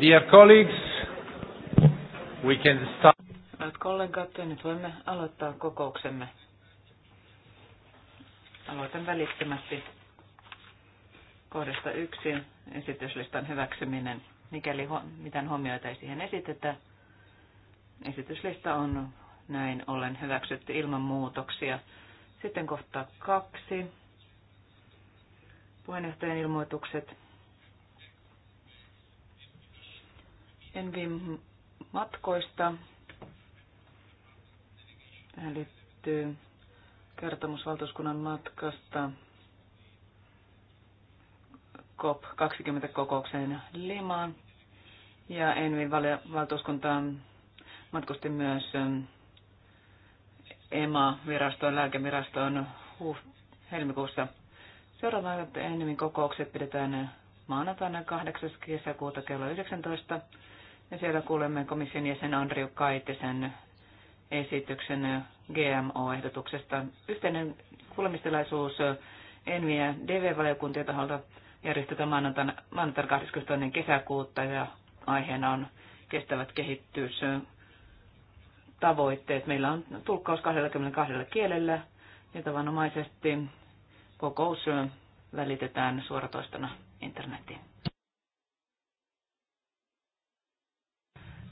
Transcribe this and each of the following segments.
Dear colleagues, we can start. Hyvät kollegat, nyt voimme aloittaa kokouksemme. Aloitan välittömästi kohdasta yksi, esityslistan hyväksyminen. Mikäli mitään huomioita ei siihen esitetä, esityslista on näin ollen hyväksytty ilman muutoksia. Sitten kohta kaksi, puheenjohtajan ilmoitukset. Envin matkoista. Tähän liittyy kertomus valtuuskunnan matkasta COP20-kokoukseen Limaan. Ja Envin valtuuskuntaan matkusti myös ähm, EMA-virastoon, lääkevirastoon huh, helmikuussa. Seuraavat Envin kokoukset pidetään maanantaina 8. kesäkuuta kello 19 ja siellä kuulemme komission jäsen Andriu Kaitisen esityksen GMO-ehdotuksesta. Yhteinen kuulemistilaisuus Envi- ja DV-valiokuntien taholta järjestetään maanantaina, maanantaina 22. kesäkuuta ja aiheena on kestävät kehittyys tavoitteet. Meillä on tulkkaus 22 kielellä ja tavanomaisesti kokous välitetään suoratoistona internetiin.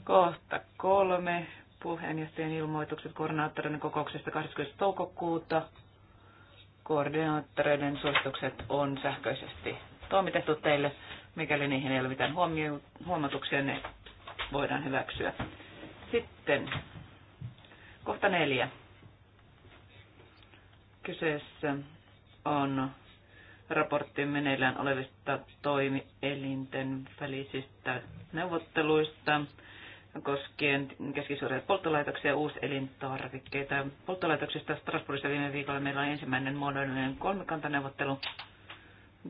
Kohta kolme. Puheenjohtajan ilmoitukset koordinaattoreiden kokouksesta 20. toukokuuta. Koordinaattoreiden suositukset on sähköisesti toimitettu teille. Mikäli niihin ei ole mitään huomautuksia, ne voidaan hyväksyä. Sitten kohta neljä. Kyseessä on raportti meneillään olevista toimielinten välisistä neuvotteluista koskien keskisuuria polttolaitoksia ja uuselintarvikkeita. Polttolaitoksista Strasbourgissa viime viikolla meillä on ensimmäinen muodollinen kolmikantaneuvottelu.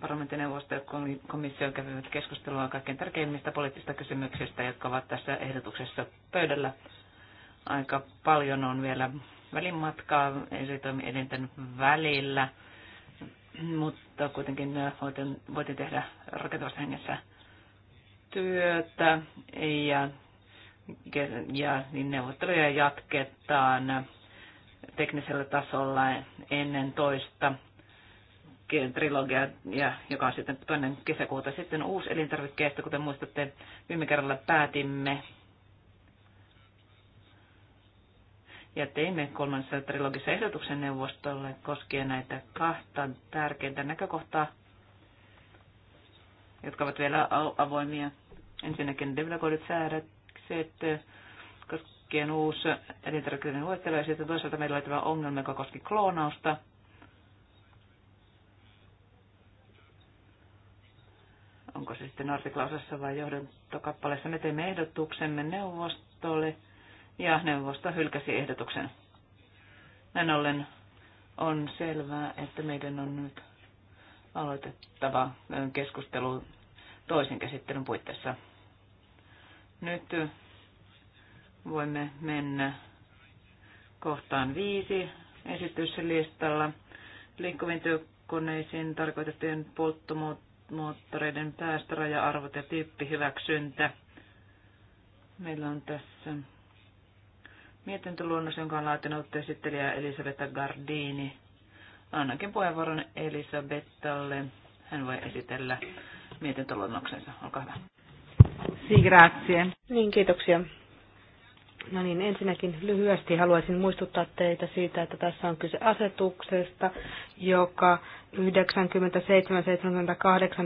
Parlamenttineuvosto ja komissio kävivät keskustelua kaikkein tärkeimmistä poliittisista kysymyksistä, jotka ovat tässä ehdotuksessa pöydällä. Aika paljon on vielä välimatkaa esitoimielinten välillä, mutta kuitenkin äh, voitiin tehdä rakentavassa hengessä työtä ja ja niin neuvotteluja jatketaan teknisellä tasolla ennen toista trilogia, ja, joka on sitten toinen kesäkuuta. Sitten uusi elintarvikkeesta, kuten muistatte, viime kerralla päätimme ja teimme kolmannessa trilogissa ehdotuksen neuvostolle koskien näitä kahta tärkeintä näkökohtaa, jotka ovat vielä avoimia. Ensinnäkin devilakoidut säädöt, se että koskien uusi elintarvikkeiden luettelo, ja sitten toisaalta meillä oli tämä ongelma, joka koski kloonausta. Onko se sitten artiklausassa vai johdontokappaleessa? Me teimme ehdotuksemme neuvostolle, ja neuvosto hylkäsi ehdotuksen. Näin ollen on selvää, että meidän on nyt aloitettava keskustelu toisen käsittelyn puitteissa nyt voimme mennä kohtaan viisi esityslistalla. Liikkuvien työkoneisiin tarkoitettujen polttomoottoreiden päästöraja-arvot ja tyyppihyväksyntä. Meillä on tässä mietintöluonnos, jonka on laatinut esittelijä Elisabetta Gardini. Annakin puheenvuoron Elisabettalle. Hän voi esitellä mietintöluonnoksensa. Olkaa hyvä. Si, grazie. Niin, kiitoksia. No niin, ensinnäkin lyhyesti haluaisin muistuttaa teitä siitä, että tässä on kyse asetuksesta, joka 97-78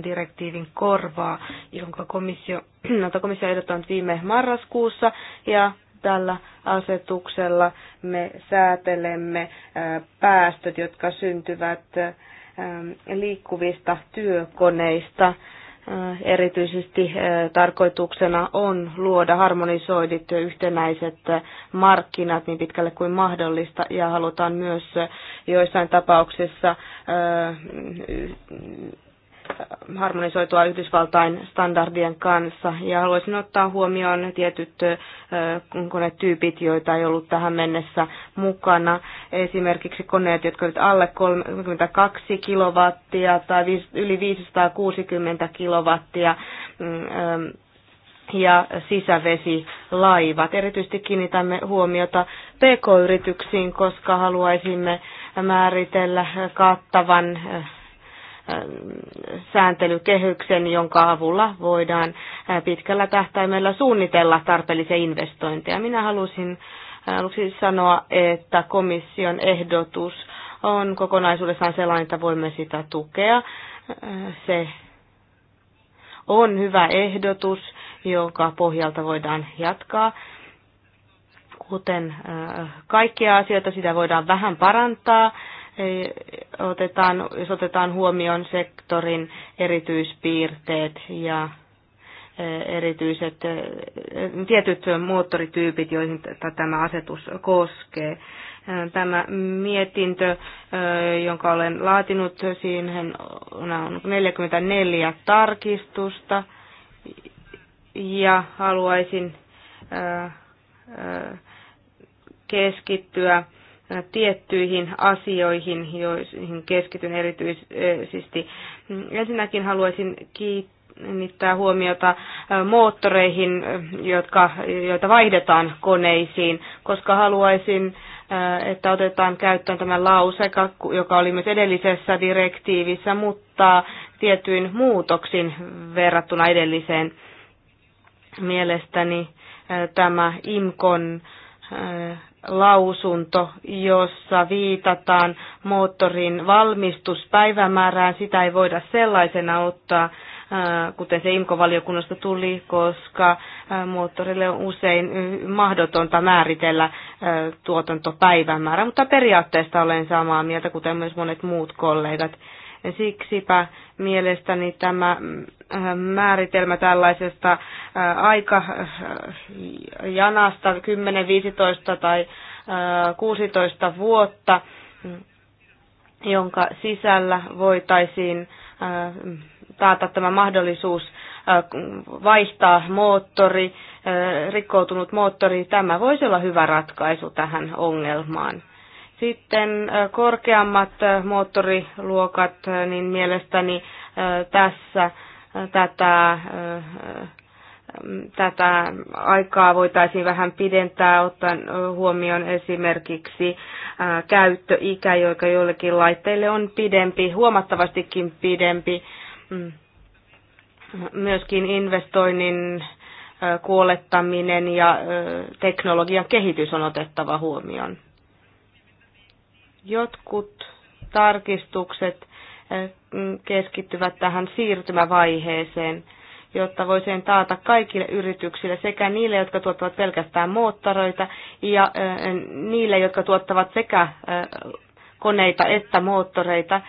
direktiivin korvaa, jonka komissio, no, komissio ehdottanut viime marraskuussa, ja tällä asetuksella me säätelemme äh, päästöt, jotka syntyvät ähm, liikkuvista työkoneista. Erityisesti eh, tarkoituksena on luoda harmonisoidit yhtenäiset markkinat niin pitkälle kuin mahdollista ja halutaan myös eh, joissain tapauksissa eh, harmonisoitua Yhdysvaltain standardien kanssa. Ja haluaisin ottaa huomioon tietyt konetyypit, joita ei ollut tähän mennessä mukana. Esimerkiksi koneet, jotka ovat alle 32 kilowattia tai yli 560 kilowattia mm, ja sisävesilaivat. Erityisesti kiinnitämme huomiota pk-yrityksiin, koska haluaisimme määritellä kattavan sääntelykehyksen, jonka avulla voidaan pitkällä tähtäimellä suunnitella tarpeellisia investointeja. Minä halusin aluksi sanoa, että komission ehdotus on kokonaisuudessaan sellainen, että voimme sitä tukea. Se on hyvä ehdotus, jonka pohjalta voidaan jatkaa. Kuten kaikkia asioita, sitä voidaan vähän parantaa otetaan, jos otetaan huomioon sektorin erityispiirteet ja e, erityiset e, tietyt moottorityypit, joihin tämä asetus koskee. E, tämä mietintö, jonka olen laatinut, siihen on 44 tarkistusta ja haluaisin keskittyä tiettyihin asioihin, joihin keskityn erityisesti. Ensinnäkin haluaisin kiinnittää huomiota moottoreihin, jotka, joita vaihdetaan koneisiin, koska haluaisin että otetaan käyttöön tämä lause, joka oli myös edellisessä direktiivissä, mutta tietyin muutoksin verrattuna edelliseen. Mielestäni tämä IMKON lausunto, jossa viitataan moottorin valmistuspäivämäärään. Sitä ei voida sellaisena ottaa, äh, kuten se imco valiokunnasta tuli, koska äh, moottorille on usein mahdotonta määritellä äh, tuotantopäivämäärä, mutta periaatteesta olen samaa mieltä, kuten myös monet muut kollegat. Siksipä mielestäni tämä äh, määritelmä tällaisesta aikajanasta 10, 15 tai 16 äh, vuotta, jonka sisällä voitaisiin äh, taata tämä mahdollisuus vaihtaa moottori, rikkoutunut moottori, tämä voisi olla hyvä ratkaisu tähän ongelmaan. Sitten korkeammat moottoriluokat, niin mielestäni tässä tätä, tätä aikaa voitaisiin vähän pidentää, ottaen huomioon esimerkiksi käyttöikä, joka joillekin laitteille on pidempi, huomattavastikin pidempi. Mm. Myöskin investoinnin kuolettaminen ja teknologian kehitys on otettava huomioon. Jotkut tarkistukset eh, mm, keskittyvät tähän siirtymävaiheeseen, jotta voisin taata kaikille yrityksille, sekä niille, jotka tuottavat pelkästään moottoreita, ja eh, niille, jotka tuottavat sekä eh, koneita että moottoreita,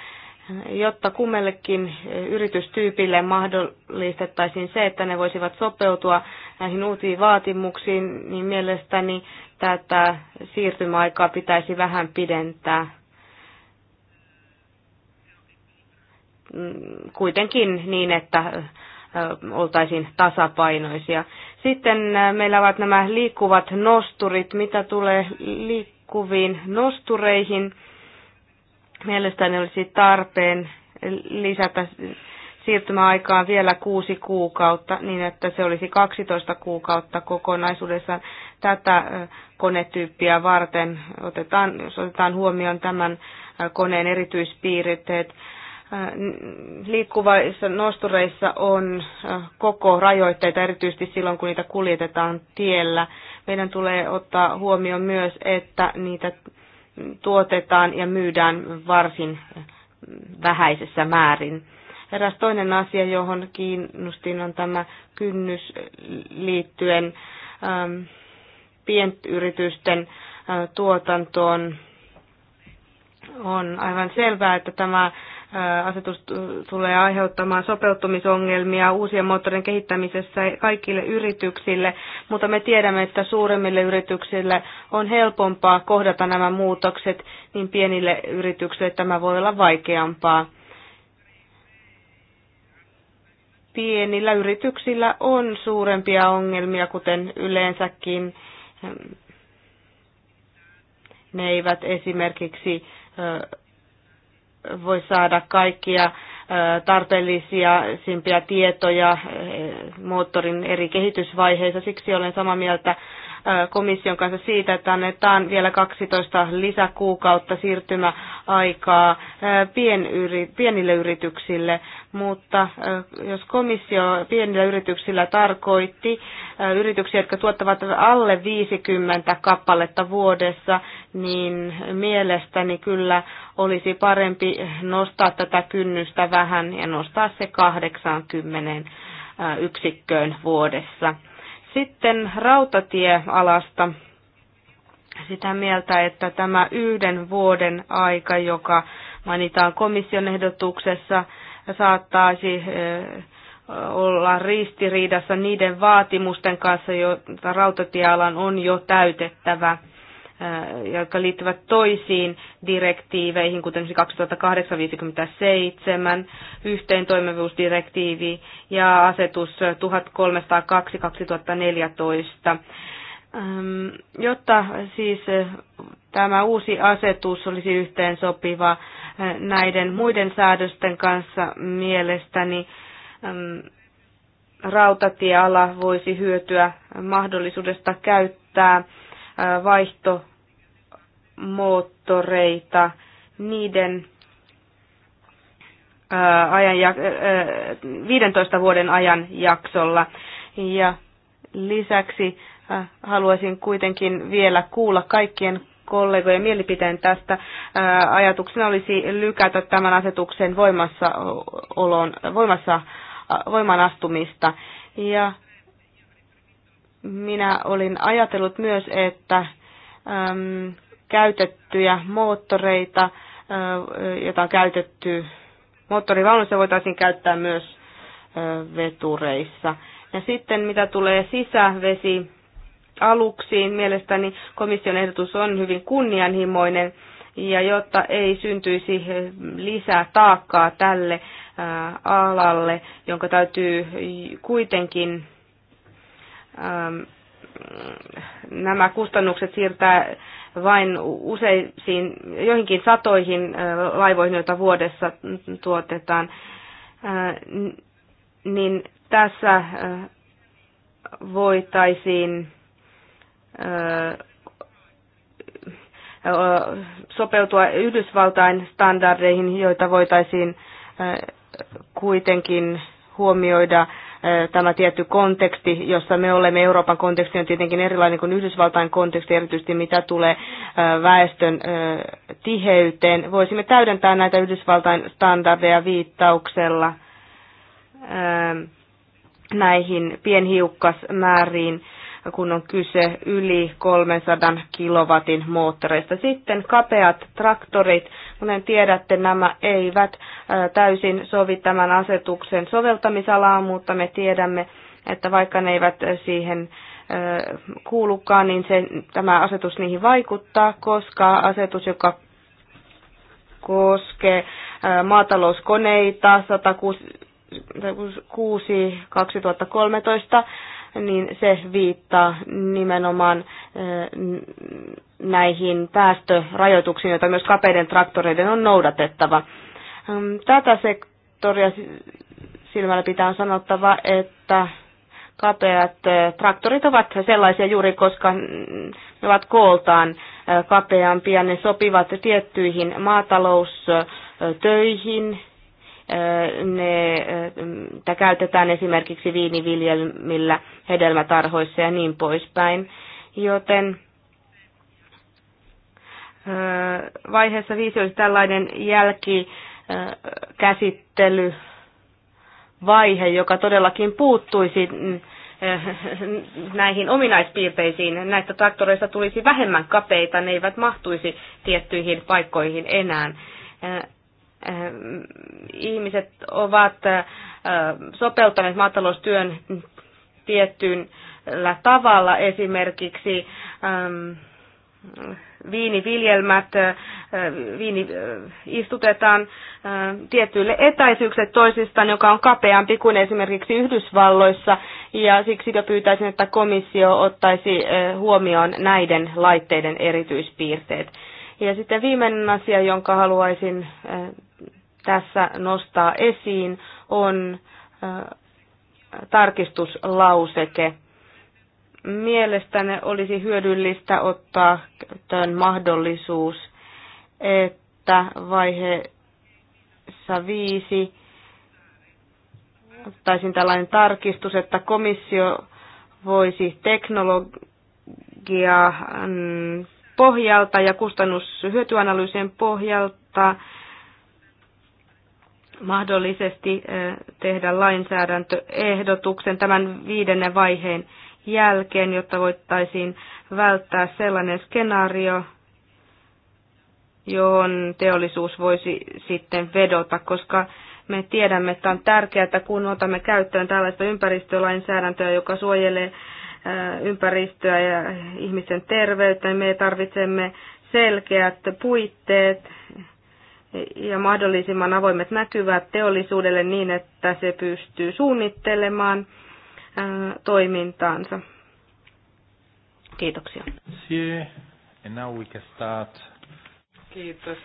jotta kummellekin yritystyypille mahdollistettaisiin se, että ne voisivat sopeutua näihin uusiin vaatimuksiin, niin mielestäni tätä siirtymäaikaa pitäisi vähän pidentää. Mm, kuitenkin niin, että oltaisiin tasapainoisia. Sitten meillä ovat nämä liikkuvat nosturit, mitä tulee liikkuviin nostureihin. Mielestäni olisi tarpeen lisätä siirtymäaikaan vielä kuusi kuukautta, niin että se olisi 12 kuukautta kokonaisuudessaan tätä konetyyppiä varten. Otetaan, jos otetaan huomioon tämän koneen erityispiirteet, liikkuvissa nostureissa on koko rajoitteita, erityisesti silloin kun niitä kuljetetaan tiellä. Meidän tulee ottaa huomioon myös, että niitä tuotetaan ja myydään varsin vähäisessä määrin. Eräs toinen asia, johon kiinnostin, on tämä kynnys liittyen ähm, pientyritysten äh, tuotantoon. On aivan selvää, että tämä äh, asetus tulee aiheuttamaan sopeutumisongelmia uusien moottorien kehittämisessä kaikille yrityksille, mutta me tiedämme, että suuremmille yrityksille on helpompaa kohdata nämä muutokset, niin pienille yrityksille tämä voi olla vaikeampaa. pienillä yrityksillä on suurempia ongelmia, kuten yleensäkin. Ne eivät esimerkiksi voi saada kaikkia tarpeellisia simpiä tietoja moottorin eri kehitysvaiheissa. Siksi olen samaa mieltä komission kanssa siitä, että annetaan vielä 12 lisäkuukautta siirtymäaikaa pienyri, pienille yrityksille, mutta jos komissio pienillä yrityksillä tarkoitti yrityksiä, jotka tuottavat alle 50 kappaletta vuodessa, niin mielestäni kyllä olisi parempi nostaa tätä kynnystä vähän ja nostaa se 80 yksikköön vuodessa. Sitten rautatiealasta sitä mieltä, että tämä yhden vuoden aika, joka mainitaan komission ehdotuksessa, saattaisi eh, olla ristiriidassa niiden vaatimusten kanssa, joita rautatiealan on jo täytettävä – Äh, jotka liittyvät toisiin direktiiveihin, kuten 2008-57, yhteen toimivuusdirektiivi ja asetus 1302-2014. Jotta siis äh, tämä uusi asetus olisi yhteen sopiva äh, näiden muiden säädösten kanssa mielestäni, rautatieala voisi hyötyä mahdollisuudesta käyttää vaihtomoottoreita, niiden 15 vuoden ajan jaksolla. Ja lisäksi haluaisin kuitenkin vielä kuulla kaikkien kollegojen mielipiteen tästä. Ajatuksena olisi lykätä tämän asetuksen voimassa, voimassa, voimaan astumista. Ja minä olin ajatellut myös, että äm, käytettyjä moottoreita, äh, joita on käytetty moottorivaunussa, voitaisiin käyttää myös äh, vetureissa. Ja sitten mitä tulee sisävesi aluksiin, mielestäni komission ehdotus on hyvin kunnianhimoinen ja jotta ei syntyisi lisää taakkaa tälle alalle, jonka täytyy kuitenkin Ähm, nämä kustannukset siirtää vain useisiin, joihinkin satoihin äh, laivoihin, joita vuodessa tuotetaan, äh, niin tässä äh, voitaisiin sopeutua Yhdysvaltain standardeihin, joita voitaisiin kuitenkin huomioida tämä tietty konteksti, jossa me olemme. Euroopan konteksti on tietenkin erilainen kuin Yhdysvaltain konteksti, erityisesti mitä tulee väestön tiheyteen. Voisimme täydentää näitä Yhdysvaltain standardeja viittauksella näihin pienhiukkasmääriin kun on kyse yli 300 kilowatin moottoreista. Sitten kapeat traktorit, kuten tiedätte, nämä eivät täysin sovi tämän asetuksen soveltamisalaan, mutta me tiedämme, että vaikka ne eivät siihen kuulukaan, niin se, tämä asetus niihin vaikuttaa, koska asetus, joka koskee maatalouskoneita 106 2013 niin se viittaa nimenomaan näihin päästörajoituksiin, joita myös kapeiden traktoreiden on noudatettava. Tätä sektoria silmällä pitää on sanottava, että kapeat traktorit ovat sellaisia juuri, koska ne ovat kooltaan kapeampia. Ne sopivat tiettyihin maataloustöihin, ne ää, käytetään esimerkiksi viiniviljelmillä, hedelmätarhoissa ja niin poispäin. Joten vaiheessa viisi olisi tällainen jälkikäsittely vaihe, joka todellakin puuttuisi näihin ominaispiirteisiin. Näistä traktoreista tulisi vähemmän kapeita, ne eivät mahtuisi tiettyihin paikkoihin enää. Ehm, ihmiset ovat ehm, sopeuttaneet maataloustyön tiettyyn tavalla esimerkiksi ehm, viiniviljelmät, viini istutetaan tietyille etäisyykset toisistaan, joka on kapeampi kuin esimerkiksi Yhdysvalloissa, ja siksi pyytäisin, että komissio ottaisi huomioon näiden laitteiden erityispiirteet. Ja sitten viimeinen asia, jonka haluaisin tässä nostaa esiin, on tarkistuslauseke. Mielestäni olisi hyödyllistä ottaa tämän mahdollisuus, että vaiheessa viisi ottaisin tällainen tarkistus, että komissio voisi teknologian pohjalta ja kustannushyötyanalyysien pohjalta mahdollisesti eh, tehdä lainsäädäntöehdotuksen tämän viidennen vaiheen jälkeen, jotta voittaisiin välttää sellainen skenaario, johon teollisuus voisi sitten vedota, koska me tiedämme, että on tärkeää, että kun otamme käyttöön tällaista ympäristölainsäädäntöä, joka suojelee eh, ympäristöä ja ihmisen terveyttä, niin me tarvitsemme selkeät puitteet, ja mahdollisimman avoimet näkyvät teollisuudelle niin, että se pystyy suunnittelemaan toimintaansa. Kiitoksia. Kiitos.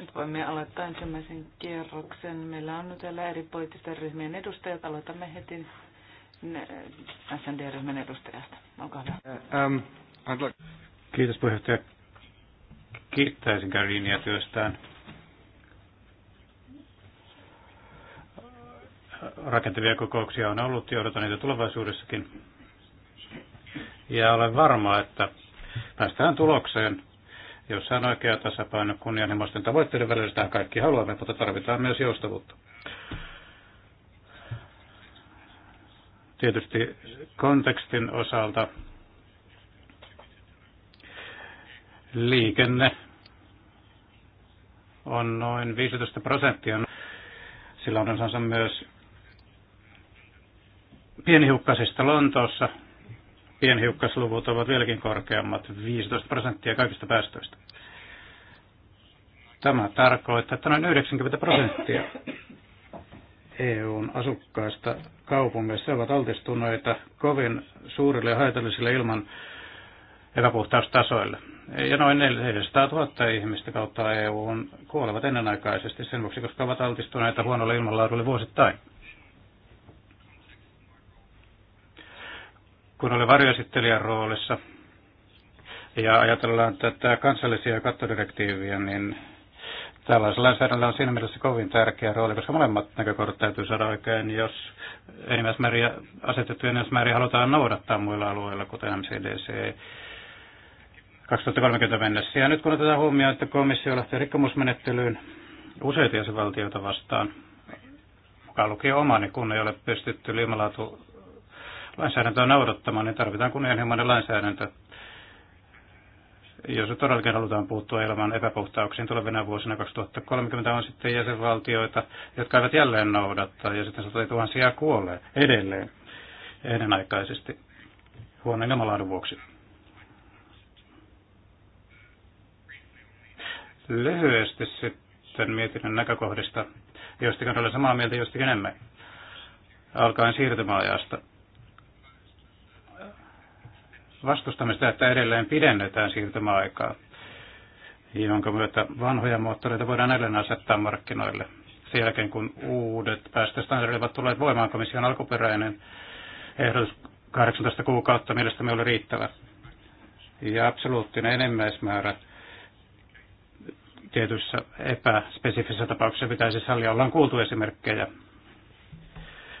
Nyt voimme aloittaa ensimmäisen kierroksen. Meillä on nyt täällä eri poliittisten ryhmien edustajat. Aloitamme heti SND-ryhmän edustajasta. Olkaa hyvä. Um, Kiitos puheenjohtaja. Kiittäisin Karinia työstään. Rakentavia kokouksia on ollut ja odotan niitä tulevaisuudessakin. Ja olen varma, että päästään tulokseen, jossa on oikea tasapaino kunnianhimoisten tavoitteiden välillä. Sitä kaikki haluamme, mutta tarvitaan myös joustavuutta. Tietysti kontekstin osalta liikenne on noin 15 prosenttia. Sillä on osansa myös pienhiukkasista Lontoossa. Pienhiukkasluvut ovat vieläkin korkeammat, 15 prosenttia kaikista päästöistä. Tämä tarkoittaa, että noin 90 prosenttia EUn asukkaista kaupungeissa ovat altistuneita kovin suurille haitallisille ilman epäpuhtaustasoille. Ja noin 400 000 ihmistä kautta on kuolevat ennenaikaisesti sen vuoksi, koska ovat altistuneita huonolle ilmanlaadulle vuosittain. Kun olen varjoesittelijän roolissa ja ajatellaan tätä kansallisia kattodirektiiviä, niin tällaisella lainsäädännöllä on siinä mielessä kovin tärkeä rooli, koska molemmat näkökohdat täytyy saada oikein, jos enimmäismääriä, asetettuja enimmäismääriä halutaan noudattaa muilla alueilla, kuten MCDC 2030 mennessä. Ja nyt kun otetaan huomioon, että komissio lähtee rikkomusmenettelyyn useita jäsenvaltioita vastaan, mukaan lukien omani, kun ei ole pystytty liimalaatu lainsäädäntöä noudattamaan, niin tarvitaan kunnianhimoinen lainsäädäntö, jos todellakin halutaan puuttua ilman epäpuhtauksiin tulevina vuosina 2030 on sitten jäsenvaltioita, jotka eivät jälleen noudattaa, ja sitten satoja tuhansia kuolee edelleen ennenaikaisesti huonon ilmalaadun vuoksi. Lyhyesti sitten mietinnön näkökohdista, joistakin olen samaa mieltä, joistakin enemmän, alkaen siirtymäajasta. Vastustamme sitä, että edelleen pidennetään siirtymäaikaa, jonka myötä vanhoja moottoreita voidaan edelleen asettaa markkinoille. Sen jälkeen, kun uudet päästöstandardit ovat tulleet voimaan, komission alkuperäinen ehdotus 18 kuukautta mielestäni oli riittävä. Ja absoluuttinen enimmäismäärä tietyissä epäspesifisissä tapauksissa pitäisi sallia. Ollaan kuultu esimerkkejä,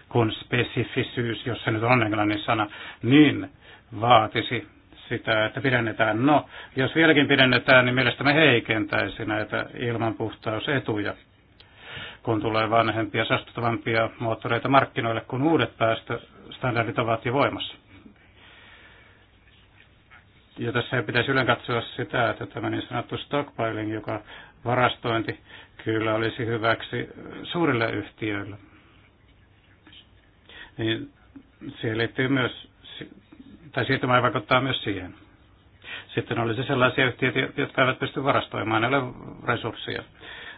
kun spesifisyys, jos se nyt on englannin sana, niin vaatisi sitä, että pidennetään. No, jos vieläkin pidennetään, niin mielestäni heikentäisi näitä ilmanpuhtausetuja, kun tulee vanhempia, saastuttavampia moottoreita markkinoille, kun uudet päästöstandardit ovat jo voimassa. Ja tässä ei pitäisi ylen katsoa sitä, että tämä niin sanottu stockpiling, joka varastointi kyllä olisi hyväksi suurille yhtiöille. Niin siihen liittyy myös, tai siirtymä vaikuttaa myös siihen. Sitten olisi sellaisia yhtiöitä, jotka eivät pysty varastoimaan näille resursseja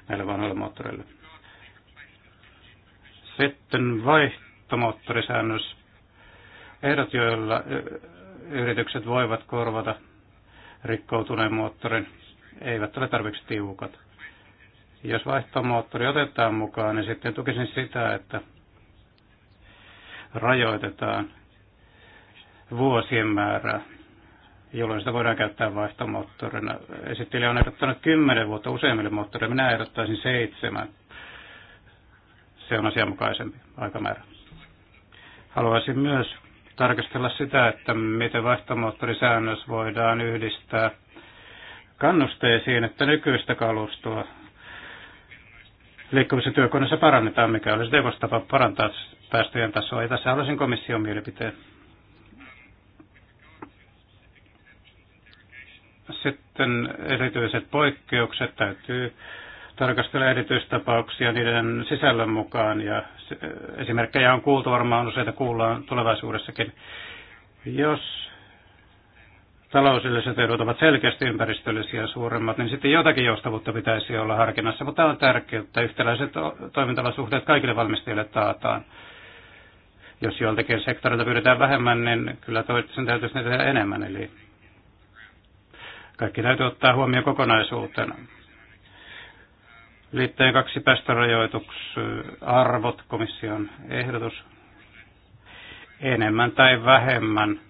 näille vanhoille moottoreille. Sitten vaihtomoottorisäännös. Ehdot, joilla yritykset voivat korvata rikkoutuneen moottorin, eivät ole tarpeeksi tiukat. Jos vaihtomoottori otetaan mukaan, niin sitten tukisin sitä, että rajoitetaan vuosien määrää, jolloin sitä voidaan käyttää vaihtomoottorina. Esittelijä on ehdottanut 10 vuotta useimmille moottoreille, minä ehdottaisin seitsemän. Se on asianmukaisempi aikamäärä. Haluaisin myös tarkastella sitä, että miten vaihtomoottorisäännös voidaan yhdistää kannusteisiin, että nykyistä kalustoa liikkumisen työkoneessa parannetaan, mikä olisi tapa parantaa päästöjen tasoa. Ja tässä haluaisin komission mielipiteen. Sitten erityiset poikkeukset täytyy tarkastella erityistapauksia niiden sisällön mukaan ja esimerkkejä on kuultu, varmaan useita kuullaan tulevaisuudessakin. Jos taloudelliset edut ovat selkeästi ympäristöllisiä suuremmat, niin sitten jotakin joustavuutta pitäisi olla harkinnassa, mutta on tärkeää, että yhtäläiset toimintalasuhteet kaikille valmistajille taataan. Jos joiltakin sektorilta pyydetään vähemmän, niin kyllä sen täytyisi tehdä enemmän, eli kaikki täytyy ottaa huomioon kokonaisuutena. Liitteen kaksi arvot komission ehdotus, enemmän tai vähemmän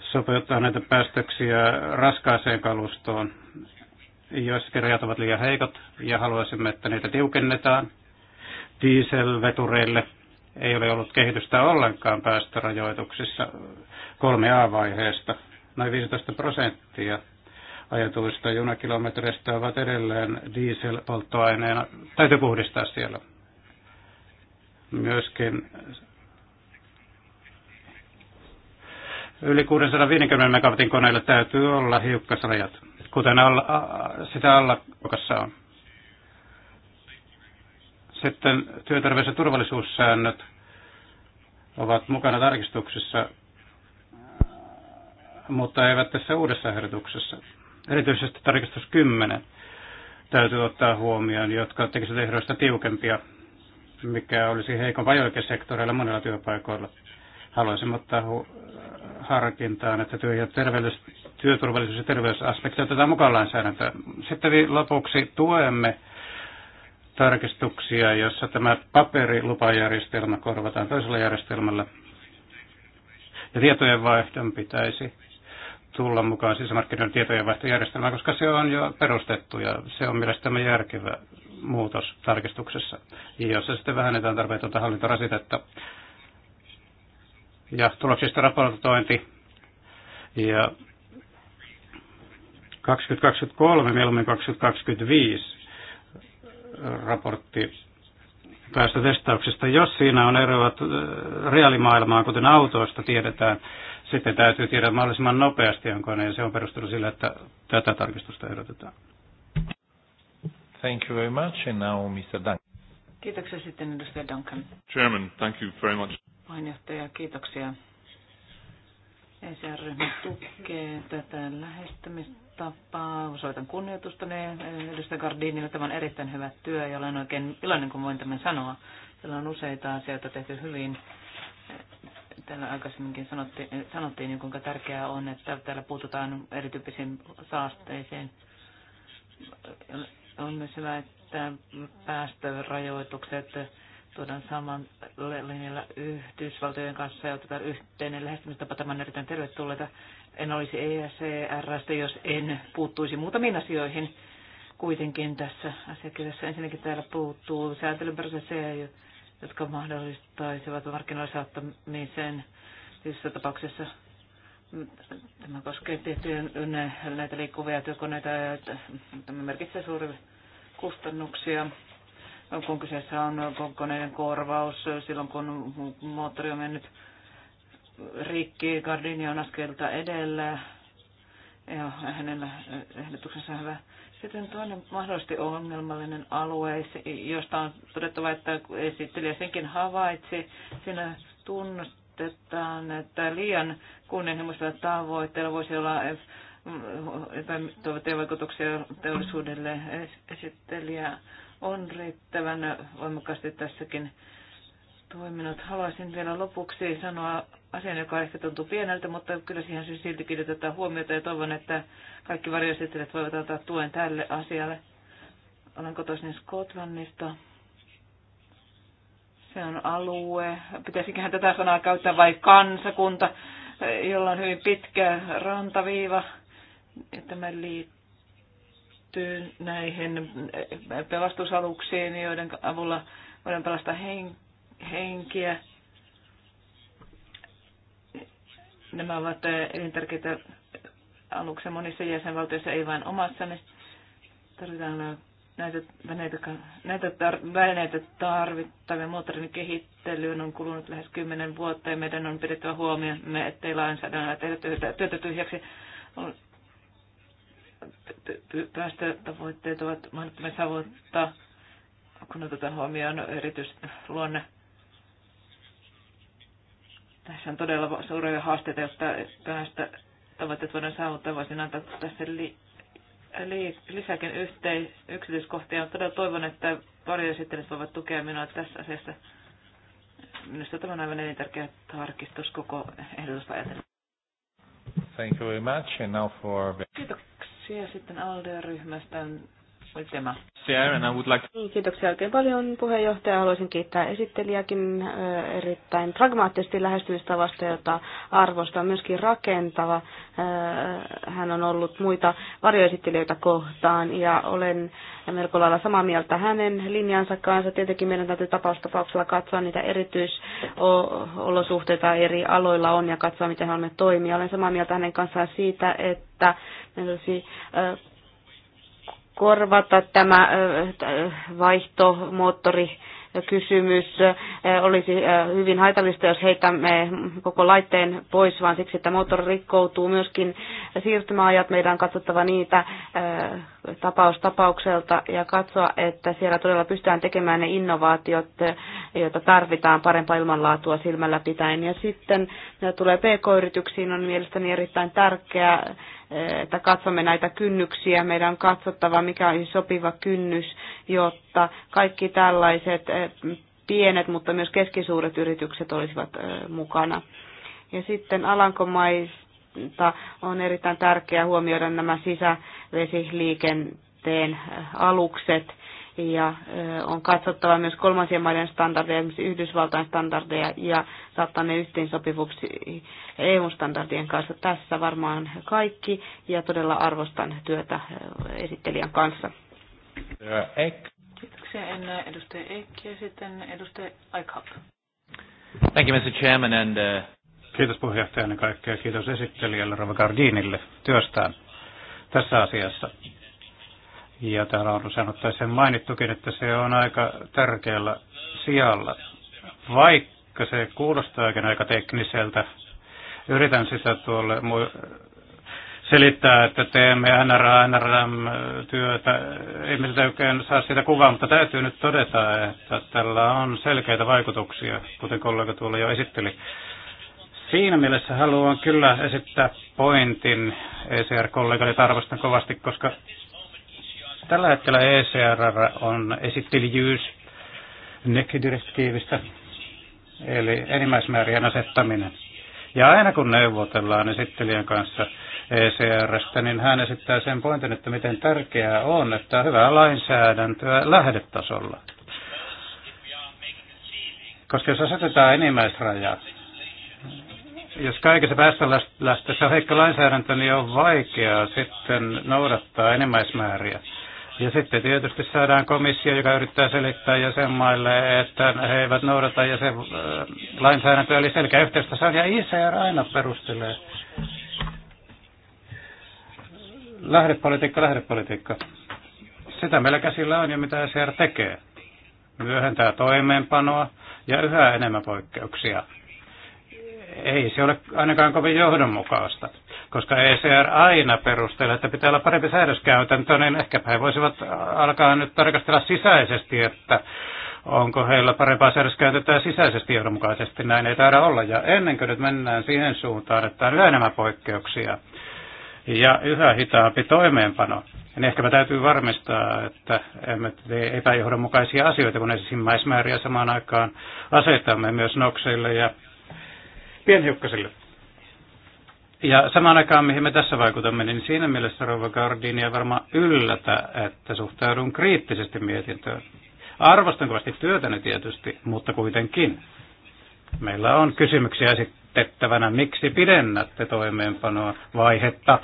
sopeuttaa näitä päästöksiä raskaaseen kalustoon, jos rajat ovat liian heikot ja haluaisimme, että niitä tiukennetaan. Dieselvetureille ei ole ollut kehitystä ollenkaan päästörajoituksissa kolme A-vaiheesta, noin 15 prosenttia ajatuista junakilometreistä ovat edelleen dieselpolttoaineena. Täytyy puhdistaa siellä. Myöskin yli 650 megawatin koneilla täytyy olla hiukkasrajat, kuten alla, sitä alla on. Sitten työterveys- ja turvallisuussäännöt ovat mukana tarkistuksissa, mutta eivät tässä uudessa ehdotuksessa erityisesti tarkistus 10 täytyy ottaa huomioon, jotka tekisivät ehdoista tiukempia, mikä olisi heikompaa joillakin sektoreilla monilla työpaikoilla. Haluaisin ottaa hu- harkintaan, että työ- ja terveys, työturvallisuus- ja terveysaspekti otetaan mukaan lainsäädäntöön. Sitten lopuksi tuemme tarkistuksia, jossa tämä paperilupajärjestelmä korvataan toisella järjestelmällä. Ja tietojen vaihdon pitäisi tulla mukaan sisämarkkinoiden tietojenvaihtojärjestelmään, koska se on jo perustettu ja se on mielestäni järkevä muutos tarkistuksessa, jossa sitten vähennetään tarpeetonta hallintorasitetta. Ja tuloksista raportointi ja 2023, mieluummin 2025 raportti päästötestauksesta, jos siinä on eroa äh, reaalimaailmaa, kuten autoista tiedetään, sitten täytyy tiedä mahdollisimman nopeasti, onko ne, ja se on perustelu sillä, että tätä tarkistusta ehdotetaan. Thank you very much, and now Mr. Duncan. Kiitoksia sitten edustaja Duncan. Chairman, thank you very much. Puheenjohtaja, kiitoksia. ECR-ryhmä tukee tätä lähestymistapaa. Osoitan kunnioitusta edustaja Gardinille. Tämä on erittäin hyvä työ ja olen oikein iloinen, kun voin tämän sanoa. Siellä on useita asioita tehty hyvin täällä aikaisemminkin sanottiin, sanottiin kuinka tärkeää on, että täällä puututaan erityyppisiin saasteisiin. On myös hyvä, että päästörajoitukset tuodaan saman linjalla Yhdysvaltojen kanssa ja otetaan yhteinen lähestymistapa. Tämä on erittäin tervetulleita. En olisi ESCR, jos en puuttuisi muutamiin asioihin kuitenkin tässä asiakirjassa. Ensinnäkin täällä puuttuu sääntelyprosesseja, jotka mahdollistaisivat markkinoille saattamisen tietyissä tapauksessa. Tämä koskee tiettyjä näitä liikkuvia työkoneita ja tämä merkitsee suuria kustannuksia. Kun kyseessä on koneiden korvaus, silloin kun moottori on mennyt rikki, Gardini on askelta edellä ja hänellä ehdotuksensa hyvä. Sitten toinen mahdollisesti ongelmallinen alue, josta on todettava, että esittelijä senkin havaitsi. Siinä tunnustetaan, että liian kunnianhimoisella tavoitteella voisi olla epätoivottavia vaikutuksia teollisuudelle. Esittelijä on riittävän voimakkaasti tässäkin toiminut. Haluaisin vielä lopuksi sanoa asian, joka ehkä tuntuu pieneltä, mutta kyllä siihen siis silti kiinnitetään huomiota ja toivon, että kaikki varjoesittelijät voivat antaa tuen tälle asialle. Olen kotoisin Skotlannista. Se on alue, pitäisiköhän tätä sanaa käyttää vai kansakunta, jolla on hyvin pitkä rantaviiva. Tämä liittyy näihin pelastusaluksiin, joiden avulla voidaan pelastaa hen, henkiä. Nämä ovat eh, elintärkeitä aluksen monissa jäsenvaltioissa, ei vain omassani. Niin tarvitaan eh, näitä välineitä, näitä tar- välineitä tarvittavia moottorin kehittelyyn on kulunut lähes kymmenen vuotta ja meidän on pidettävä huomioon, ettei lainsäädännöllä tehdä työtä tyhjäksi. Päästötavoitteet ovat mahdottomia saavuttaa, kun otetaan huomioon erityisluonne. Tässä on todella suuria haasteita, jotta näistä tavoitteet voidaan saavuttaa. Voisin antaa tässä li- li- lisäkin yhteis- yksityiskohtia. Todella toivon, että paljon sitten voivat tukea minua tässä asiassa. Minusta tämä on aivan elintärkeä tarkistus koko ehdotusta ajatellen. Thank you very much. And now for... Kiitoksia sitten Alde-ryhmästä. Niin, kiitoksia oikein paljon puheenjohtaja. Haluaisin kiittää esittelijäkin äh, erittäin pragmaattisesti lähestymistavasta, jota arvostaa myöskin rakentava. Äh, hän on ollut muita varjoesittelijöitä kohtaan ja olen melko lailla samaa mieltä hänen linjansa kanssa. Tietenkin meidän täytyy tapaustapauksella katsoa niitä erityisolosuhteita eri aloilla on ja katsoa, miten on toimia. Olen samaa mieltä hänen kanssaan siitä, että meillä olisi äh, korvata tämä vaihtomoottori kysymys. Olisi hyvin haitallista, jos heitämme koko laitteen pois, vaan siksi, että moottori rikkoutuu myöskin siirtymäajat. Meidän on katsottava niitä tapaus tapaukselta ja katsoa, että siellä todella pystytään tekemään ne innovaatiot, joita tarvitaan parempaa ilmanlaatua silmällä pitäen. Ja sitten mitä tulee pk-yrityksiin, on mielestäni erittäin tärkeää, että katsomme näitä kynnyksiä. Meidän on katsottava, mikä on sopiva kynnys, jotta kaikki tällaiset eh, pienet, mutta myös keskisuuret yritykset olisivat eh, mukana. Ja sitten Alankomaista mutta on erittäin tärkeää huomioida nämä sisävesiliikenteen äh, alukset ja äh, on katsottava myös kolmansien maiden standardeja, esimerkiksi Yhdysvaltain standardeja ja saattaa ne yhteensopivuksi EU-standardien kanssa. Tässä varmaan kaikki ja todella arvostan työtä äh, esittelijän kanssa. Kiitoksia ennen edustaja Eikki ja sitten edustaja Eichhoff. Thank you, Mr. Chairman, and, uh... Kiitos puheenjohtajalle kaikkea. Kiitos esittelijälle Rova Gardinille työstään tässä asiassa. Ja täällä on sanottaisen mainittukin, että se on aika tärkeällä sijalla. Vaikka se oikein aika tekniseltä, yritän sitä tuolle selittää, että teemme NRA, NRM-työtä. sitä oikein saa sitä kuvaa, mutta täytyy nyt todeta, että tällä on selkeitä vaikutuksia, kuten kollega tuolla jo esitteli. Siinä mielessä haluan kyllä esittää pointin ECR-kollegalle, arvostan kovasti, koska tällä hetkellä ECR on esittelijyys NEC-direktiivistä, eli enimmäismäärien asettaminen. Ja aina kun neuvotellaan esittelijän kanssa ECRstä, niin hän esittää sen pointin, että miten tärkeää on, että on hyvää lainsäädäntöä lähdetasolla. Koska jos asetetaan enimmäisraja, jos kaikessa päästölästössä on heikko lainsäädäntö, niin on vaikeaa sitten noudattaa enimmäismääriä. Ja sitten tietysti saadaan komissio, joka yrittää selittää jäsenmaille, että he eivät noudata jäsen, äh, lainsäädäntöä, eli selkeä yhteistä saa, ja ICR aina perustelee. Lähdepolitiikka, lähdepolitiikka. Sitä meillä käsillä on ja mitä ICR tekee. Myöhentää toimeenpanoa ja yhä enemmän poikkeuksia. Ei se ole ainakaan kovin johdonmukaista, koska ECR aina perustelee, että pitää olla parempi säädöskäytäntö, niin ehkäpä he voisivat alkaa nyt tarkastella sisäisesti, että onko heillä parempaa säädöskäytäntöä sisäisesti johdonmukaisesti. Näin ei taida olla. Ja ennen kuin nyt mennään siihen suuntaan, että on yhä enemmän poikkeuksia ja yhä hitaampi toimeenpano, niin ehkäpä täytyy varmistaa, että emme tee epäjohdonmukaisia asioita, kun ensimmäismääriä samaan aikaan asetamme myös nokseille ja pienhiukkasille. Ja samaan aikaan, mihin me tässä vaikutamme, niin siinä mielessä Rova Gardinia varmaan yllätä, että suhtaudun kriittisesti mietintöön. Arvostan kovasti työtäni tietysti, mutta kuitenkin. Meillä on kysymyksiä esitettävänä, miksi pidennätte toimeenpanoa vaihetta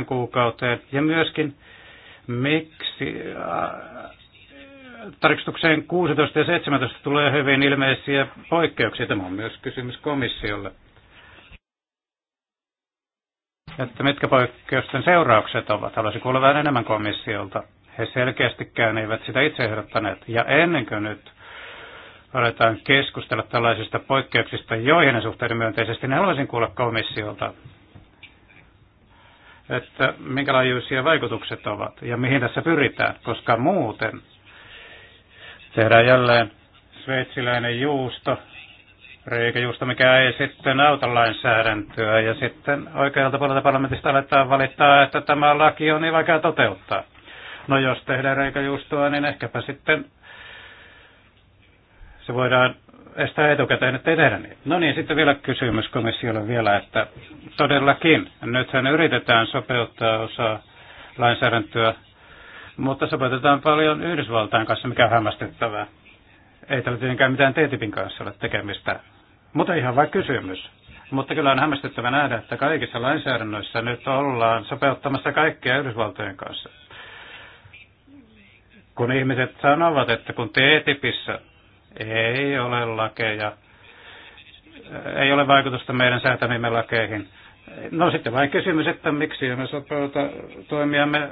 18-24 kuukauteen ja myöskin miksi tarkistukseen 16 ja 17 tulee hyvin ilmeisiä poikkeuksia. Tämä on myös kysymys komissiolle. Että mitkä poikkeusten seuraukset ovat? Haluaisin kuulla vähän enemmän komissiolta. He selkeästikään eivät sitä itse ehdottaneet. Ja ennen kuin nyt aletaan keskustella tällaisista poikkeuksista, joihin ne suhteiden myönteisesti, niin haluaisin kuulla komissiolta, että minkälaisia vaikutukset ovat ja mihin tässä pyritään, koska muuten Tehdään jälleen sveitsiläinen juusto, reikäjuusto, mikä ei sitten auta lainsäädäntöä. Ja sitten oikealta puolelta parlamentista aletaan valittaa, että tämä laki on niin vaikea toteuttaa. No jos tehdään reikäjuustoa, niin ehkäpä sitten se voidaan estää etukäteen, ettei tehdä niin. No niin, sitten vielä kysymys komissiolle vielä, että todellakin, nythän yritetään sopeuttaa osa lainsäädäntöä mutta sopeutetaan paljon Yhdysvaltain kanssa, mikä on hämmästyttävää. Ei tällä tietenkään mitään TTIPin kanssa ole tekemistä. Mutta ihan vain kysymys. Mutta kyllä on hämmästyttävä nähdä, että kaikissa lainsäädännöissä nyt ollaan sopeuttamassa kaikkea Yhdysvaltojen kanssa. Kun ihmiset sanovat, että kun TTIPissä ei ole lakeja, ei ole vaikutusta meidän säätämiimme lakeihin, No sitten vain kysymys, että miksi me sopeuta toimijamme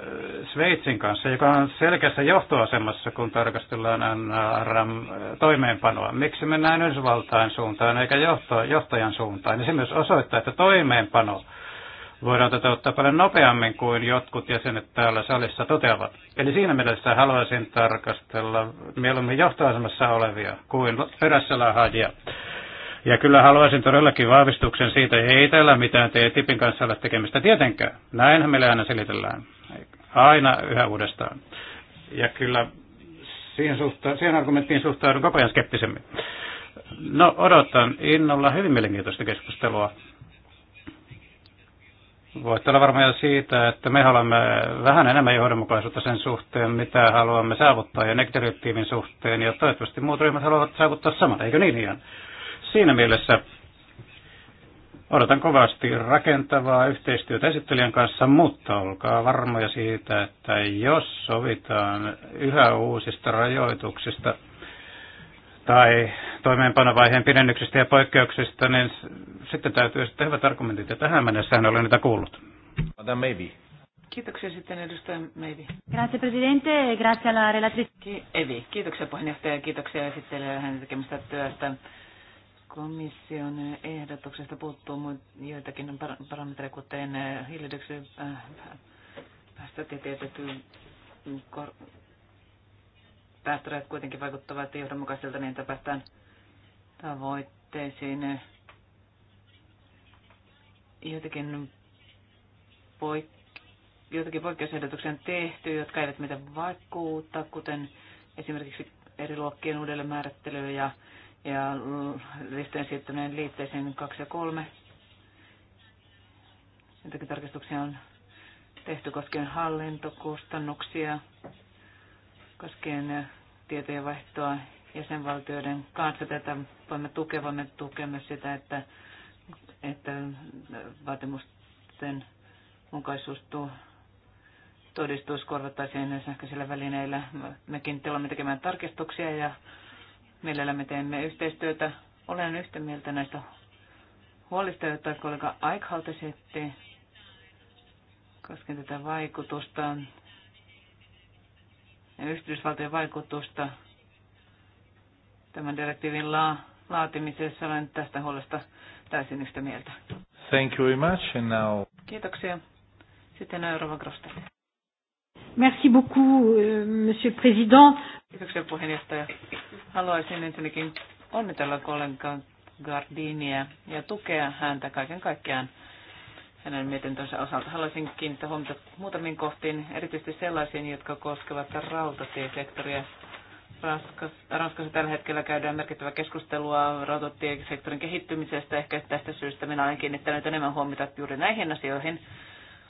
Sveitsin kanssa, joka on selkeässä johtoasemassa, kun tarkastellaan NRM toimeenpanoa. Miksi mennään Yhdysvaltain suuntaan eikä johto, johtajan suuntaan? Niin se myös osoittaa, että toimeenpano voidaan toteuttaa paljon nopeammin kuin jotkut jäsenet täällä salissa toteavat. Eli siinä mielessä haluaisin tarkastella mieluummin johtoasemassa olevia kuin perässä lahajia. Ja kyllä haluaisin todellakin vahvistuksen siitä, ei täällä mitään TTIPin kanssa ole tekemistä tietenkään. Näinhän meillä aina selitellään. Aina yhä uudestaan. Ja kyllä siihen, suhta- siihen argumenttiin suhtaudun koko ajan skeptisemmin. No odotan innolla hyvin mielenkiintoista keskustelua. Voitte olla varmoja siitä, että me haluamme vähän enemmän johdonmukaisuutta sen suhteen, mitä haluamme saavuttaa ja direktiivin suhteen, ja toivottavasti muut ryhmät haluavat saavuttaa saman, eikö niin ihan? Siinä mielessä odotan kovasti rakentavaa yhteistyötä esittelijän kanssa, mutta olkaa varmoja siitä, että jos sovitaan yhä uusista rajoituksista tai toimeenpanovaiheen pidennyksistä ja poikkeuksista, niin sitten täytyy sitten hyvät argumentit, ja tähän mennessä en ole niitä kuullut. Madame Maybe. Kiitoksia sitten edustaja Meivi. Grazie presidente, e grazie alla relatrice. Evi, kiitoksia puheenjohtaja ja kiitoksia esittelijälle hänen tekemästä työstä komission ehdotuksesta puuttuu joitakin parametreja, kuten hiilidioksidin äh, päästöt ja tietyt kor- kuitenkin vaikuttavat johdonmukaisilta, niin päästään tavoitteisiin. Joitakin, poik- joitakin poikkeusehdotuksia on tehty, jotka eivät meitä vaikuta, kuten esimerkiksi eri luokkien uudelleen määrittely ja ja listojen mm, siirtyminen liitteeseen 2 ja 3. Jotakin tarkistuksia on tehty koskien hallintokustannuksia, koskien eh, tietojenvaihtoa jäsenvaltioiden kanssa. Tätä voimme tukea, voimme tukea myös sitä, että, että eh, vaatimusten mukaisuus tuo todistus korvattaisiin sähköisillä välineillä. Mekin tulemme tekemään tarkistuksia ja Mielellämme teemme yhteistyötä. Olen yhtä mieltä näistä huolista, joita kollega Eichhout esitti koskien tätä vaikutusta ja yhdysvaltojen vaikutusta tämän direktiivin la- laatimisessa. Olen tästä huolesta täysin yhtä mieltä. Thank you very much. And now... Kiitoksia. Sitten Euroopan Grostel. Merci beaucoup, euh, Monsieur le Président. Kiitoksia puheenjohtaja. Haluaisin ensinnäkin onnitella kollega Gardinia ja tukea häntä kaiken kaikkiaan hänen mietintönsä osalta. Haluaisin kiinnittää huomiota muutamiin kohtiin, erityisesti sellaisiin, jotka koskevat rautatiesektoria. Ranskassa tällä hetkellä käydään merkittävää keskustelua rautatiesektorin kehittymisestä. Ehkä tästä syystä minä olen kiinnittänyt enemmän huomiota juuri näihin asioihin.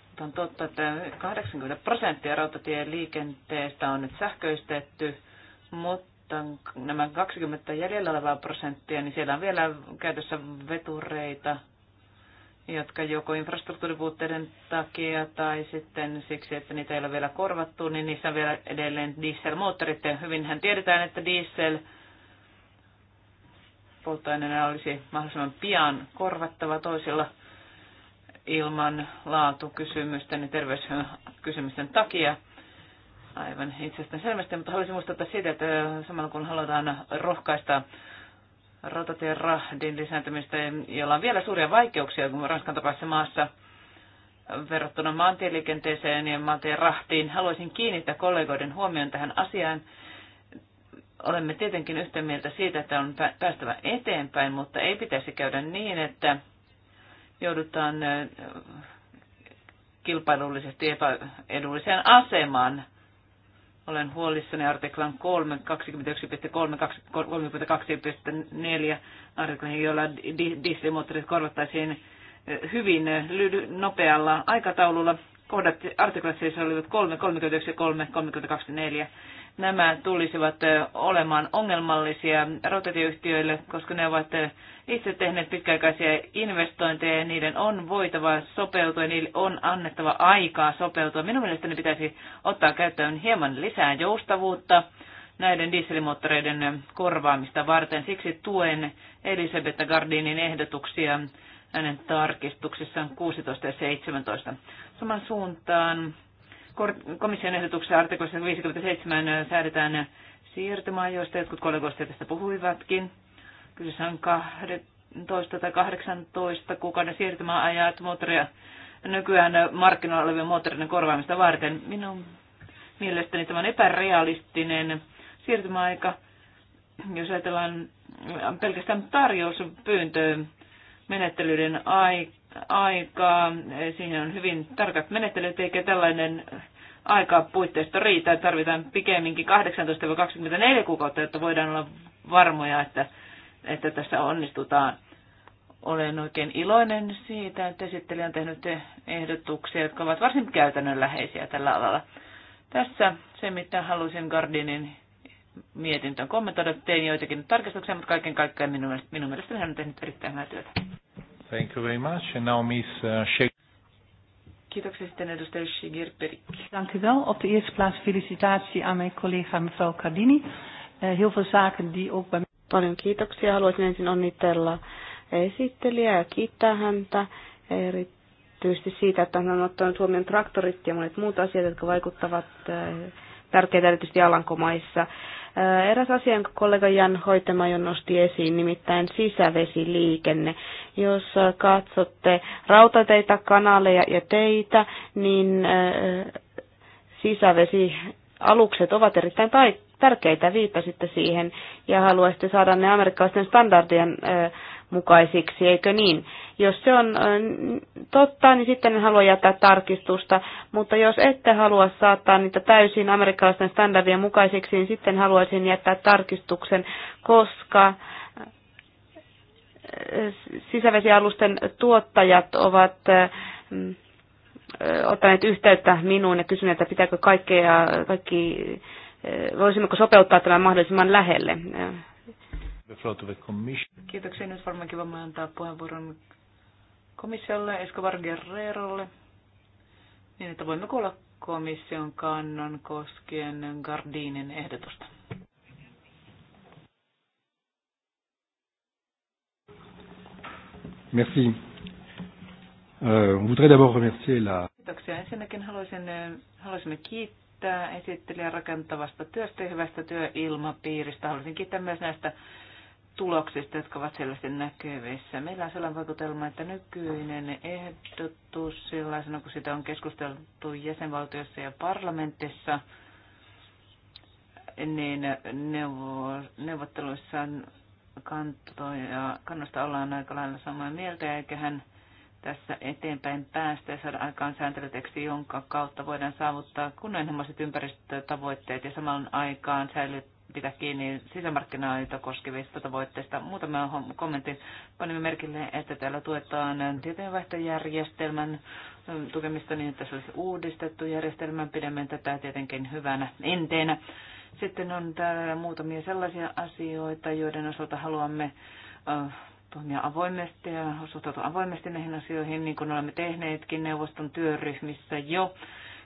Mutta on totta, että 80 prosenttia rautatieliikenteestä on nyt sähköistetty mutta nämä 20 jäljellä olevaa prosenttia, niin siellä on vielä käytössä vetureita, jotka joko infrastruktuuripuutteiden takia tai sitten siksi, että niitä ei ole vielä korvattu, niin niissä on vielä edelleen dieselmoottorit. Ja hyvinhän tiedetään, että diesel polttoaineena olisi mahdollisimman pian korvattava toisilla ilman laatukysymysten ja terveyskysymysten takia aivan itsestään selvästi, mutta haluaisin muistuttaa siitä, että samalla kun halutaan rohkaista rautatien rahdin lisääntymistä, jolla on vielä suuria vaikeuksia kuin Ranskan tapaisessa maassa verrattuna maantieliikenteeseen ja maantien rahtiin, haluaisin kiinnittää kollegoiden huomioon tähän asiaan. Olemme tietenkin yhtä mieltä siitä, että on päästävä eteenpäin, mutta ei pitäisi käydä niin, että joudutaan kilpailullisesti epäedulliseen asemaan olen huolissani artiklan 3, artiklan, 32.4 artikloihin, dieselmoottorit korvattaisiin eh, hyvin eh, nopealla aikataululla. Kohdat artiklat siis olivat 3.31.3.32.4 nämä tulisivat olemaan ongelmallisia rautatieyhtiöille, koska ne ovat itse tehneet pitkäaikaisia investointeja ja niiden on voitava sopeutua ja niille on annettava aikaa sopeutua. Minun mielestäni pitäisi ottaa käyttöön hieman lisää joustavuutta näiden dieselmoottoreiden korvaamista varten. Siksi tuen Elisabeth Gardinin ehdotuksia hänen tarkistuksissaan 16 ja 17. Saman suuntaan Komission ehdotuksessa artikossa 57 säädetään siirtymäajoista, jotkut kollegoista tästä puhuivatkin. Kyseessä on 12 tai 18 kuukauden siirtymäajat moottoria nykyään markkinoilla olevien moottorien korvaamista varten. Minun mielestäni tämä on epärealistinen siirtymäaika, jos ajatellaan pelkästään tarjouspyyntöön menettelyiden aikaa aikaa. Siihen on hyvin tarkat menettelyt, eikä tällainen aika puitteista riitä. Tarvitaan pikemminkin 18-24 kuukautta, jotta voidaan olla varmoja, että, että tässä onnistutaan. Olen oikein iloinen siitä, että esittelijä on tehnyt ehdotuksia, jotka ovat varsin käytännönläheisiä tällä alalla. Tässä se, mitä halusin Gardinin mietintöön kommentoida. Tein joitakin tarkistuksia, mutta kaiken kaikkiaan minun, minun mielestäni hän on tehnyt erittäin hyvää työtä. Thank you very much. And now Miss uh, Sheikh. Kiitoksia sitten edustaja Shigir Perik. Dank u wel. Op de eerste plaats felicitatie aan mijn collega mevrouw Cardini. Uh, heel veel zaken die ook bij... mij. Paljon kiitoksia. Haluaisin ensin onnitella esittelijää ja kiittää häntä erityisesti siitä, että hän on ottanut huomioon traktorit ja monet muut asiat, jotka vaikuttavat uh, tärkeitä erityisesti Alankomaissa. Eräs asia, jonka kollega Jan Hoitema jo nosti esiin, nimittäin sisävesiliikenne. Jos katsotte rautateita, kanaleja ja teitä, niin sisävesialukset ovat erittäin tärkeitä, viittasitte siihen, ja haluaisitte saada ne amerikkalaisten standardien mukaisiksi, eikö niin? Jos se on totta, niin sitten en halua jättää tarkistusta, mutta jos ette halua saattaa niitä täysin amerikkalaisten standardien mukaisiksi, niin sitten haluaisin jättää tarkistuksen, koska sisävesialusten tuottajat ovat mm, ottaneet yhteyttä minuun ja kysyneet, että pitääkö kaikkea, kaikki, voisimmeko sopeuttaa tämän mahdollisimman lähelle The to the commission. Kiitoksia. Nyt varmaan kiva antaa puheenvuoron komissiolle, Escobar Guerrerolle, niin että voimme kuulla komission kannan koskien Gardinin ehdotusta. Merci. Euh, on d'abord remercier la... Kiitoksia. Ensinnäkin haluaisin, haluaisimme kiittää esittelijän rakentavasta työstä ja hyvästä työilmapiiristä. Haluaisin kiittää myös näistä tuloksista, jotka ovat selvästi näkyvissä. Meillä on sellainen vaikutelma, että nykyinen ehdotus sellaisena, kun sitä on keskusteltu jäsenvaltiossa ja parlamentissa, niin neuvotteluissa kantoja, kannosta ollaan aika lailla samaa mieltä, hän tässä eteenpäin päästä ja saada aikaan sääntelyteksti, jonka kautta voidaan saavuttaa kunnianhimoiset ympäristötavoitteet ja samaan aikaan säilyttää pitää kiinni sisämarkkinoita koskevista tavoitteista. Muutama kommentti. Panimme merkille, että täällä tuetaan tietojenvaihtojärjestelmän tukemista niin, että se olisi uudistettu järjestelmän. Pidämme tätä tietenkin hyvänä enteenä. Sitten on täällä muutamia sellaisia asioita, joiden osalta haluamme toimia avoimesti ja suhtautua avoimesti näihin asioihin, niin kuin olemme tehneetkin neuvoston työryhmissä jo.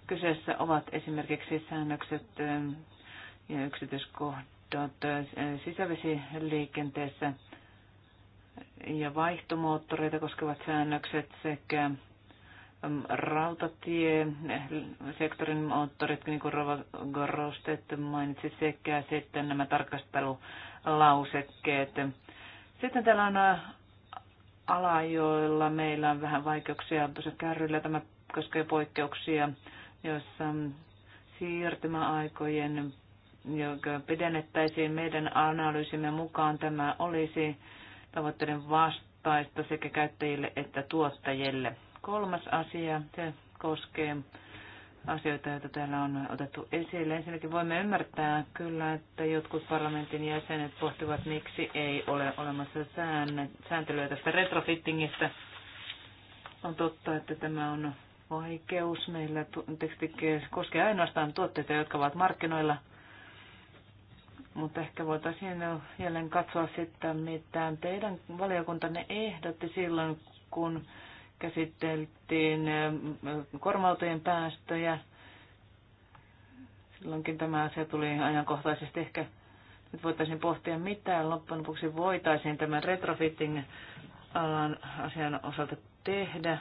Kyseessä ovat esimerkiksi säännökset ja yksityiskohdat äh, sisävesiliikenteessä ja vaihtomoottoreita koskevat säännökset sekä rautatie, sektorin moottorit, niin kuin Rova Gorostet mainitsi, sekä sitten nämä tarkastelulausekkeet. Sitten täällä on äh, ala, joilla meillä on vähän vaikeuksia tuossa kärryllä. Tämä koskee poikkeuksia, joissa siirtymäaikojen joka pidennettäisiin meidän analyysimme mukaan, tämä olisi tavoitteiden vastaista sekä käyttäjille että tuottajille. Kolmas asia, se koskee asioita, joita täällä on otettu esille. Ensinnäkin voimme ymmärtää kyllä, että jotkut parlamentin jäsenet pohtivat, miksi ei ole olemassa sääntelyä tästä retrofittingistä. On totta, että tämä on vaikeus. Meillä teksti koskee ainoastaan tuotteita, jotka ovat markkinoilla mutta ehkä voitaisiin jälleen katsoa sitten, mitä teidän valiokuntanne ehdotti silloin, kun käsiteltiin eh, kormautojen päästöjä. Silloinkin tämä asia tuli ajankohtaisesti ehkä. Nyt voitaisiin pohtia, mitä loppujen lopuksi voitaisiin tämän retrofitting alan asian osalta tehdä.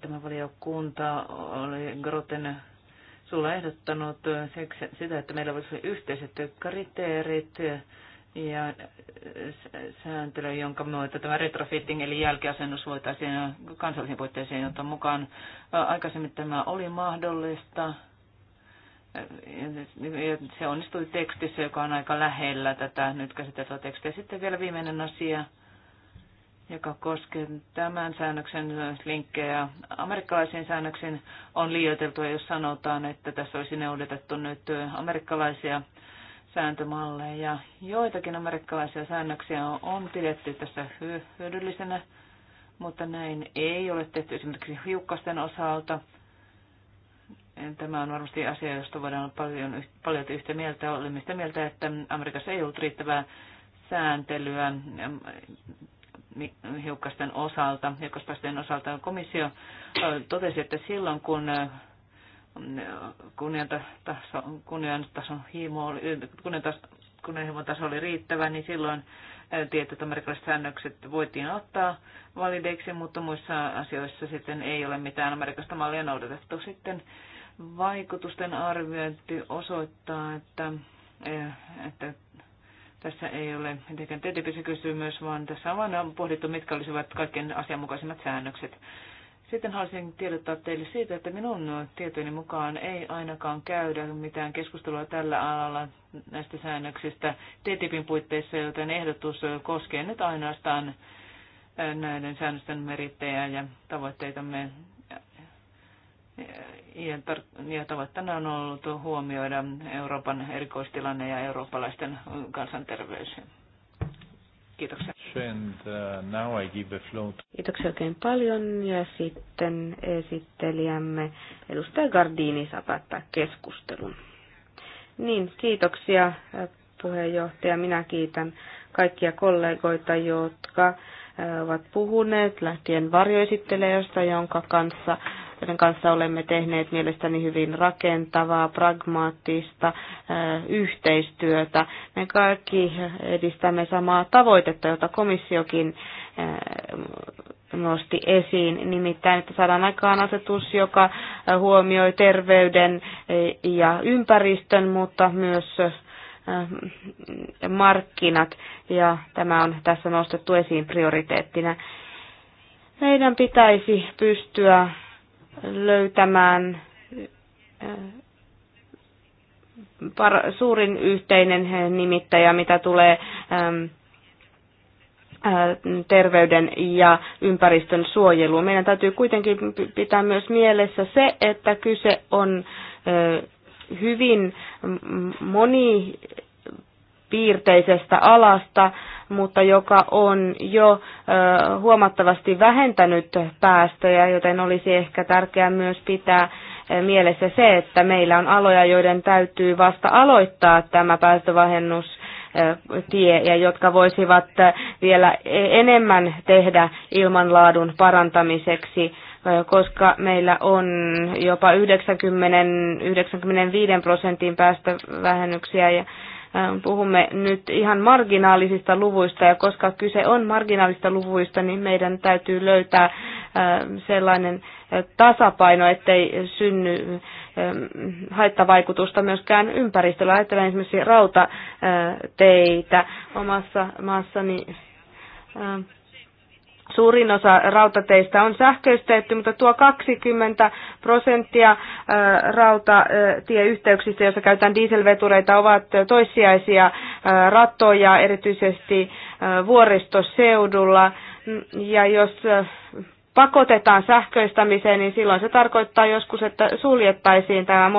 Tämä valiokunta oli Groten sulla ehdottanut sitä, että meillä voisi olla yhteiset kriteerit ja sääntely, jonka myötä tämä retrofitting eli jälkiasennus voitaisiin kansallisiin puitteisiin ottaa mukaan. Aikaisemmin tämä oli mahdollista. Se onnistui tekstissä, joka on aika lähellä tätä nyt käsiteltyä tekstiä. Sitten vielä viimeinen asia joka koskee tämän säännöksen linkkejä amerikkalaisiin säännöksiin, on liioiteltu, jos sanotaan, että tässä olisi neudetettu nyt amerikkalaisia sääntömalleja. Joitakin amerikkalaisia säännöksiä on pidetty tässä hyödyllisenä, mutta näin ei ole tehty esimerkiksi hiukkasten osalta. Tämä on varmasti asia, josta voidaan olla paljon, paljon yhtä mieltä. Olemme sitä mieltä, että Amerikassa ei ollut riittävää sääntelyä hiukkasten osalta, hiukkaspäästöjen osalta komissio totesi, että silloin kun kunniantaso, kunniantason kunnianhimon taso oli riittävä, niin silloin tietyt amerikkalaiset säännökset voitiin ottaa valideiksi, mutta muissa asioissa sitten ei ole mitään amerikkalaista mallia noudatettu. Sitten vaikutusten arviointi osoittaa, että, että tässä ei ole mitenkään TTIPissä kysymys, vaan tässä on vain pohdittu, mitkä olisivat kaikkien asianmukaisimmat säännökset. Sitten haluaisin tiedottaa teille siitä, että minun tietojeni mukaan ei ainakaan käydä mitään keskustelua tällä alalla näistä säännöksistä TTIPin puitteissa, joten ehdotus koskee nyt ainoastaan näiden säännösten merittejä ja tavoitteitamme ja, tar- ja tavoitteena on ollut huomioida Euroopan erikoistilanne ja eurooppalaisten kansanterveys. Kiitoksia. And, uh, now I give the floor. Kiitoksia oikein paljon ja sitten esittelijämme edustaja Gardini saa päättää keskustelun. Niin, kiitoksia äh, puheenjohtaja. Minä kiitän kaikkia kollegoita, jotka äh, ovat puhuneet lähtien varjoesittelijöstä, jonka kanssa joiden kanssa olemme tehneet mielestäni hyvin rakentavaa, pragmaattista yhteistyötä. Me kaikki edistämme samaa tavoitetta, jota komissiokin nosti esiin, nimittäin että saadaan aikaan asetus, joka huomioi terveyden ja ympäristön, mutta myös markkinat, ja tämä on tässä nostettu esiin prioriteettina. Meidän pitäisi pystyä löytämään eh, suurin yhteinen nimittäjä, mitä tulee eh, terveyden ja ympäristön suojeluun. Meidän täytyy kuitenkin pitää myös mielessä se, että kyse on eh, hyvin moni piirteisestä alasta, mutta joka on jo huomattavasti vähentänyt päästöjä, joten olisi ehkä tärkeää myös pitää mielessä se, että meillä on aloja, joiden täytyy vasta aloittaa tämä päästövähennys tie ja jotka voisivat vielä e, enemmän tehdä ilmanlaadun parantamiseksi, koska meillä on jopa 90-95 prosentin päästövähennyksiä ja Ähm, puhumme nyt ihan marginaalisista luvuista ja koska kyse on marginaalista luvuista, niin meidän täytyy löytää ähm, sellainen äh, tasapaino, ettei synny ähm, haittavaikutusta myöskään ympäristöllä. Ajattelen esimerkiksi rautateitä omassa maassani Suurin osa rautateistä on sähköistetty, mutta tuo 20 prosenttia rautatieyhteyksistä, joissa käytetään dieselvetureita, ovat toissijaisia rattoja, erityisesti vuoristoseudulla. Ja jos pakotetaan sähköistämiseen, niin silloin se tarkoittaa joskus, että suljettaisiin tämä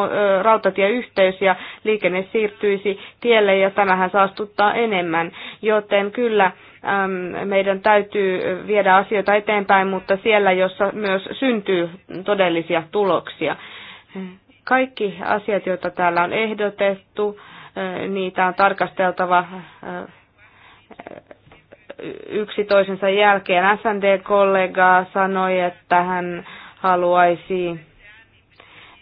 rautatieyhteys ja liikenne siirtyisi tielle ja tämähän saastuttaa enemmän. Joten kyllä Ähm, meidän täytyy viedä asioita eteenpäin, mutta siellä, jossa myös syntyy todellisia tuloksia. Kaikki asiat, joita täällä on ehdotettu, äh, niitä on tarkasteltava äh, yksi toisensa jälkeen. SND-kollega sanoi, että hän haluaisi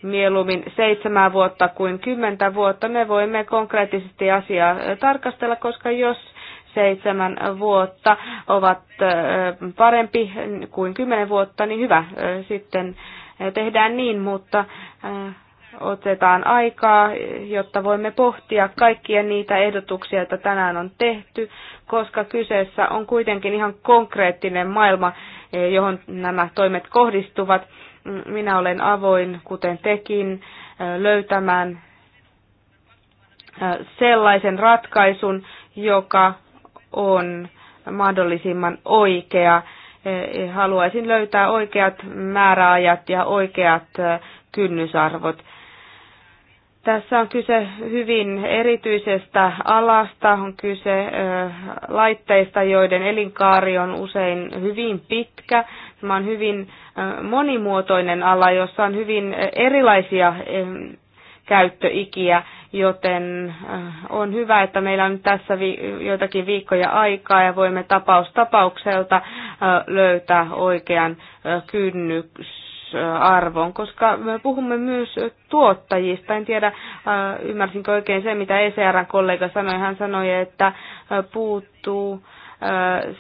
mieluummin seitsemän vuotta kuin kymmentä vuotta. Me voimme konkreettisesti asiaa tarkastella, koska jos seitsemän vuotta ovat parempi kuin kymmenen vuotta, niin hyvä, sitten tehdään niin, mutta otetaan aikaa, jotta voimme pohtia kaikkia niitä ehdotuksia, joita tänään on tehty, koska kyseessä on kuitenkin ihan konkreettinen maailma, e, johon nämä toimet kohdistuvat. Minä olen avoin, kuten tekin, löytämään sellaisen ratkaisun, joka on mahdollisimman oikea. Eh, haluaisin löytää oikeat määräajat ja oikeat eh, kynnysarvot. Tässä on kyse hyvin erityisestä alasta, on kyse eh, laitteista, joiden elinkaari on usein hyvin pitkä. Tämä on hyvin monimuotoinen ala, jossa on hyvin erilaisia käyttöikiä, joten äh, on hyvä, että meillä on tässä vi- joitakin viikkoja aikaa ja voimme tapaus tapaukselta äh, löytää oikean äh, kynnysarvon, koska me puhumme myös tuottajista. En tiedä, ymmärsinkö oikein se, mitä ecr kollega sanoi. Hän sanoi, että puuttuu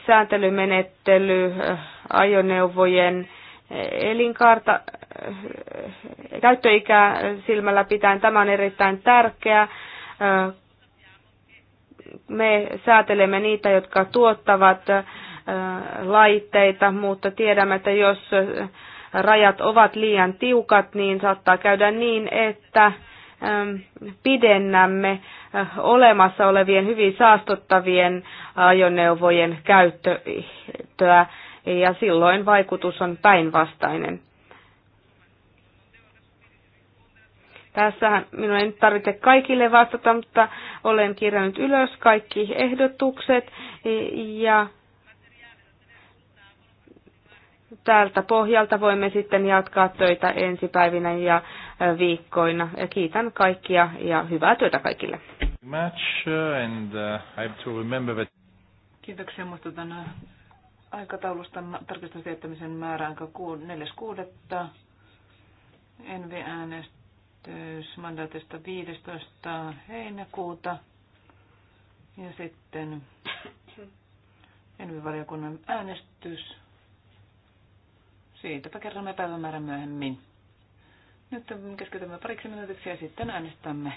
sääntelymenettely ajoneuvojen elinkaarta käyttöikää silmällä pitäen. Tämä on erittäin tärkeää. Me säätelemme niitä, jotka tuottavat laitteita, mutta tiedämme, että jos rajat ovat liian tiukat, niin saattaa käydä niin, että pidennämme olemassa olevien hyvin saastuttavien ajoneuvojen käyttöä ja silloin vaikutus on päinvastainen. Tässä minun ei nyt tarvitse kaikille vastata, mutta olen kirjannut ylös kaikki ehdotukset ja tältä pohjalta voimme sitten jatkaa töitä ensi päivinä ja viikkoina. Ja kiitän kaikkia ja hyvää työtä kaikille. Uh, uh, Kiitoksia, muistutan uh, aikataulusta tarkistusjättämisen määrään 4.6. envi äänestys mandaatista 15. heinäkuuta. Ja sitten envi valiokunnan äänestys. Siitäpä kerromme päivämäärän myöhemmin. Nyt keskitymme pariksi minuutiksi ja sitten äänestämme.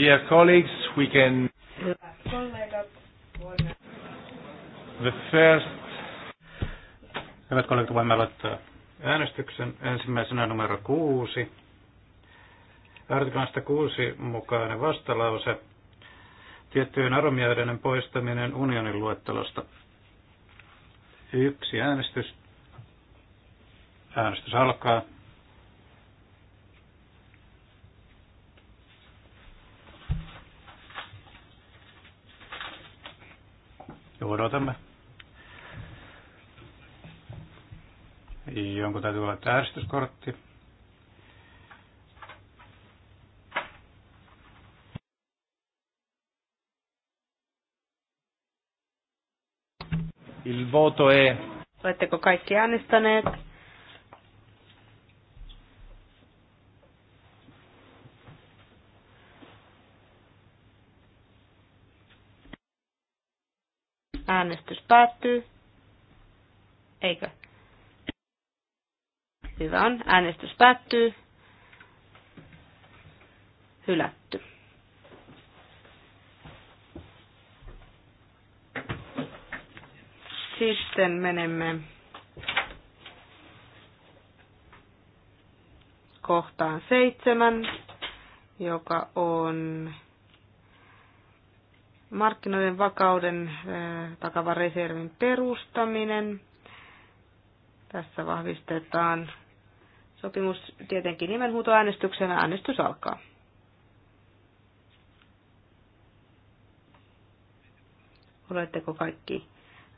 Dear colleagues, we can... The first... Hyvät kollegat, voimme aloittaa äänestyksen ensimmäisenä numero kuusi. Artiklan kuusi mukainen vastalause. Tiettyjen aromiaiden poistaminen unionin luettelosta. Yksi äänestys. Äänestys alkaa. Ja odotamme. Jonkun täytyy olla äänestyskortti. Il voto è... Oletteko kaikki äänestäneet? Äänestys päättyy. Eikö? Hyvä on. Äänestys päättyy. Hylätty. Sitten menemme kohtaan seitsemän, joka on markkinoiden vakauden takavan reservin perustaminen. Tässä vahvistetaan sopimus tietenkin nimenhuutoäänestyksenä. Äänestys alkaa. Oletteko kaikki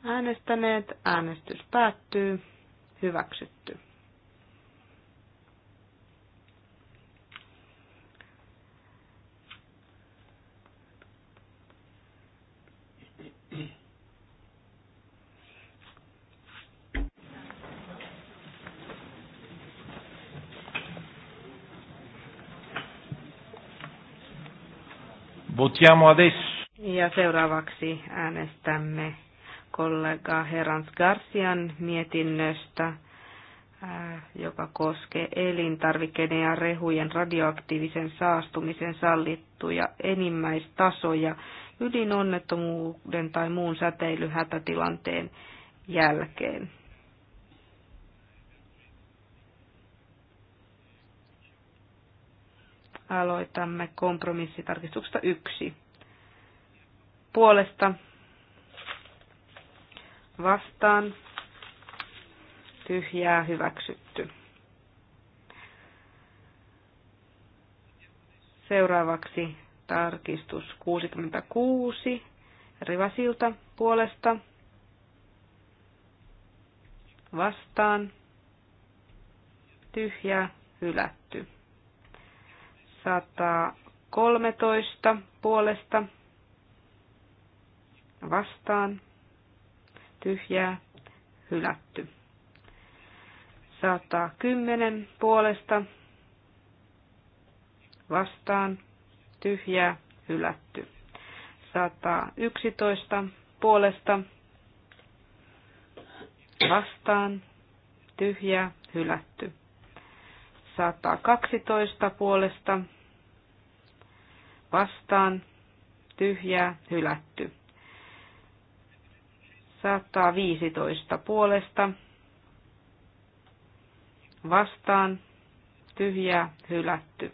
äänestäneet? Äänestys päättyy. Hyväksytty. Votiamo adesso. Ja seuraavaksi äänestämme kollega Herans Garcian mietinnöstä, joka koskee elintarvikkeiden ja rehujen radioaktiivisen saastumisen sallittuja enimmäistasoja ydinonnettomuuden tai muun säteilyhätätilanteen jälkeen. Aloitamme kompromissitarkistuksesta yksi. Puolesta vastaan tyhjää hyväksytty. Seuraavaksi tarkistus 66 Rivasilta puolesta vastaan tyhjää hylätty. 113 puolesta vastaan tyhjää hylätty. 110 puolesta vastaan tyhjää hylätty. 111 puolesta vastaan tyhjää hylätty. 112 puolesta vastaan tyhjää hylätty. 115 puolesta vastaan tyhjää hylätty.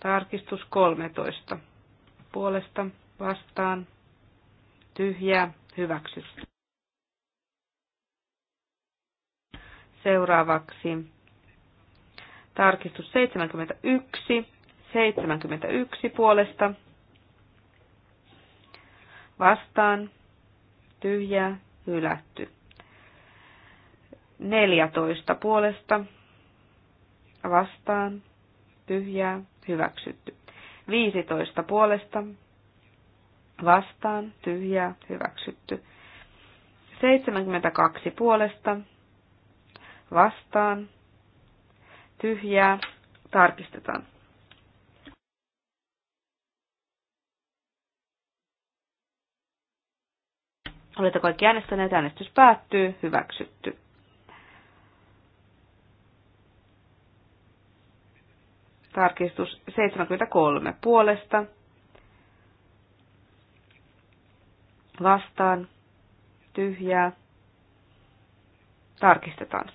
Tarkistus 13 puolesta vastaan tyhjää hyväksytty. Seuraavaksi Tarkistus 71, 71 puolesta. Vastaan, tyhjää, hylätty. 14 puolesta, vastaan, tyhjää, hyväksytty. 15 puolesta, vastaan, tyhjää, hyväksytty. 72 puolesta, vastaan, tyhjää, tarkistetaan. Olette kaikki äänestäneet, äänestys päättyy, hyväksytty. Tarkistus 73 puolesta. Vastaan. Tyhjää. Tarkistetaan.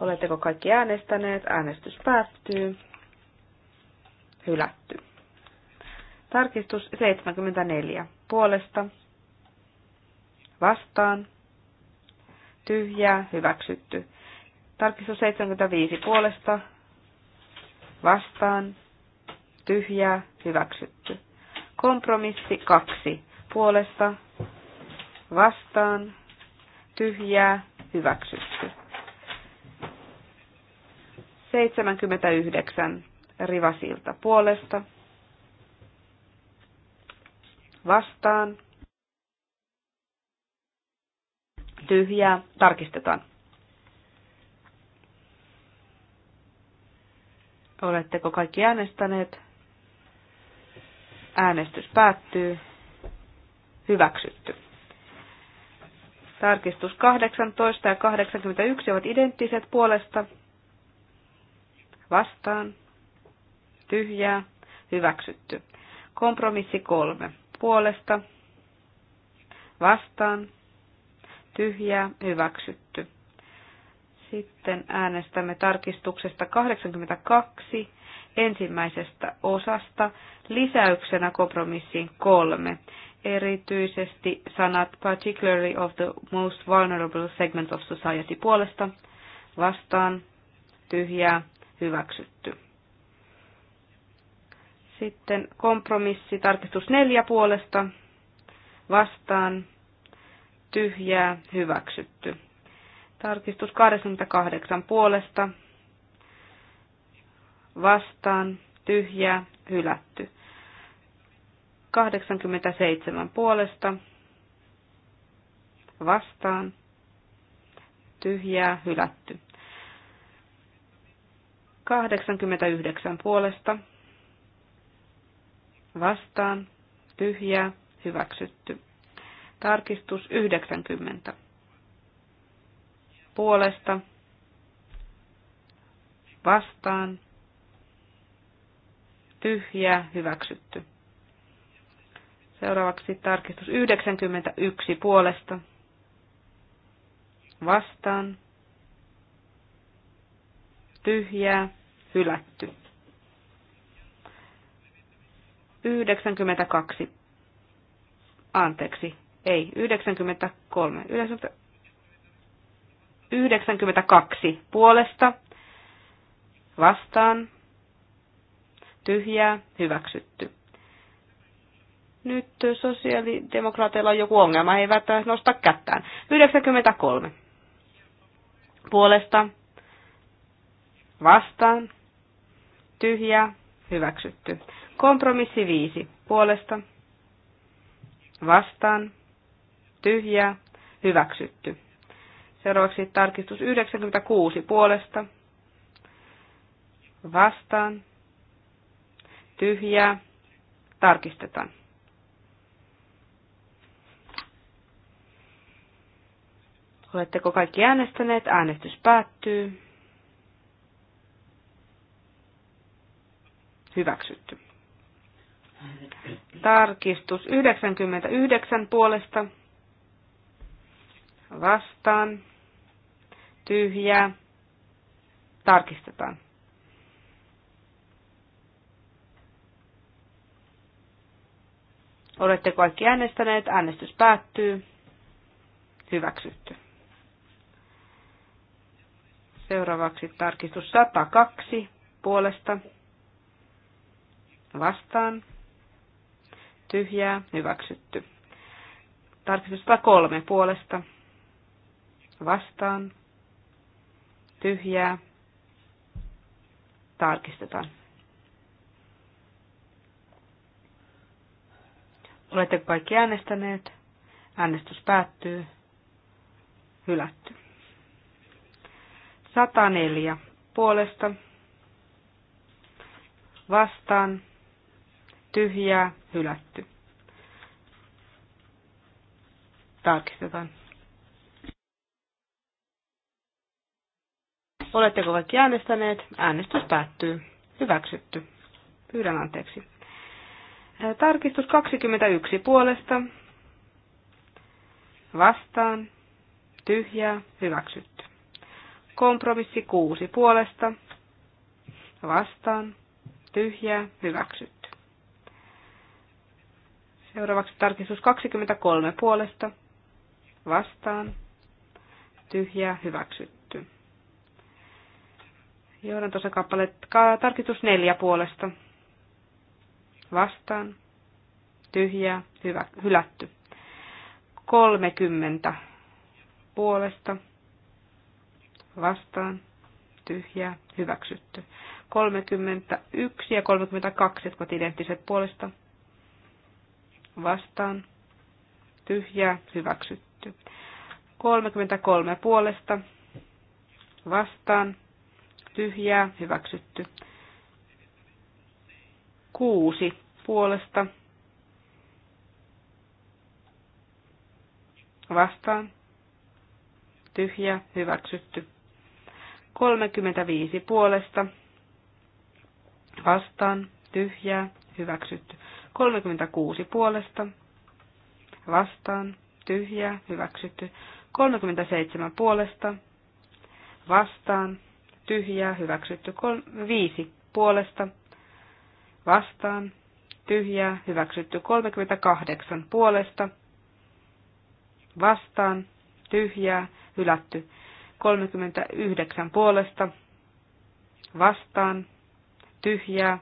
Oletteko kaikki äänestäneet? Äänestys päättyy. Hylätty. Tarkistus 74. Puolesta. Vastaan. Tyhjää. Hyväksytty. Tarkistus 75. Puolesta. Vastaan. Tyhjää. Hyväksytty. Kompromissi 2. Puolesta. Vastaan. Tyhjää. Hyväksytty. 79 rivasilta puolesta. Vastaan. Tyhjää. Tarkistetaan. Oletteko kaikki äänestäneet? Äänestys päättyy. Hyväksytty. Tarkistus 18 ja 81 ovat identtiset puolesta vastaan, tyhjää, hyväksytty. Kompromissi kolme, puolesta, vastaan, tyhjää, hyväksytty. Sitten äänestämme tarkistuksesta 82 ensimmäisestä osasta lisäyksenä kompromissiin kolme, erityisesti sanat particularly of the most vulnerable segments of society puolesta, vastaan, tyhjää, hyväksytty. Sitten kompromissi, tarkistus neljä puolesta, vastaan, tyhjää, hyväksytty. Tarkistus 88 puolesta, vastaan, tyhjää, hylätty. 87 puolesta, vastaan, tyhjää, hylätty. 89 puolesta vastaan tyhjää hyväksytty. Tarkistus 90 puolesta vastaan tyhjää hyväksytty. Seuraavaksi tarkistus 91 puolesta vastaan tyhjää, hylätty. 92. Anteeksi, ei, 93. 92 puolesta vastaan tyhjää hyväksytty. Nyt sosiaalidemokraateilla on joku ongelma, he eivät nosta kättään. 93 puolesta vastaan, tyhjä hyväksytty. Kompromissi viisi puolesta, vastaan, tyhjä hyväksytty. Seuraavaksi tarkistus 96 puolesta, vastaan, tyhjä tarkistetaan. Oletteko kaikki äänestäneet? Äänestys päättyy. hyväksytty. Tarkistus 99 puolesta vastaan tyhjää tarkistetaan. Olette kaikki äänestäneet, äänestys päättyy, hyväksytty. Seuraavaksi tarkistus 102 puolesta vastaan, tyhjää, hyväksytty. Tarkistus 103 puolesta, vastaan, tyhjää, tarkistetaan. Oletteko kaikki äänestäneet? Äänestys päättyy. Hylätty. 104 puolesta vastaan tyhjää, hylätty. Tarkistetaan. Oletteko kaikki äänestäneet? Äänestys päättyy. Hyväksytty. Pyydän anteeksi. Tarkistus 21 puolesta. Vastaan. Tyhjää. Hyväksytty. Kompromissi 6 puolesta. Vastaan. Tyhjää. Hyväksytty. Seuraavaksi tarkistus 23 puolesta. Vastaan. Tyhjää hyväksytty. tuossa kappale tarkistus 4 puolesta. Vastaan. Tyhjää hyvä, hylätty. 30 puolesta. Vastaan. Tyhjää hyväksytty. 31 ja 32, jotka identtiset puolesta vastaan, tyhjää, hyväksytty. 33 puolesta, vastaan, tyhjää, hyväksytty. 6 puolesta, vastaan, tyhjä, hyväksytty. 35 puolesta, vastaan, tyhjää, hyväksytty. 36 puolesta vastaan tyhjä hyväksytty. 37 puolesta vastaan tyhjä hyväksytty. 5 puolesta vastaan tyhjä hyväksytty. 38 puolesta vastaan tyhjä hylätty. 39 puolesta vastaan tyhjä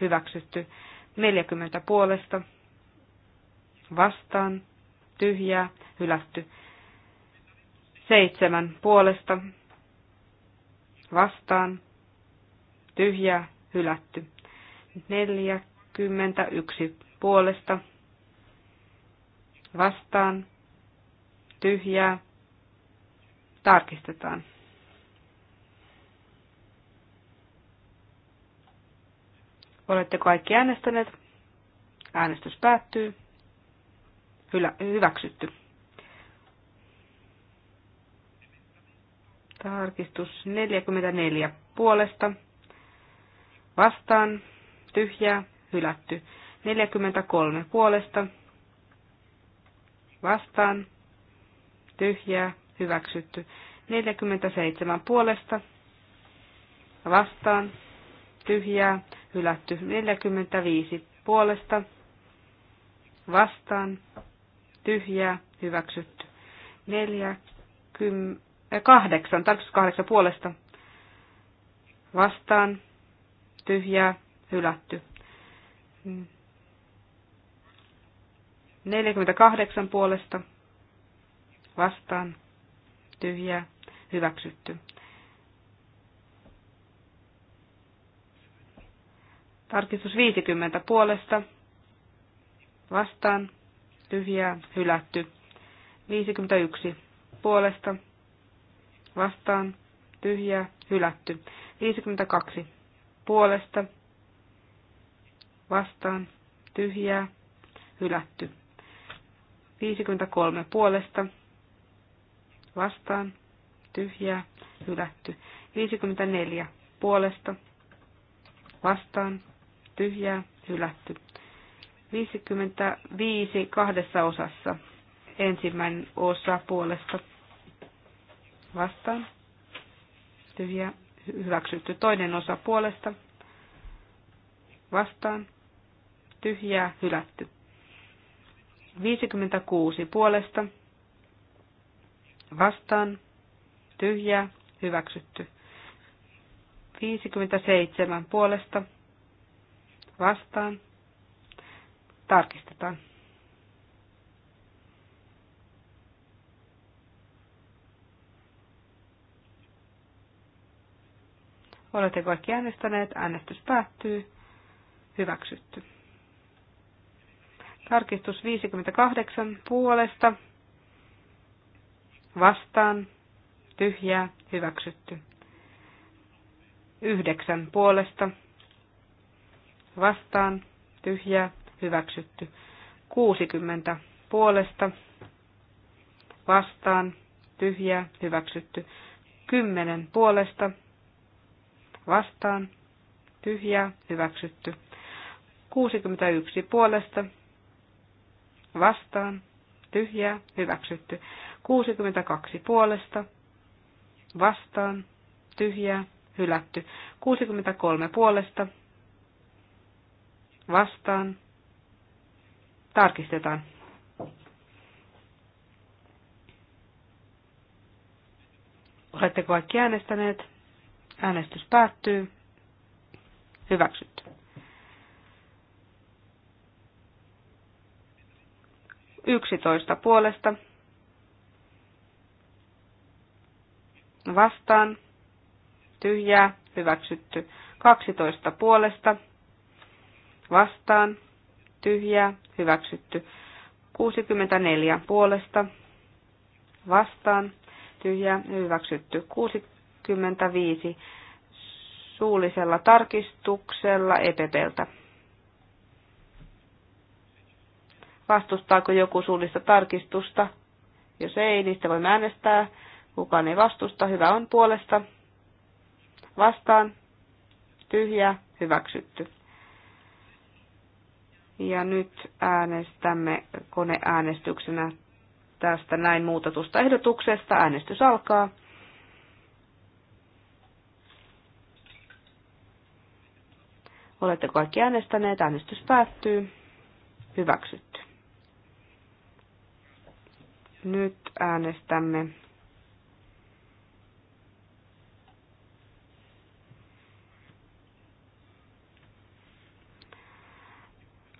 hyväksytty. 40 puolesta vastaan tyhjää hylätty. 7 puolesta vastaan tyhjää hylätty. 41 puolesta vastaan tyhjää tarkistetaan. Olette kaikki äänestäneet. Äänestys päättyy. Hylä, hyväksytty. Tarkistus 44 puolesta. Vastaan. Tyhjää. Hylätty. 43 puolesta. Vastaan. Tyhjää. Hyväksytty. 47 puolesta. Vastaan tyhjää, hylätty 45 puolesta, vastaan, tyhjää, hyväksytty 48, tarkoitus 8 puolesta, vastaan, tyhjää, hylätty. 48 puolesta, vastaan, tyhjää, hyväksytty. Tarkistus 50 puolesta. Vastaan. Tyhjää. Hylätty. 51 puolesta. Vastaan. Tyhjää. Hylätty. 52 puolesta. Vastaan. Tyhjää. Hylätty. 53 puolesta. Vastaan. Tyhjää. Hylätty. 54 puolesta. Vastaan tyhjää, hylätty. 55 kahdessa osassa. Ensimmäinen osa puolesta vastaan, tyhjää, hyväksytty. Toinen osa puolesta vastaan, tyhjää, hylätty. 56 puolesta vastaan, tyhjää, hyväksytty. 57 puolesta vastaan. Tarkistetaan. Olette kaikki äänestäneet. Äänestys päättyy. Hyväksytty. Tarkistus 58 puolesta. Vastaan. Tyhjää. Hyväksytty. 9 puolesta vastaan, tyhjää, hyväksytty. 60 puolesta, vastaan, tyhjää, hyväksytty. 10 puolesta, vastaan, tyhjää, hyväksytty. 61 puolesta, vastaan, tyhjää, hyväksytty. 62 puolesta, vastaan, tyhjää, hylätty. 63 puolesta, vastaan. Tarkistetaan. Oletteko kaikki äänestäneet? Äänestys päättyy. Hyväksytty. Yksitoista puolesta. Vastaan. Tyhjää. Hyväksytty. Kaksitoista puolesta vastaan, tyhjää, hyväksytty. 64 puolesta, vastaan, tyhjää, hyväksytty. 65 suullisella tarkistuksella epepeltä. Vastustaako joku suullista tarkistusta? Jos ei, niistä voi äänestää. Kukaan ei vastusta. Hyvä on puolesta. Vastaan. Tyhjä. Hyväksytty. Ja nyt äänestämme koneäänestyksenä tästä näin muutatusta ehdotuksesta. Äänestys alkaa. Olette kaikki äänestäneet. Äänestys päättyy. Hyväksytty. Nyt äänestämme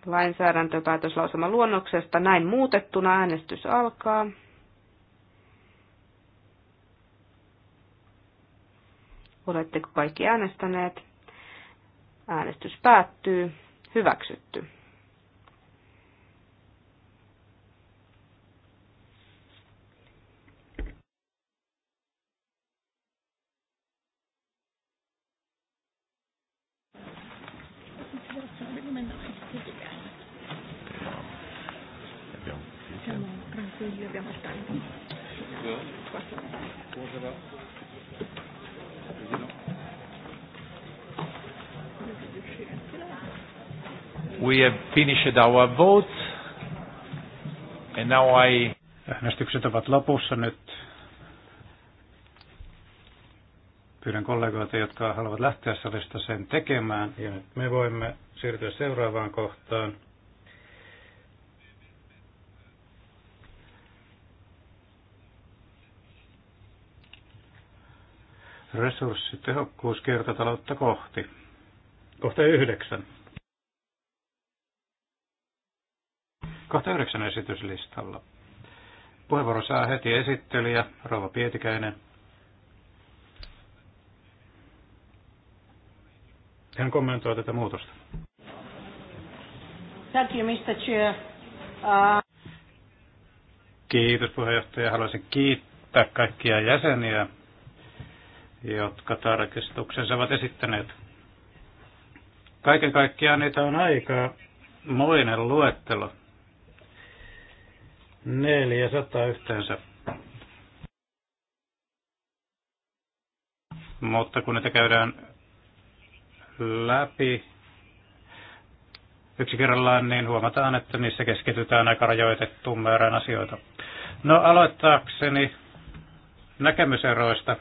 lainsäädäntöpäätöslauselman luonnoksesta näin muutettuna. Äänestys alkaa. Oletteko kaikki äänestäneet? Äänestys päättyy. Hyväksytty. We have finished our vote. And now I... Äänestykset ovat lopussa nyt. Pyydän kollegoita, jotka haluavat lähteä salista sen tekemään. Ja nyt me voimme siirtyä seuraavaan kohtaan. resurssitehokkuus kiertotaloutta kohti. Kohta yhdeksän. Kohta yhdeksän esityslistalla. Puheenvuoro saa heti esittelijä Rova Pietikäinen. Hän kommentoi tätä muutosta. Thank you, Mr. Chair. Uh... Kiitos puheenjohtaja. Haluaisin kiittää kaikkia jäseniä jotka tarkistuksensa ovat esittäneet. Kaiken kaikkiaan niitä on aika moinen luettelo. 400 yhteensä. Mutta kun niitä käydään läpi yksi kerrallaan, niin huomataan, että niissä keskitytään aika rajoitettuun määrään asioita. No aloittaakseni näkemyseroista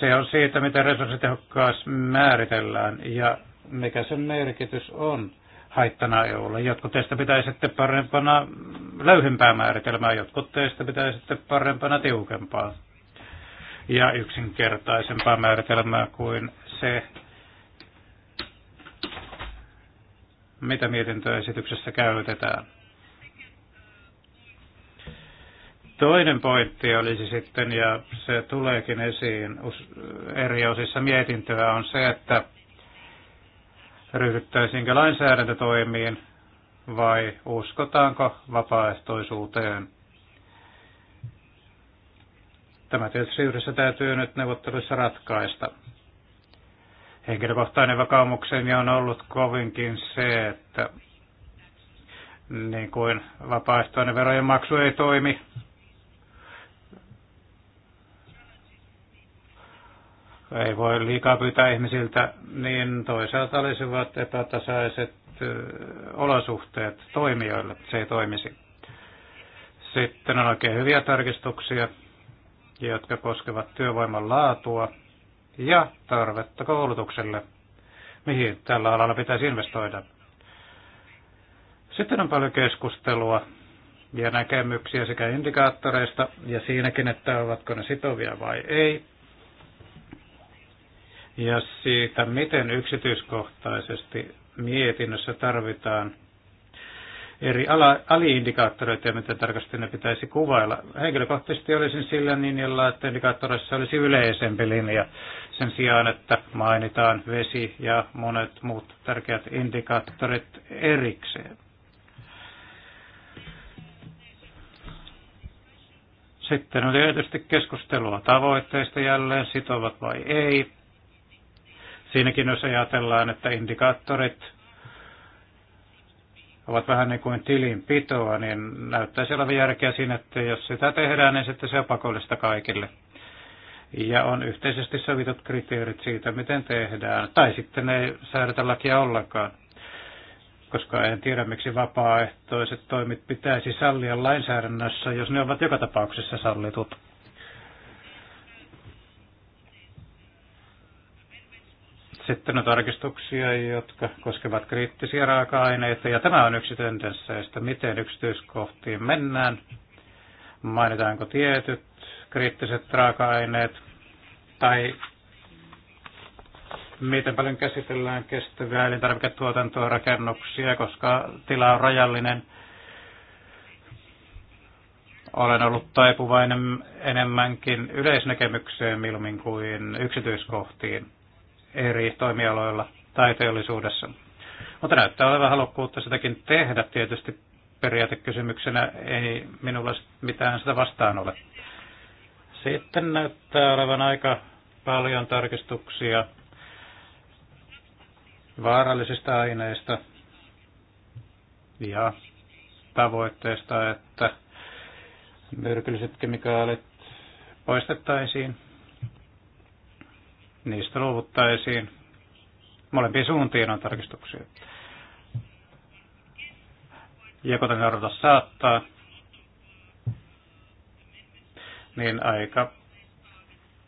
se on siitä, miten resurssitehokkaas määritellään ja mikä sen merkitys on haittana EUlle. Jotkut teistä pitäisitte parempana löyhempää määritelmää, jotkut teistä pitäisitte parempana tiukempaa ja yksinkertaisempaa määritelmää kuin se, mitä mietintöesityksessä käytetään. Toinen pointti olisi sitten, ja se tuleekin esiin eri osissa mietintöä, on se, että ryhdyttäisiinkö lainsäädäntötoimiin vai uskotaanko vapaaehtoisuuteen. Tämä tietysti yhdessä täytyy nyt neuvotteluissa ratkaista. Henkilökohtainen vakaumukseni on ollut kovinkin se, että niin kuin vapaaehtoinen verojen maksu ei toimi, ei voi liikaa pyytää ihmisiltä, niin toisaalta olisivat epätasaiset olosuhteet toimijoille, se ei toimisi. Sitten on oikein hyviä tarkistuksia, jotka koskevat työvoiman laatua ja tarvetta koulutukselle, mihin tällä alalla pitäisi investoida. Sitten on paljon keskustelua ja näkemyksiä sekä indikaattoreista ja siinäkin, että ovatko ne sitovia vai ei ja siitä, miten yksityiskohtaisesti mietinnössä tarvitaan eri ala, aliindikaattoreita ja miten tarkasti ne pitäisi kuvailla. Henkilökohtaisesti olisin sillä linjalla, että indikaattoreissa olisi yleisempi linja sen sijaan, että mainitaan vesi ja monet muut tärkeät indikaattorit erikseen. Sitten on tietysti keskustelua tavoitteista jälleen, sitovat vai ei. Siinäkin jos ajatellaan, että indikaattorit ovat vähän niin kuin tilinpitoa, niin näyttäisi olevan järkeä siinä, että jos sitä tehdään, niin sitten se on pakollista kaikille. Ja on yhteisesti sovitut kriteerit siitä, miten tehdään. Tai sitten ei säädetä lakia ollenkaan, koska en tiedä, miksi vapaaehtoiset toimit pitäisi sallia lainsäädännössä, jos ne ovat joka tapauksessa sallitut. Sitten on tarkistuksia, jotka koskevat kriittisiä raaka-aineita, ja tämä on yksi tendensseistä, miten yksityiskohtiin mennään. Mainitaanko tietyt kriittiset raaka-aineet, tai miten paljon käsitellään kestävää elintarviketuotantoa, rakennuksia, koska tila on rajallinen. Olen ollut taipuvainen enemmänkin yleisnäkemykseen milmin kuin yksityiskohtiin eri toimialoilla tai teollisuudessa. Mutta näyttää olevan halukkuutta sitäkin tehdä. Tietysti periaatekysymyksenä ei minulla mitään sitä vastaan ole. Sitten näyttää olevan aika paljon tarkistuksia vaarallisista aineista ja tavoitteista, että myrkylliset kemikaalit poistettaisiin niistä luovuttaisiin. Molempiin suuntiin on tarkistuksia. Ja kuten arvota saattaa, niin aika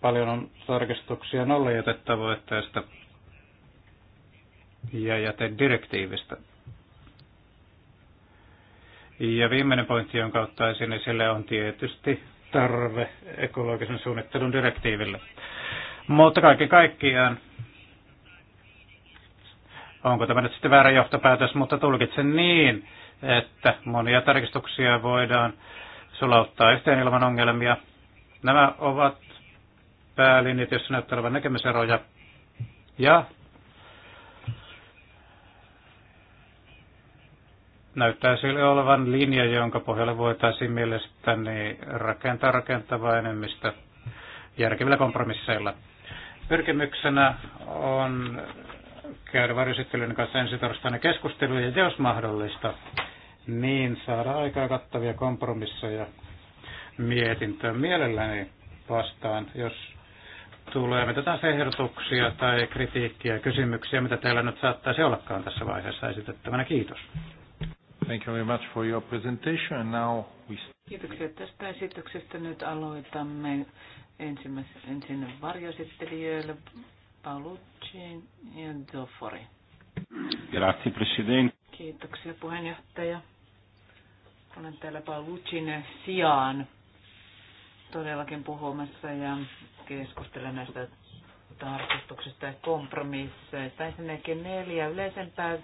paljon on tarkistuksia nollajätetavoitteesta ja jätedirektiivistä. Ja viimeinen pointti, jonka ottaisin esille, on tietysti tarve ekologisen suunnittelun direktiiville. Mutta kaikki kaikkiaan, onko tämä nyt sitten väärä johtopäätös, mutta tulkitsen niin, että monia tarkistuksia voidaan sulauttaa yhteen ilman ongelmia. Nämä ovat päälinjat, joissa näyttää olevan näkemyseroja. Ja näyttää sille olevan linja, jonka pohjalle voitaisiin mielestäni rakentaa rakentavaa enemmistö järkevillä kompromisseilla. Pyrkimyksenä on käydä varjosittelyn kanssa ensi torstaina keskusteluja ja jos mahdollista, niin saada aikaa kattavia kompromisseja mietintöön. Mielelläni vastaan, jos tulee mitä tahansa ehdotuksia tai kritiikkiä ja kysymyksiä, mitä teillä nyt saattaisi ollakaan tässä vaiheessa esitettävänä. Kiitos. Thank you very much for your presentation. Now we... Kiitoksia tästä esityksestä. Nyt aloitamme ensimmäisen, ensin varjosittelijöille Paulucci ja Zofori. Grazie Presidente. Kiitoksia puheenjohtaja. Olen täällä Paulucin sijaan todellakin puhumassa ja keskustelen näistä tarkistuksista ja kompromisseista. Ensinnäkin neljä yleisempää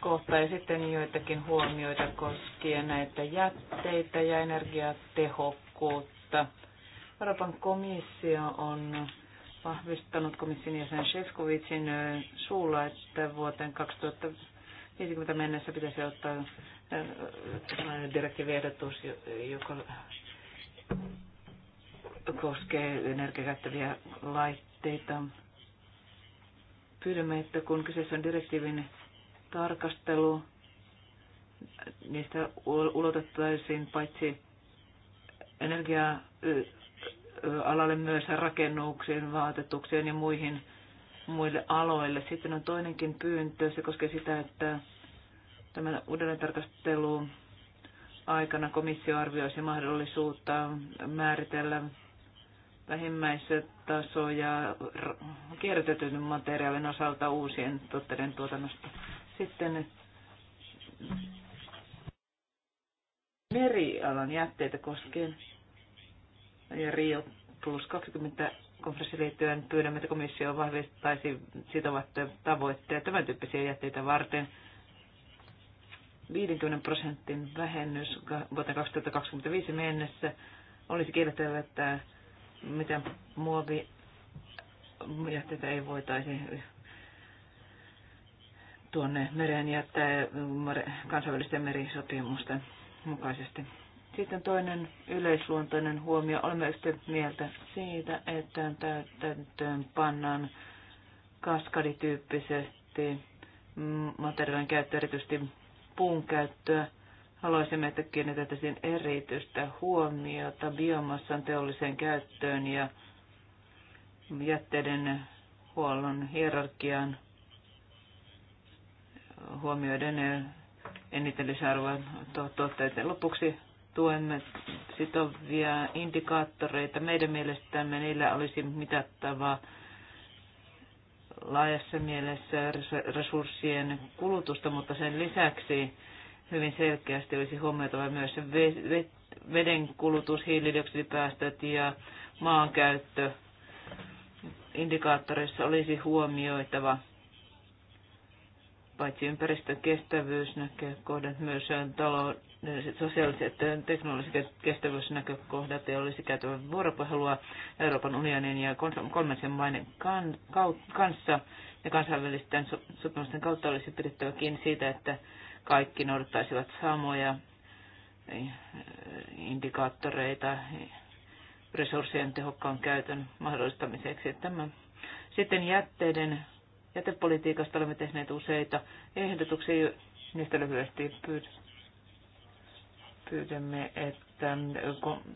kohtaa ja sitten joitakin huomioita koskien näitä jätteitä ja energiatehokkuutta. Euroopan komissio on vahvistanut komission jäsen Shevkovicin suulla, että vuoteen 2050 mennessä pitäisi ottaa sellainen direktiiviehdotus, joka koskee energiakäyttäviä laitteita. Pyydämme, että kun kyseessä on direktiivin tarkastelu, niistä ulotettaisiin paitsi energiaa alalle myös rakennuksiin, vaatetukseen ja muihin muille aloille. Sitten on toinenkin pyyntö, se koskee sitä, että tämän uudelleentarkastelun aikana komissio arvioisi mahdollisuutta määritellä vähimmäistasoja kierrätetyn materiaalin osalta uusien tuotteiden tuotannosta. Sitten merialan jätteitä koskien ja Rio plus 20 konferenssiliittyen pyydämme, että komissio vahvistaisi sitovat tavoitteet tämän tyyppisiä jätteitä varten. 50 prosentin vähennys vuoteen 2025 mennessä olisi kiellettävä, että mitä muovi jätteitä ei voitaisi tuonne mereen jättää kansainvälisten merisopimusten mukaisesti. Sitten toinen yleisluontoinen huomio. Olemme yhtä mieltä siitä, että täytäntöön pannaan kaskadityyppisesti materiaalin käyttö, erityisesti puun käyttöä. Haluaisimme, että kiinnitettäisiin erityistä huomiota biomassan teolliseen käyttöön ja jätteiden huollon hierarkian huomioiden eniten lisäarvoa tuotteiden lopuksi tuemme sitovia indikaattoreita. Meidän mielestämme niillä olisi mitattavaa laajassa mielessä resurssien kulutusta, mutta sen lisäksi hyvin selkeästi olisi huomioitava myös veden kulutus, hiilidioksidipäästöt ja maankäyttö. Indikaattorissa olisi huomioitava paitsi ympäristökestävyysnäkökohdat, myös sosiaaliset ja teknologiset kestävyysnäkökohdat ja olisi käytävä vuoropuhelua Euroopan unionin ja kolmansien maiden kanssa ja kansainvälisten sopimusten kautta olisi pidettävä kiinni siitä, että kaikki noudattaisivat samoja eh, indikaattoreita resurssien tehokkaan käytön mahdollistamiseksi. Tämä. Sitten jätteiden jätepolitiikasta olemme tehneet useita ehdotuksia, niistä lyhyesti pyydän Pyydämme, että,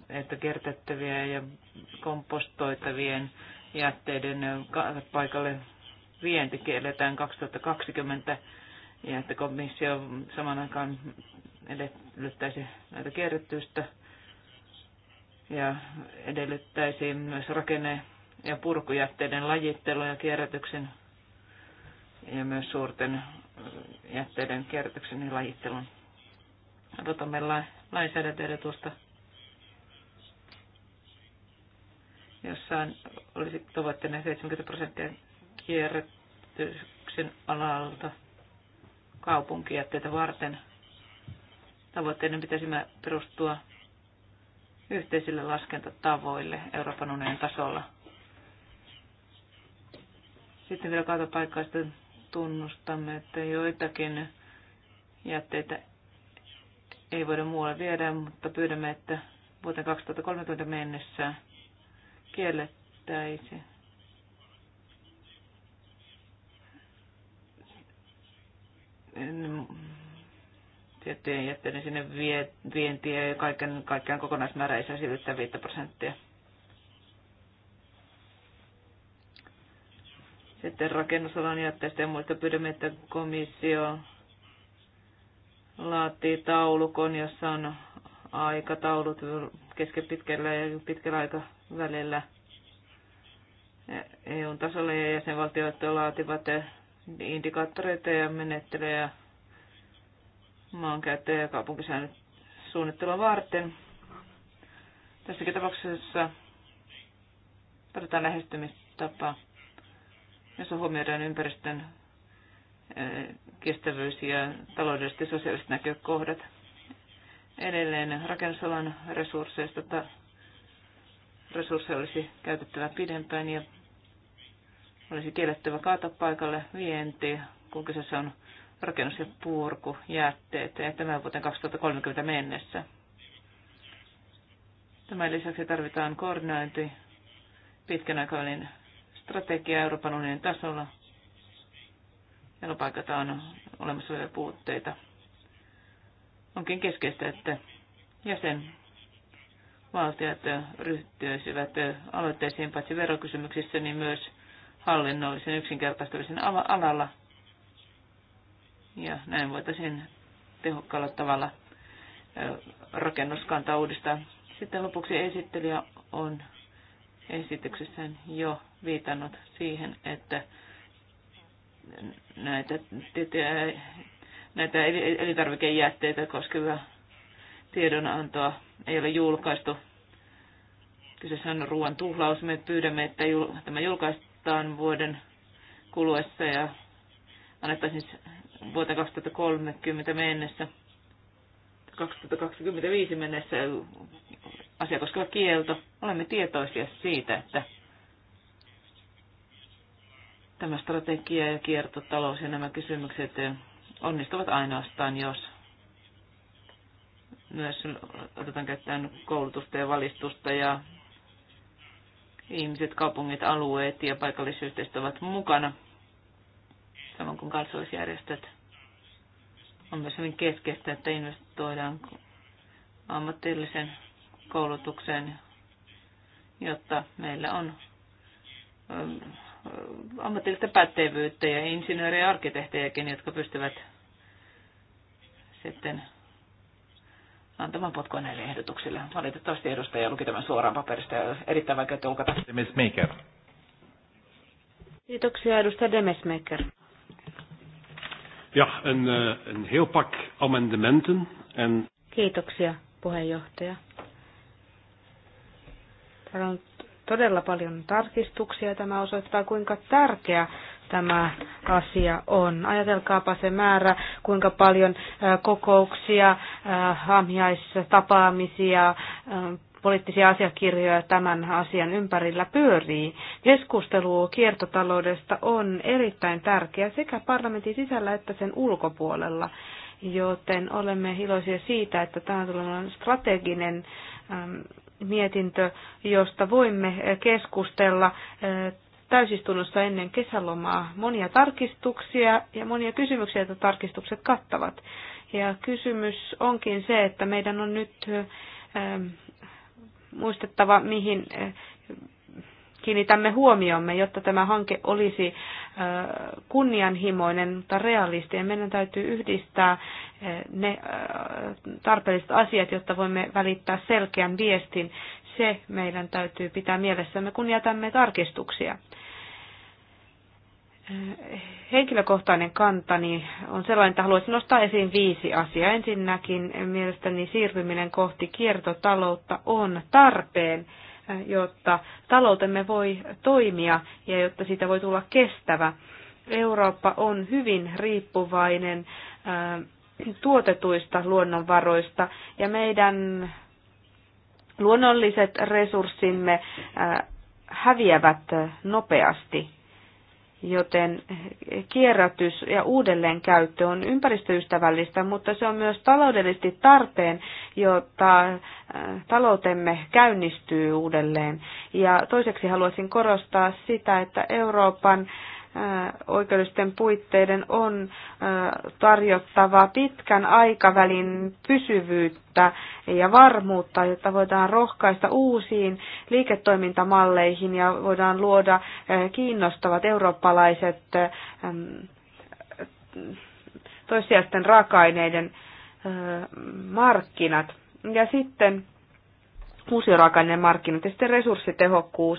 että kertettäviä ja kompostoitavien jätteiden paikalle vienti kielletään 2020 ja että komissio saman aikaan edellyttäisi näitä kierrätystä ja edellyttäisi myös rakenne- ja purkujätteiden lajittelua ja kierrätyksen ja myös suurten jätteiden kierrätyksen ja lajittelun. Odotamme lainsäädäntöehdotusta, jossa olisi tavoitteena 70 prosenttia kierrätyksen alalta kaupunkijätteitä varten. Tavoitteiden pitäisi perustua yhteisille laskentatavoille Euroopan unionin tasolla. Sitten vielä kaatopaikkaista tunnustamme, että joitakin jätteitä ei voida muualla viedä, mutta pyydämme, että vuoteen 2030 mennessä kiellettäisi, tiettyjen jätteiden sinne vientiä ja kaiken, kaikkiaan kokonaismäärä ei saisi 5 prosenttia. Sitten rakennusalan jätteistä ja muista pyydämme, että komissio laatii taulukon, jossa on aikataulut keskipitkällä ja pitkällä aikavälillä eu tasolla ja jäsenvaltiot laativat indikaattoreita ja menettelyjä maankäyttöä ja kaupunkisäännöt suunnittelua varten. Tässäkin tapauksessa tarvitaan lähestymistapa, jossa huomioidaan ympäristön kestävyys ja taloudelliset ja sosiaaliset näkökohdat. Edelleen rakennusalan resursseista resursseja olisi käytettävä pidempään ja olisi kiellettävä kaatopaikalle vienti, kun kyseessä on rakennus- ja purkujätteet, ja tämän vuoteen 2030 mennessä. Tämän lisäksi tarvitaan koordinointi pitkän aikavälin strategia Euroopan unionin tasolla – jolla paikataan olemassa olevia puutteita. Onkin keskeistä, että jäsen valtiot ryhtyisivät aloitteisiin paitsi verokysymyksissä, niin myös hallinnollisen yksinkertaistamisen alalla. Ja näin voitaisiin tehokkaalla tavalla rakennuskanta uudistaa. Sitten lopuksi esittelijä on esityksessään jo viitannut siihen, että näitä, näitä elintarvikejätteitä koskevaa tiedonantoa ei ole julkaistu. Kyseessä on ruoan tuhlaus. Me pyydämme, että tämä julkaistaan vuoden kuluessa ja annettaisiin vuoteen 2030 mennessä, 2025 mennessä asia koskeva kielto. Olemme tietoisia siitä, että Tämä strategia ja kiertotalous ja nämä kysymykset onnistuvat ainoastaan, jos myös otetaan käyttöön koulutusta ja valistusta ja ihmiset, kaupungit, alueet ja paikallisyhteistyö ovat mukana, samoin kuin kansallisjärjestöt. On myös hyvin keskeistä, että investoidaan ammatillisen koulutukseen, jotta meillä on ammatillista pätevyyttä ja insinöörejä ja arkkitehtejäkin, jotka pystyvät sitten antamaan potkua näille ehdotuksille. Valitettavasti edustaja luki tämän suoraan paperista ja erittäin vaikea tulkata. Demesmaker. Kiitoksia edustaja Demesmaker. Ja, en en eh, heel pak amendementen. En... Kiitoksia puheenjohtaja. Täällä on todella paljon tarkistuksia. Tämä osoittaa, kuinka tärkeä tämä asia on. Ajatelkaapa se määrä, kuinka paljon kokouksia, tapaamisia, poliittisia asiakirjoja tämän asian ympärillä pyörii. Keskustelu kiertotaloudesta on erittäin tärkeä sekä parlamentin sisällä että sen ulkopuolella, joten olemme iloisia siitä, että tämä on strateginen mietintö, josta voimme keskustella täysistunnossa ennen kesälomaa. Monia tarkistuksia ja monia kysymyksiä, joita tarkistukset kattavat. Ja kysymys onkin se, että meidän on nyt muistettava, mihin kiinnitämme huomiomme, jotta tämä hanke olisi kunnianhimoinen, mutta realisti. meidän täytyy yhdistää ne tarpeelliset asiat, jotta voimme välittää selkeän viestin. Se meidän täytyy pitää mielessämme, kun jätämme tarkistuksia. Henkilökohtainen kantani on sellainen, että haluaisin nostaa esiin viisi asiaa. Ensinnäkin mielestäni siirtyminen kohti kiertotaloutta on tarpeen jotta taloutemme voi toimia ja jotta siitä voi tulla kestävä. Eurooppa on hyvin riippuvainen tuotetuista luonnonvaroista ja meidän luonnolliset resurssimme häviävät nopeasti, joten kierrätys ja uudelleenkäyttö on ympäristöystävällistä, mutta se on myös taloudellisesti tarpeen, jotta äh, taloutemme käynnistyy uudelleen. Ja toiseksi haluaisin korostaa sitä, että Euroopan äh, oikeudellisten puitteiden on äh, tarjottava pitkän aikavälin pysyvyyttä ja varmuutta, jotta voidaan rohkaista uusiin liiketoimintamalleihin ja voidaan luoda kiinnostavat eurooppalaiset toissijaisten raaka-aineiden markkinat. Ja sitten uusiorakainen markkinat ja sitten resurssitehokkuus.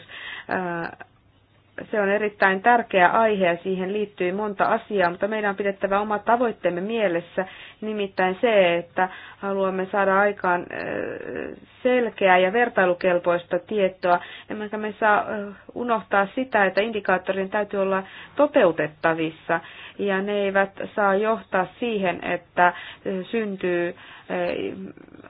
Se on erittäin tärkeä aihe ja siihen liittyy monta asiaa, mutta meidän on pidettävä oma tavoitteemme mielessä, nimittäin se, että haluamme saada aikaan selkeää ja vertailukelpoista tietoa, emmekä me saa unohtaa sitä, että indikaattorin täytyy olla toteutettavissa ja ne eivät saa johtaa siihen, että syntyy eh,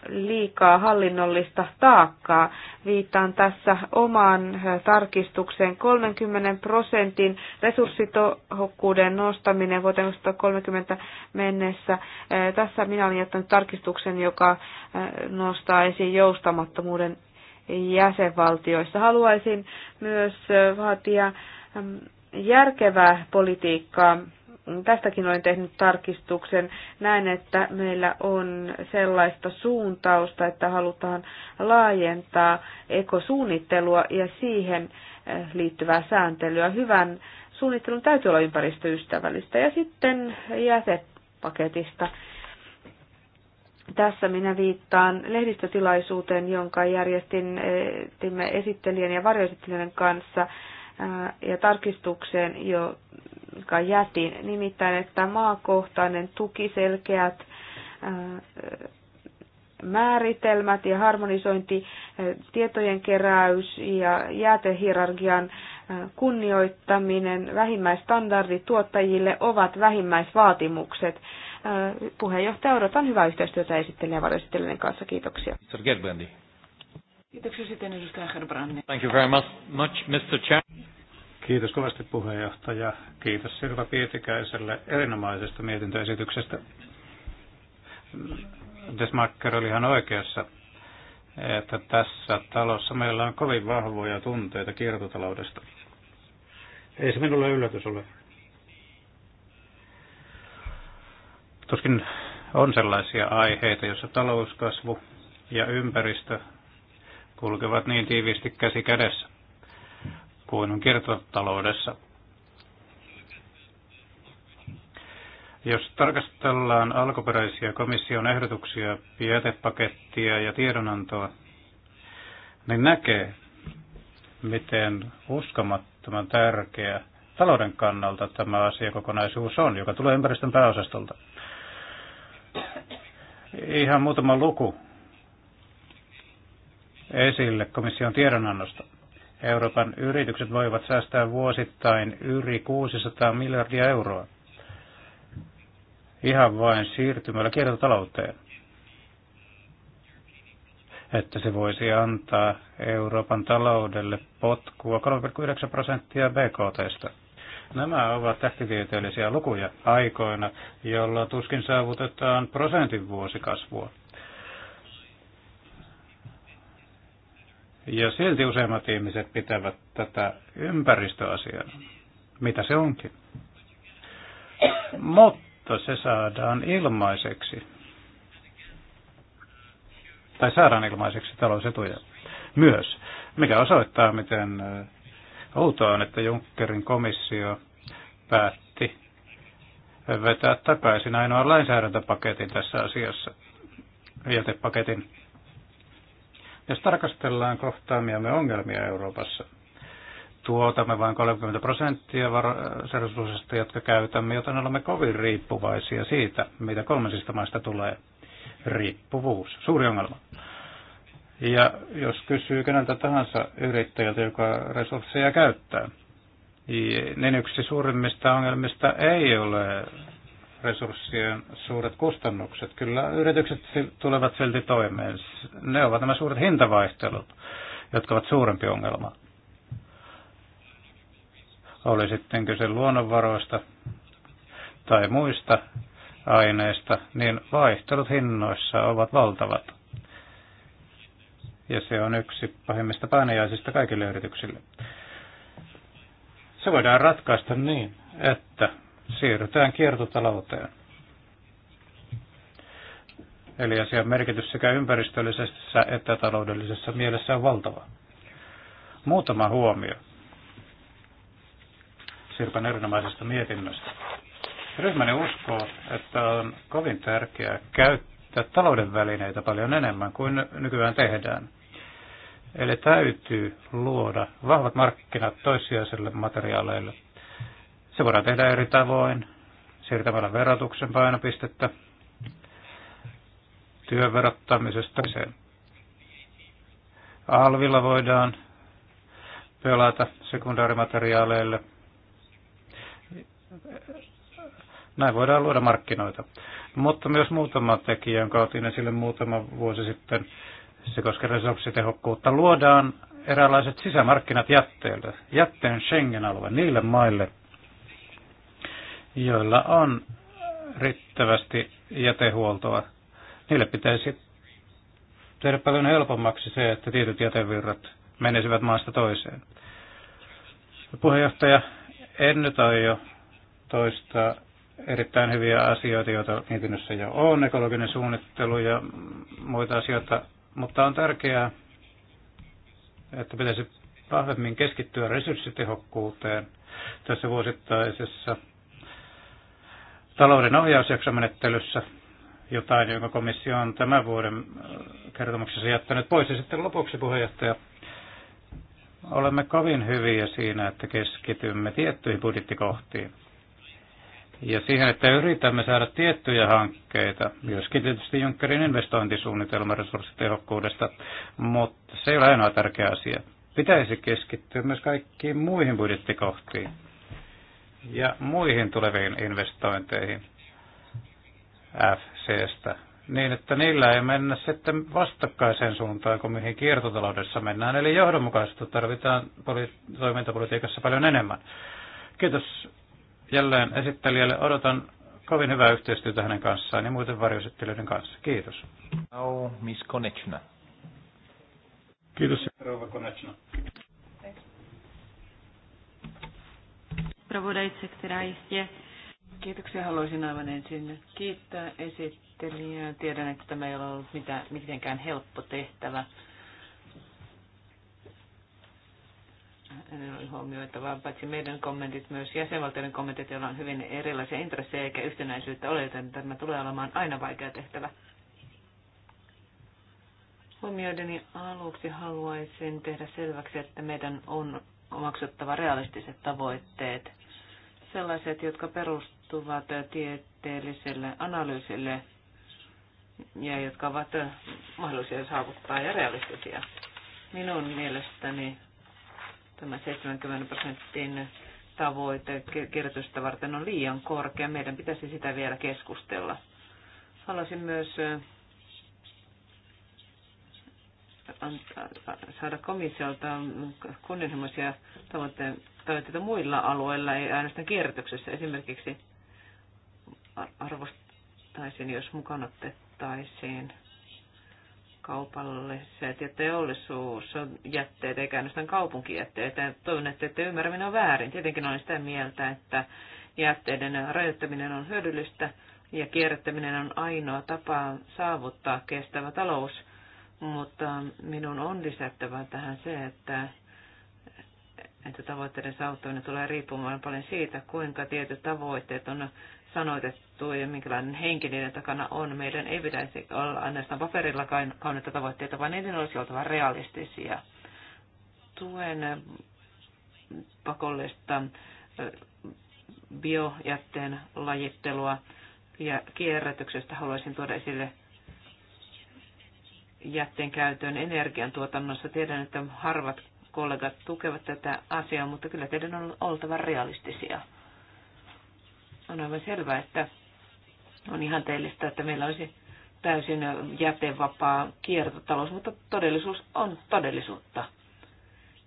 liikaa hallinnollista taakkaa. Viittaan tässä omaan eh, tarkistukseen 30 prosentin resurssitohokkuuden nostaminen vuoteen 2030 mennessä. Eh, tässä minä olen jättänyt tarkistuksen, joka nostaa esiin joustamattomuuden jäsenvaltioissa. Haluaisin myös vaatia mm, järkevää politiikkaa tästäkin olen tehnyt tarkistuksen. Näen, että meillä on sellaista suuntausta, että halutaan laajentaa ekosuunnittelua ja siihen eh, liittyvää sääntelyä. Hyvän suunnittelun täytyy olla ympäristöystävällistä. Ja sitten jätepaketista. Tässä minä viittaan lehdistötilaisuuteen, jonka järjestin eh, esittelijän ja varjoesittelijän kanssa eh, ja tarkistukseen, jo, jonka jätin, nimittäin että maakohtainen tuki, selkeät äh, määritelmät ja harmonisointi, äh, tietojen keräys ja jätehierarkian äh, kunnioittaminen, vähimmäisstandardit tuottajille ovat vähimmäisvaatimukset. Puheenjohtaja, odotan hyvää yhteistyötä esittelijä ja varjoesittelijän kanssa. Kiitoksia. Mr. Gerbrandi. Kiitoksia sitten edustaja Herbrandi. Thank you very much, Mr. Chairman. Kiitos kovasti puheenjohtaja. Kiitos Sirva Pietikäiselle erinomaisesta mietintöesityksestä. Desmarker oli ihan oikeassa, että tässä talossa meillä on kovin vahvoja tunteita kiertotaloudesta. Ei se minulle yllätys ole. Tuskin on sellaisia aiheita, joissa talouskasvu ja ympäristö kulkevat niin tiiviisti käsi kädessä kuin on kiertotaloudessa. Jos tarkastellaan alkuperäisiä komission ehdotuksia, jätepakettia ja tiedonantoa, niin näkee, miten uskomattoman tärkeä talouden kannalta tämä asiakokonaisuus on, joka tulee ympäristön pääosastolta. Ihan muutama luku esille komission tiedonannosta. Euroopan yritykset voivat säästää vuosittain yli 600 miljardia euroa ihan vain siirtymällä kiertotalouteen. Että se voisi antaa Euroopan taloudelle potkua 3,9 prosenttia BKTstä. Nämä ovat tähtitieteellisiä lukuja aikoina, jolloin tuskin saavutetaan prosentin vuosikasvua. Ja silti useimmat ihmiset pitävät tätä ympäristöasiaa, mitä se onkin. Mutta se saadaan ilmaiseksi. Tai saadaan ilmaiseksi talousetuja myös, mikä osoittaa, miten outoa on, että Junckerin komissio päätti vetää takaisin ainoa lainsäädäntöpaketin tässä asiassa, jätepaketin jos tarkastellaan kohtaamiamme ongelmia Euroopassa, tuotamme vain 30 prosenttia sersusista, jotka käytämme, joten olemme kovin riippuvaisia siitä, mitä kolmansista maista tulee. Riippuvuus, suuri ongelma. Ja jos kysyy keneltä tahansa yrittäjältä, joka resursseja käyttää, niin yksi suurimmista ongelmista ei ole resurssien suuret kustannukset. Kyllä yritykset tulevat silti toimeen. Ne ovat nämä suuret hintavaihtelut, jotka ovat suurempi ongelma. Oli sitten kyse luonnonvaroista tai muista aineista, niin vaihtelut hinnoissa ovat valtavat. Ja se on yksi pahimmista painajaisista kaikille yrityksille. Se voidaan ratkaista niin, että siirrytään kiertotalouteen. Eli asian merkitys sekä ympäristöllisessä että taloudellisessa mielessä on valtava. Muutama huomio Sirpan erinomaisesta mietinnöstä. Ryhmäni uskoo, että on kovin tärkeää käyttää talouden välineitä paljon enemmän kuin nykyään tehdään. Eli täytyy luoda vahvat markkinat toissijaisille materiaaleille – se voidaan tehdä eri tavoin, siirtämällä verotuksen painopistettä työn verottamisesta. Alvilla voidaan pelata sekundaarimateriaaleille. Näin voidaan luoda markkinoita. Mutta myös muutama tekijä, jonka otin esille muutama vuosi sitten, se koskee resurssitehokkuutta. Luodaan eräänlaiset sisämarkkinat jätteelle, jätteen Schengen-alue niille maille, joilla on riittävästi jätehuoltoa, niille pitäisi tehdä paljon helpommaksi se, että tietyt jätevirrat menisivät maasta toiseen. Puheenjohtaja, en nyt aio toistaa erittäin hyviä asioita, joita mietinnössä jo on, ekologinen suunnittelu ja muita asioita, mutta on tärkeää, että pitäisi vahvemmin keskittyä resurssitehokkuuteen tässä vuosittaisessa talouden ohjausjaksomenettelyssä jotain, jonka komissio on tämän vuoden äh, kertomuksessa jättänyt pois. Ja sitten lopuksi puheenjohtaja, olemme kovin hyviä siinä, että keskitymme tiettyihin budjettikohtiin. Ja siihen, että yritämme saada tiettyjä hankkeita, myöskin tietysti Junckerin investointisuunnitelma resurssitehokkuudesta, mutta se ei ole ainoa tärkeä asia. Pitäisi keskittyä myös kaikkiin muihin budjettikohtiin ja muihin tuleviin investointeihin FCstä, niin että niillä ei mennä sitten vastakkaiseen suuntaan kuin mihin kiertotaloudessa mennään. Eli johdonmukaisesti tarvitaan poli- toimintapolitiikassa paljon enemmän. Kiitos jälleen esittelijälle. Odotan kovin hyvää yhteistyötä hänen kanssaan ja muuten varjoesittelijöiden kanssa. Kiitos. Au, Miss Konechna. Kiitos, rouva Konechna. zpravodajce, která jistě... Kiitoksia. Haluaisin aivan ensin kiittää esittelijää. Tiedän, että tämä ei ole ollut mitään, mitenkään helppo tehtävä. oli huomioitava paitsi meidän kommentit, myös jäsenvaltioiden kommentit, joilla on hyvin erilaisia intressejä eikä yhtenäisyyttä ole, joten tämä tulee olemaan aina vaikea tehtävä. Huomioideni aluksi haluaisin tehdä selväksi, että meidän on omaksuttava realistiset tavoitteet sellaiset, jotka perustuvat tieteelliselle analyysille ja jotka ovat mahdollisia saavuttaa ja realistisia. Minun mielestäni tämä 70 prosentin tavoite kirjoitusta varten on liian korkea. Meidän pitäisi sitä vielä keskustella. Haluaisin myös antaa, saada komissiolta kunnianhimoisia tavoitteita käytetä muilla alueilla, ei ainoastaan kierrätyksessä esimerkiksi. Arvostaisin, jos mukana otettaisiin kaupalliset ja jätteet eikä ainoastaan kaupunkijätteet. Toivon, että ette ymmärrä minua väärin. Tietenkin olen sitä mieltä, että jätteiden rajoittaminen on hyödyllistä ja kierrättäminen on ainoa tapa saavuttaa kestävä talous, mutta minun on lisättävä tähän se, että että tavoitteiden saavuttaminen tulee riippumaan paljon siitä, kuinka tietyt tavoitteet on sanoitettu ja minkälainen henki niiden takana on. Meidän ei pitäisi olla ainoastaan paperilla kauneita tavoitteita, vaan niiden olisi oltava realistisia. Tuen pakollista biojätteen lajittelua ja kierrätyksestä haluaisin tuoda esille jätteen käytön energiantuotannossa. Tiedän, että harvat kollegat tukevat tätä asiaa, mutta kyllä teidän on oltava realistisia. On aivan selvää, että on ihan teellistä, että meillä olisi täysin jätevapaa kiertotalous, mutta todellisuus on todellisuutta.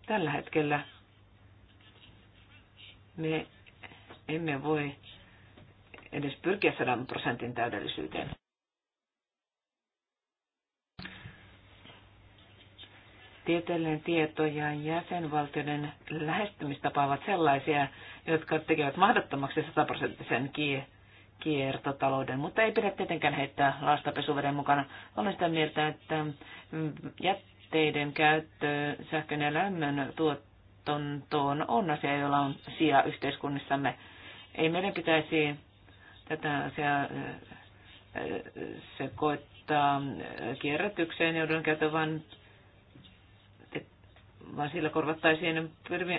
Tällä hetkellä me emme voi edes pyrkiä sadan prosentin täydellisyyteen. tieteellinen tieto ja jäsenvaltioiden lähestymistapa ovat sellaisia, jotka tekevät mahdottomaksi sataprosenttisen kiertotalouden, mutta ei pidä tietenkään heittää lasta pesuveden mukana. Olen sitä mieltä, että jätteiden käyttö sähkön ja lämmön tuotantoon on asia, jolla on sija yhteiskunnissamme. Ei meidän pitäisi tätä asiaa sekoittaa kierrätykseen joudun käytön, vaan vaan sillä korvattaisiin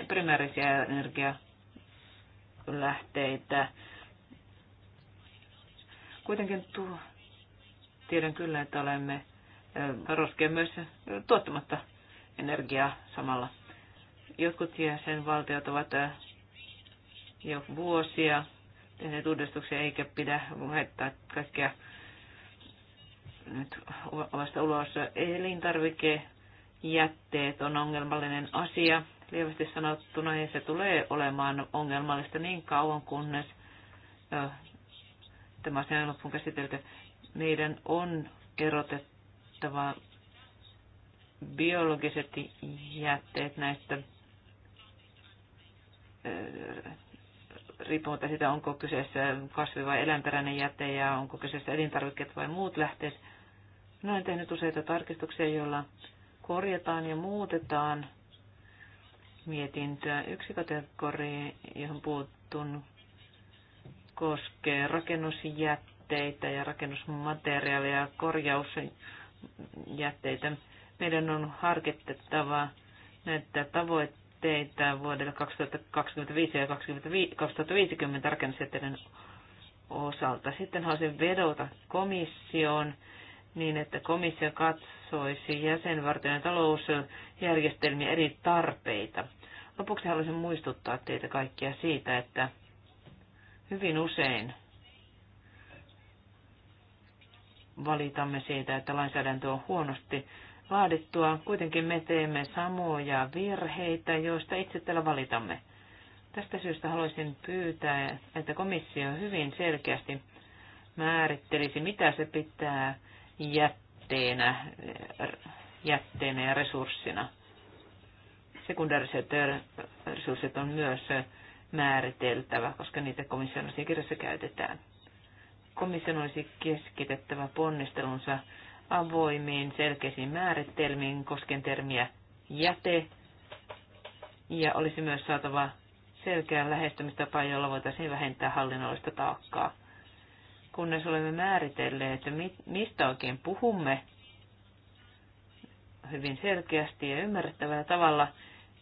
primäärisiä energialähteitä. Kuitenkin tuo tiedän kyllä, että olemme roskea myös tuottamatta energiaa samalla. Jotkut jäsenvaltiot ovat jo vuosia tehneet uudistuksia, eikä pidä heittää kaikkea nyt ovasta ulos elintarvike jätteet on ongelmallinen asia, lievästi sanottuna, ja se tulee olemaan ongelmallista niin kauan, kunnes tämä asia on loppuun käsitelty. Meidän on erotettava biologiset jätteet näistä riippumatta siitä onko kyseessä kasvi- vai eläinperäinen jäte ja onko kyseessä elintarvikkeet vai muut lähteet. Minä olen tehnyt useita tarkistuksia, joilla korjataan ja muutetaan mietintöä. Yksi kategoria, johon puuttun, koskee rakennusjätteitä ja rakennusmateriaaleja ja korjausjätteitä. Meidän on harkittava näitä tavoitteita vuodelle 2025 ja 2050 rakennusjätteiden osalta. Sitten haluaisin vedota komissioon niin, että komissio katsoo, katsoisi jäsenvartojen talousjärjestelmiä eri tarpeita. Lopuksi haluaisin muistuttaa teitä kaikkia siitä, että hyvin usein valitamme siitä, että lainsäädäntö on huonosti laadittua. Kuitenkin me teemme samoja virheitä, joista itse täällä valitamme. Tästä syystä haluaisin pyytää, että komissio hyvin selkeästi määrittelisi, mitä se pitää jättää jätteenä, äh, jätteenä ja resurssina. Sekundaariset äh, resurssit on myös äh, määriteltävä, koska niitä komission asiakirjassa käytetään. Komission olisi keskitettävä ponnistelunsa avoimiin selkeisiin määritelmiin kosken termiä jäte ja olisi myös saatava selkeä lähestymistapa, jolla voitaisiin vähentää hallinnollista taakkaa kunnes olemme määritelleet, mistä oikein puhumme hyvin selkeästi ja ymmärrettävällä tavalla,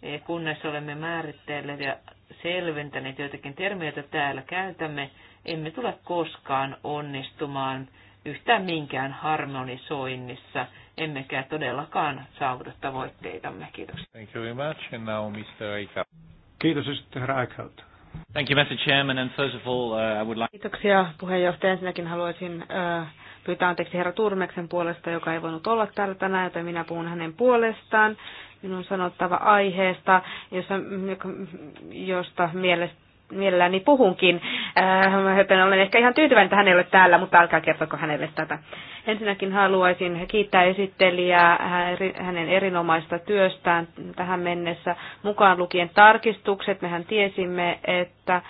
e, kunnes olemme määritelleet ja selventäneet joitakin termejä, joita täällä käytämme, emme tule koskaan onnistumaan yhtään minkään harmonisoinnissa, emmekä todellakaan saavuta tavoitteitamme. Kiitoksia. Thank you very much. And now Mr. Kiitos, herra Eichhout. Thank you, Mr. Chairman, and first of all, uh, I would like... Kiitoksia puheenjohtaja. Ensinnäkin haluaisin uh, pyytää anteeksi herra Turmeksen puolesta, joka ei voinut olla täällä tänään, joten minä puhun hänen puolestaan. Minun sanottava aiheesta, jossa, josta mielestä mielelläni puhunkin, äh, joten olen ehkä ihan tyytyväinen, että hän ei ole täällä, mutta älkää kertoko hänelle tätä. Ensinnäkin haluaisin kiittää esittelijää hänen erinomaista työstään tähän mennessä, mukaan lukien tarkistukset. Mehän tiesimme, että äh,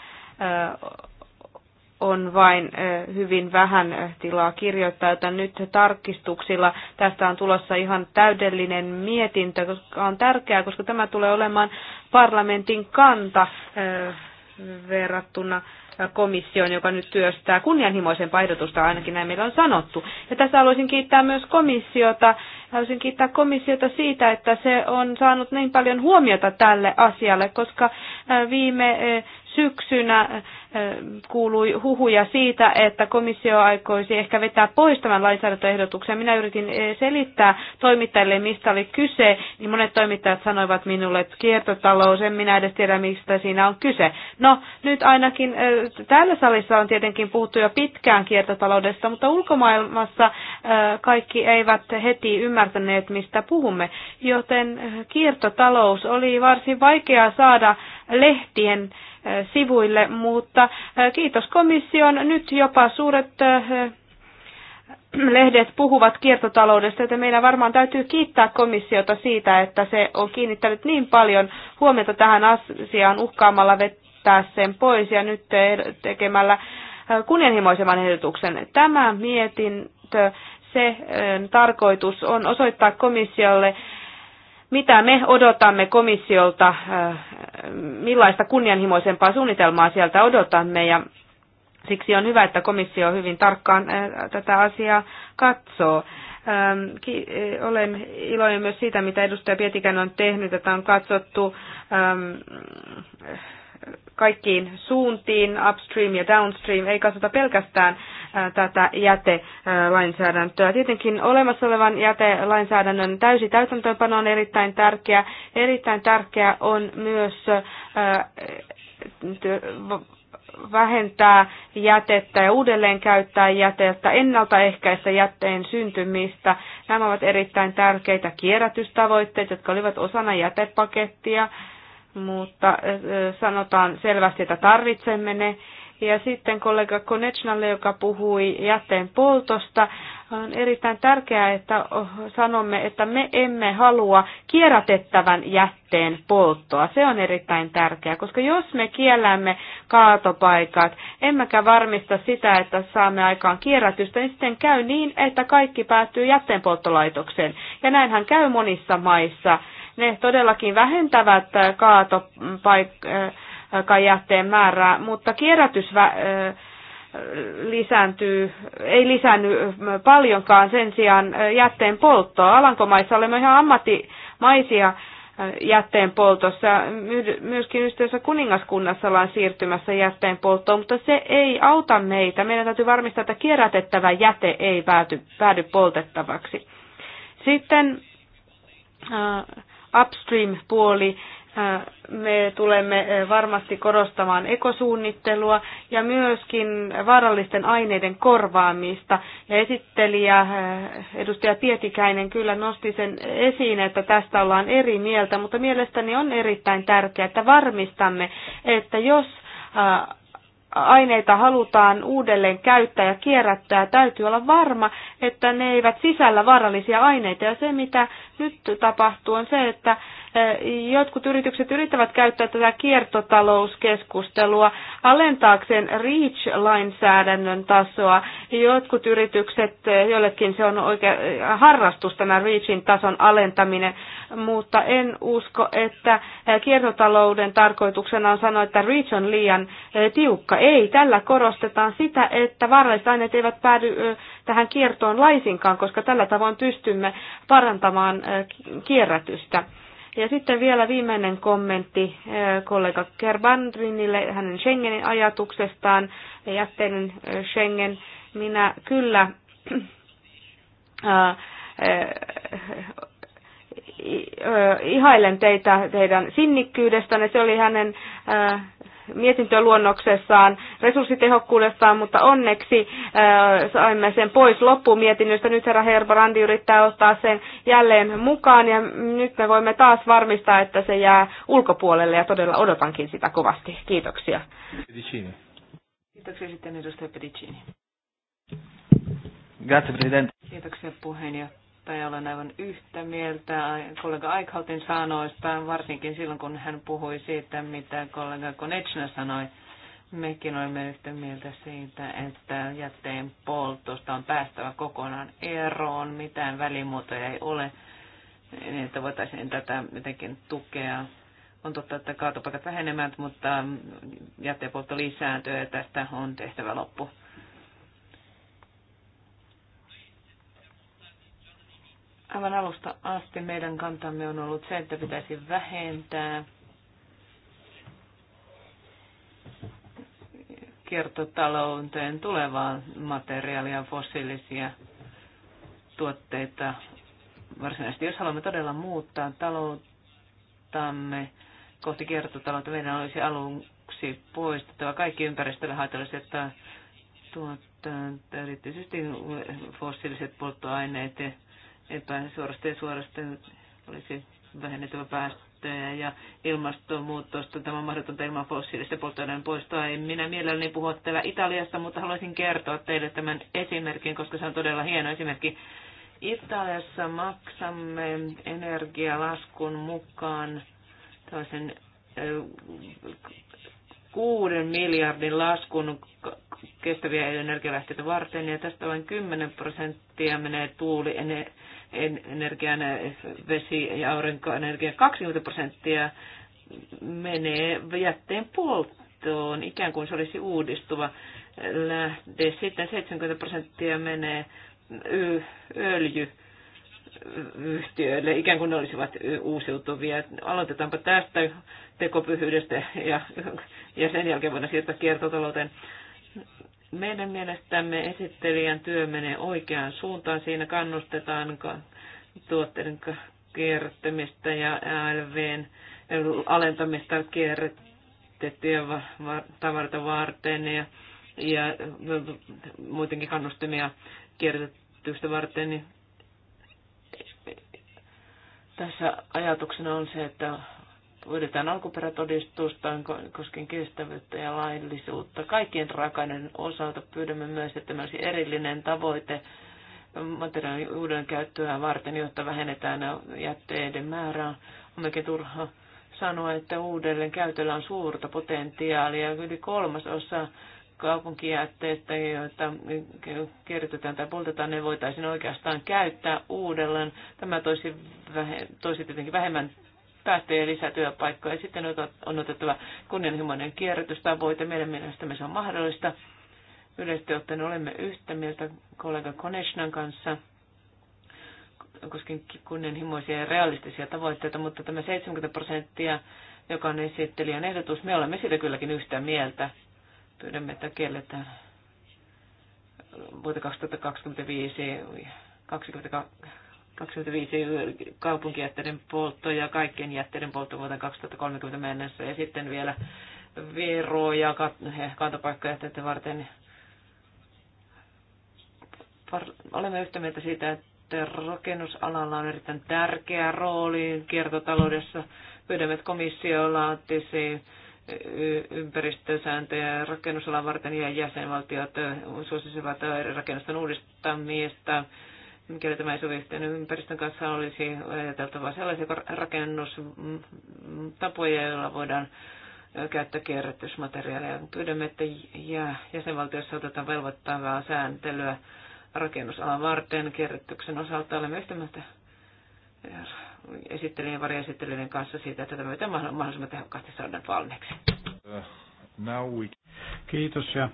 on vain äh, hyvin vähän tilaa kirjoittaa, joten nyt tarkistuksilla tästä on tulossa ihan täydellinen mietintö, koska on tärkeää, koska tämä tulee olemaan parlamentin kanta verrattuna komissioon, joka nyt työstää kunnianhimoisen paidotusta, ainakin näin meillä on sanottu. Ja tässä haluaisin kiittää myös komissiota. Haluaisin kiittää komissiota siitä, että se on saanut niin paljon huomiota tälle asialle, koska viime syksynä kuului huhuja siitä, että komissio aikoisi ehkä vetää pois tämän lainsäädäntöehdotuksen. Minä yritin selittää toimittajille, mistä oli kyse, niin monet toimittajat sanoivat minulle, että kiertotalous, en minä edes tiedä, mistä siinä on kyse. No, nyt ainakin täällä salissa on tietenkin puhuttu jo pitkään kiertotaloudesta, mutta ulkomaailmassa kaikki eivät heti ymmärtäneet, mistä puhumme. Joten kiertotalous oli varsin vaikea saada lehtien sivuille, mutta kiitos komission. Nyt jopa suuret lehdet puhuvat kiertotaloudesta, että meidän varmaan täytyy kiittää komissiota siitä, että se on kiinnittänyt niin paljon huomiota tähän asiaan uhkaamalla vettää sen pois ja nyt tekemällä kunnianhimoisemman ehdotuksen. Tämä mietintö, se tarkoitus on osoittaa komissiolle mitä me odotamme komissiolta, äh, millaista kunnianhimoisempaa suunnitelmaa sieltä odotamme ja siksi on hyvä, että komissio hyvin tarkkaan äh, tätä asiaa katsoo. Ähm, äh, olen iloinen myös siitä, mitä edustaja Pietikän on tehnyt, että on katsottu ähm, kaikkiin suuntiin, upstream ja downstream, ei katsota pelkästään tätä jätelainsäädäntöä. Tietenkin olemassa olevan jätelainsäädännön täysi täytäntöönpano on erittäin tärkeä. Erittäin tärkeä on myös vähentää jätettä ja uudelleen käyttää jätettä, ennaltaehkäistä jätteen syntymistä. Nämä ovat erittäin tärkeitä kierrätystavoitteita, jotka olivat osana jätepakettia mutta eh, eh, sanotaan selvästi, että tarvitsemme ne. Ja sitten kollega Konechnalle, joka puhui jätteen poltosta, on erittäin tärkeää, että oh, sanomme, että me emme halua kierrätettävän jätteen polttoa. Se on erittäin tärkeää, koska jos me kiellämme kaatopaikat, emmekä varmista sitä, että saamme aikaan kierrätystä, niin sitten käy niin, että kaikki päätyy polttolaitokseen. Ja näinhän käy monissa maissa ne todellakin vähentävät äh, kaatopaikkajätteen äh, määrää, mutta kierrätys äh, lisääntyy, ei lisäänny paljonkaan sen sijaan jätteen polttoa. Alankomaissa olemme ihan ammattimaisia jätteen poltossa. Myöskin yhteydessä kuningaskunnassa ollaan siirtymässä jätteen polttoon, mutta se ei auta meitä. Meidän täytyy varmistaa, että kierrätettävä jäte ei päädy poltettavaksi. Sitten äh, upstream-puoli. Me tulemme varmasti korostamaan ekosuunnittelua ja myöskin vaarallisten aineiden korvaamista. Ja esittelijä edustaja Pietikäinen kyllä nosti sen esiin, että tästä ollaan eri mieltä, mutta mielestäni on erittäin tärkeää, että varmistamme, että jos aineita halutaan uudelleen käyttää ja kierrättää, täytyy olla varma, että ne eivät sisällä vaarallisia aineita. Ja se, mitä nyt tapahtuu, on se, että Jotkut yritykset yrittävät käyttää tätä kiertotalouskeskustelua alentaakseen REACH-lainsäädännön tasoa. Jotkut yritykset, joillekin se on oikein harrastus tämä REACHin tason alentaminen, mutta en usko, että kiertotalouden tarkoituksena on sanoa, että REACH on liian tiukka. Ei, tällä korostetaan sitä, että vaaralliset aineet eivät päädy tähän kiertoon laisinkaan, koska tällä tavoin pystymme parantamaan kierrätystä. Ja sitten vielä viimeinen kommentti eh, kollega Kerbandrinille hänen Schengenin ajatuksestaan, jätteinen eh, Schengen. Minä kyllä äh, eh, ihailen teitä teidän sinnikkyydestänne. Se oli hänen äh, mietintöluonnoksessaan resurssitehokkuudestaan, mutta onneksi äh, saimme sen pois loppumietinnöstä. Nyt herra Herbrandi yrittää ottaa sen jälleen mukaan ja nyt me voimme taas varmistaa, että se jää ulkopuolelle ja todella odotankin sitä kovasti. Kiitoksia. Pedicini. Kiitoksia sitten edustaja Pedicini. Grazie, Presidente. Kiitoksia puheenjohtaja puheenjohtaja. Olen aivan yhtä mieltä kollega Aikhautin sanoista, varsinkin silloin kun hän puhui siitä, mitä kollega Konechna sanoi. Mekin olemme yhtä mieltä siitä, että jätteen poltosta on päästävä kokonaan eroon. Mitään välimuotoja ei ole, niin että voitaisiin tätä jotenkin tukea. On totta, että kaatopaikat vähenemät, mutta jätteen poltto lisääntyy ja tästä on tehtävä loppu. Aivan alusta asti meidän kantamme on ollut se, että pitäisi vähentää kiertotalouteen tulevaa materiaalia, fossiilisia tuotteita. Varsinaisesti, jos haluamme todella muuttaa talouttamme kohti kiertotaloutta, meidän olisi aluksi poistettava kaikki ympäristölle haitalliset tuotteet, erityisesti fossiiliset polttoaineet epäsuorasta ja suorasti olisi vähennettävä päästöjä ja ilmastonmuutosta. Tämä on mahdotonta ilman fossiilista polttoaineen poistoa. En minä mielelläni puhua täällä Italiasta, mutta haluaisin kertoa teille tämän esimerkin, koska se on todella hieno esimerkki. Italiassa maksamme energialaskun mukaan tällaisen kuuden miljardin laskun kestäviä energialähteitä varten, ja tästä vain 10 prosenttia menee tuuli energian, vesi- ja aurinkoenergia 20 prosenttia menee jätteen polttoon, ikään kuin se olisi uudistuva lähde. Sitten 70 prosenttia menee öljy yhtiöille, ikään kuin ne olisivat uusiutuvia. Aloitetaanpa tästä tekopyhyydestä ja, ja sen jälkeen voidaan siirtyä kiertotalouteen. Meidän mielestämme esittelijän työ menee oikeaan suuntaan. Siinä kannustetaan tuotteiden kierrättämistä ja ALVn alentamista kierrätettyjä tavarta varten ja, ja muutenkin kannustimia kierrätetystä varten. Niin tässä ajatuksena on se, että pyydetään alkuperätodistusta koskien kestävyyttä ja laillisuutta. Kaikkien raakainen osalta pyydämme myös, että myös erillinen tavoite materiaalin uuden käyttöä varten, jotta vähennetään jätteiden määrää. on Onkin turha sanoa, että uudelleen käytöllä on suurta potentiaalia. Yli kolmasosa kaupunkijätteistä, joita kerrytetään tai poltetaan, ne voitaisiin oikeastaan käyttää uudelleen. Tämä toisi, toisi tietenkin vähemmän päästöjä lisätyöpaikkoja. Sitten on otettava kunnianhimoinen kierrätystavoite. Meidän mielestämme se on mahdollista. Yleisesti ottaen olemme yhtä mieltä kollega Koneshnan kanssa koskien kunnianhimoisia ja realistisia tavoitteita, mutta tämä 70 prosenttia, joka on esittelijän ehdotus, me olemme siitä kylläkin yhtä mieltä. Pyydämme, että kielletään vuoteen 2025 20 25 kaupunkijätteiden poltto ja kaikkien jätteiden poltto vuoteen 2030 mennessä ja sitten vielä ja kantapaikkajätteiden varten. Olemme yhtä mieltä siitä, että rakennusalalla on erittäin tärkeä rooli kiertotaloudessa. Pyydämme, että komissio laatisi ympäristösääntöjä rakennusalan varten ja jäsenvaltiot suosisivat rakennusten uudistamista mikäli tämä ei sovi yhteen ympäristön kanssa, olisi ajateltava sellaisia rakennustapoja, joilla voidaan käyttää kierrätysmateriaaleja. Pyydämme, että jäsenvaltiossa otetaan velvoittavaa sääntelyä rakennusalan varten kierrätyksen osalta. Olemme yhtä mieltä esittelijän ja varjoesittelijän kanssa siitä, että tämä miten mahdollisimman tehokkaasti saadaan valmiiksi. Uh, Kiitos ja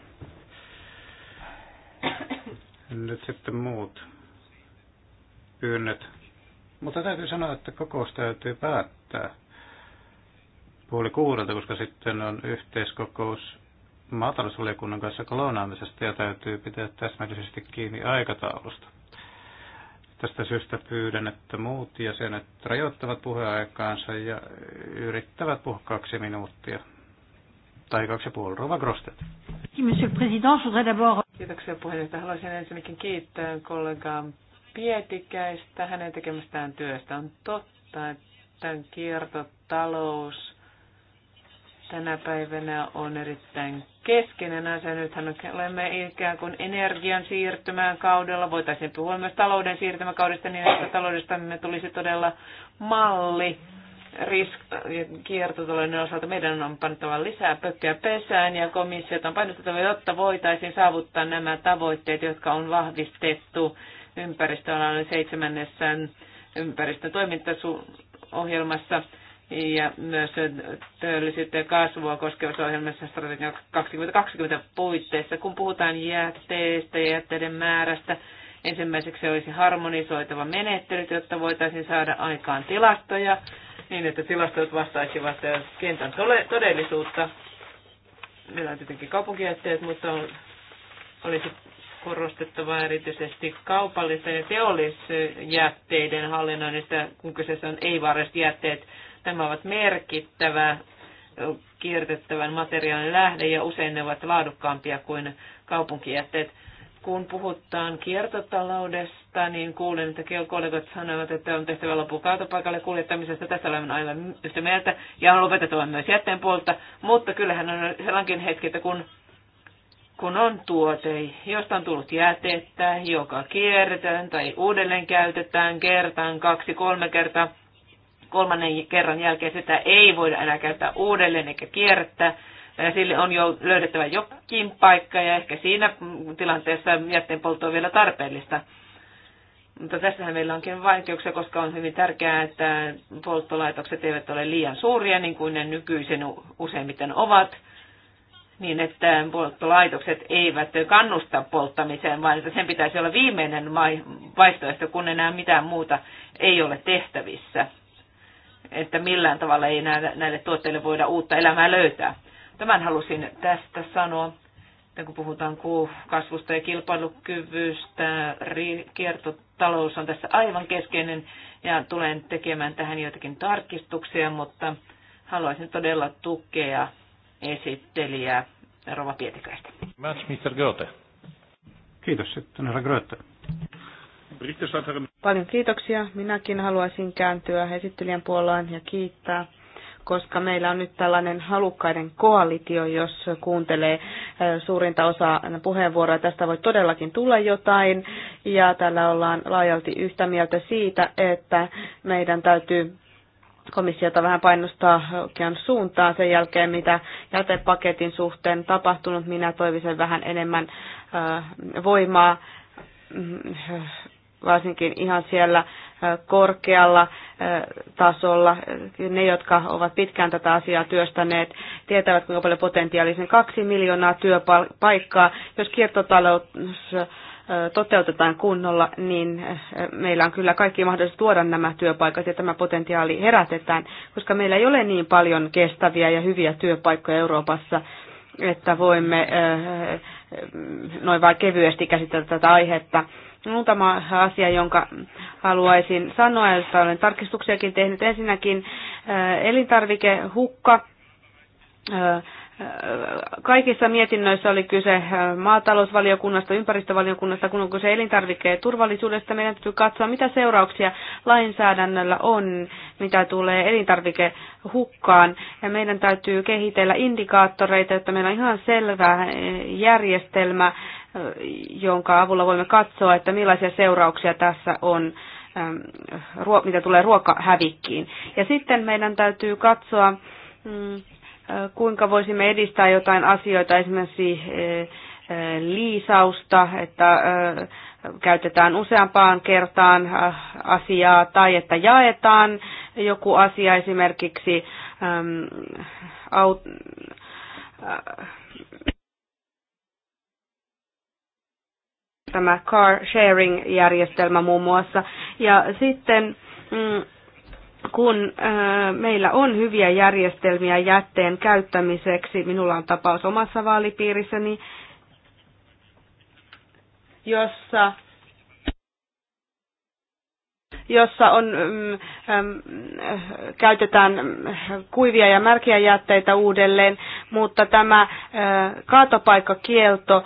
nyt sitten muut pyynnöt. Mutta täytyy sanoa, että kokous täytyy päättää puoli kuudelta, koska sitten on yhteiskokous maatalousvaliokunnan kanssa kolonaamisesta ja täytyy pitää täsmällisesti kiinni aikataulusta. Tästä syystä pyydän, että muut jäsenet rajoittavat puheaikaansa ja yrittävät puhua kaksi minuuttia. Tai kaksi ja puoli. Rova Grostet. Monsieur le Président, je voudrais d'abord... Kiitoksia puheenjohtaja. Haluaisin ensinnäkin kiittää kollegaa Pietikäistä hänen tekemästään työstä. On totta, että kiertotalous tänä päivänä on erittäin keskeinen asia. Nythän olemme ikään kuin energian siirtymään kaudella. Voitaisiin puhua myös talouden siirtymäkaudesta niin, että taloudesta me tulisi todella malli risk- kiertotalouden osalta. Meidän on pantava lisää pökkää pesään ja komissiot on painotettava, jotta voitaisiin saavuttaa nämä tavoitteet, jotka on vahvistettu ympäristöalan seitsemännessä ympäristötoimintaohjelmassa ja myös työllisyyttä ja kasvua koskevassa ohjelmassa strategia 2020 puitteissa. Kun puhutaan jätteistä ja jätteiden määrästä, ensimmäiseksi olisi harmonisoitava menettelyt, jotta voitaisiin saada aikaan tilastoja niin, että tilastot vastaisivat kentän todellisuutta. Meillä on tietenkin kaupunkijätteet, mutta olisi korostettava erityisesti kaupallisten ja teollisjätteiden hallinnoinnista, kun kyseessä on ei-vaaralliset jätteet. Tämä ovat merkittävä kiertettävän materiaalin lähde ja usein ne ovat laadukkaampia kuin kaupunkijätteet. Kun puhutaan kiertotaloudesta, niin kuulin, että kollegat sanoivat, että on tehtävä loppu kaatopaikalle kuljettamisesta. Tässä olen aivan yhtä mieltä ja on lopetettava myös jätteen puolta, mutta kyllähän on sellainen hetki, että kun kun on tuote, josta on tullut jätettä, joka kierretään tai uudelleen käytetään kertaan, kaksi, kolme kertaa, kolmannen kerran jälkeen sitä ei voida enää käyttää uudelleen eikä kierrättää. Sille on jo löydettävä jokin paikka ja ehkä siinä tilanteessa jätteen poltto on vielä tarpeellista. Mutta tässähän meillä onkin vaikeuksia, koska on hyvin tärkeää, että polttolaitokset eivät ole liian suuria, niin kuin ne nykyisen useimmiten ovat – niin, että polttolaitokset eivät kannusta polttamiseen, vaan että sen pitäisi olla viimeinen vaihtoehto, kun enää mitään muuta ei ole tehtävissä. Että millään tavalla ei näille tuotteille voida uutta elämää löytää. Tämän halusin tästä sanoa. että kun puhutaan kasvusta ja kilpailukyvystä, kiertotalous on tässä aivan keskeinen ja tulen tekemään tähän joitakin tarkistuksia, mutta haluaisin todella tukea esittelijää Rova Pietikäistä. Mr. Kiitos sitten, herra Gröte. Paljon kiitoksia. Minäkin haluaisin kääntyä esittelijän puolaan ja kiittää koska meillä on nyt tällainen halukkaiden koalitio, jos kuuntelee äh, suurinta osaa puheenvuoroja. Tästä voi todellakin tulla jotain ja tällä ollaan laajalti yhtä mieltä siitä, että meidän täytyy komissiota vähän painostaa oikean suuntaan sen jälkeen, mitä jätepaketin suhteen tapahtunut. Minä toivisin vähän enemmän voimaa, mm, varsinkin ihan siellä korkealla tasolla. Ne, jotka ovat pitkään tätä asiaa työstäneet, tietävät, kuinka paljon potentiaalisen kaksi miljoonaa työpaikkaa. Jos kiertotalous toteutetaan kunnolla, niin meillä on kyllä kaikki mahdollisuus tuoda nämä työpaikat ja tämä potentiaali herätetään, koska meillä ei ole niin paljon kestäviä ja hyviä työpaikkoja Euroopassa, että voimme noin vain kevyesti käsitellä tätä aihetta. Muutama asia, jonka haluaisin sanoa, josta olen tarkistuksiakin tehnyt. Ensinnäkin elintarvikehukka. hukka Kaikissa mietinnöissä oli kyse äh, maatalousvaliokunnasta, ympäristövaliokunnasta, kun on kyse elintarvikkeen turvallisuudesta. Meidän täytyy katsoa, mitä seurauksia lainsäädännöllä on, mitä tulee elintarvikehukkaan. Ja meidän täytyy kehitellä indikaattoreita, jotta meillä on ihan selvä äh, järjestelmä, äh, jonka avulla voimme katsoa, että millaisia seurauksia tässä on ähm, mitä tulee ruokahävikkiin. Ja sitten meidän täytyy katsoa mm, kuinka voisimme edistää jotain asioita, esimerkiksi liisausta, että käytetään useampaan kertaan asiaa tai että jaetaan joku asia esimerkiksi tämä car sharing-järjestelmä muun muassa. Ja sitten mm, kun meillä on hyviä järjestelmiä jätteen käyttämiseksi, minulla on tapaus omassa vaalipiirissäni, jossa jossa on, mm, äm, mm, käytetään kuivia ja märkiä jätteitä uudelleen, mutta tämä ä, kaatopaikkakielto, ä,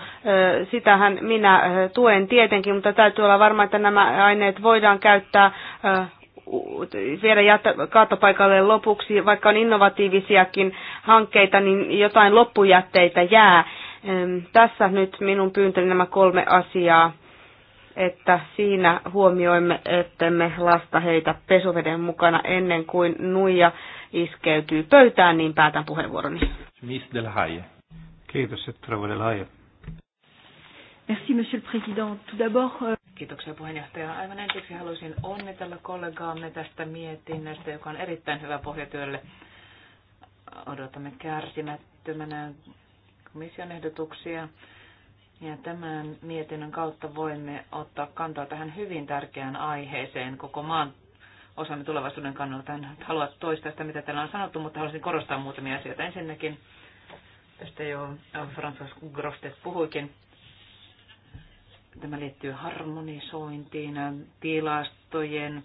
sitähän minä tuen tietenkin, mutta täytyy olla varma, että nämä aineet voidaan käyttää ä, viedä kaatopaikalle lopuksi, vaikka on innovatiivisiakin hankkeita, niin jotain loppujätteitä jää. Tässä nyt minun pyyntöni nämä kolme asiaa, että siinä huomioimme, että me lasta heitä pesuveden mukana ennen kuin nuija iskeytyy pöytään, niin päätän puheenvuoroni. Miss Del Haie. Kiitos, että Del Haie. Merci, Monsieur le Président. Tout d'abord... Euh, Kiitoksia puheenjohtaja. Aivan ensiksi haluaisin onnitella kollegaamme tästä mietinnöstä, joka on erittäin hyvä pohjatyölle. Odotamme kärsimättömänä komission ehdotuksia. Ja tämän mietinnön kautta voimme ottaa kantaa tähän hyvin tärkeään aiheeseen koko maan osamme tulevaisuuden kannalta. En halua toistaa sitä, mitä täällä on sanottu, mutta haluaisin korostaa muutamia asioita. Ensinnäkin, tästä jo François Grostet puhuikin, Tämä liittyy harmonisointiin, tilastojen,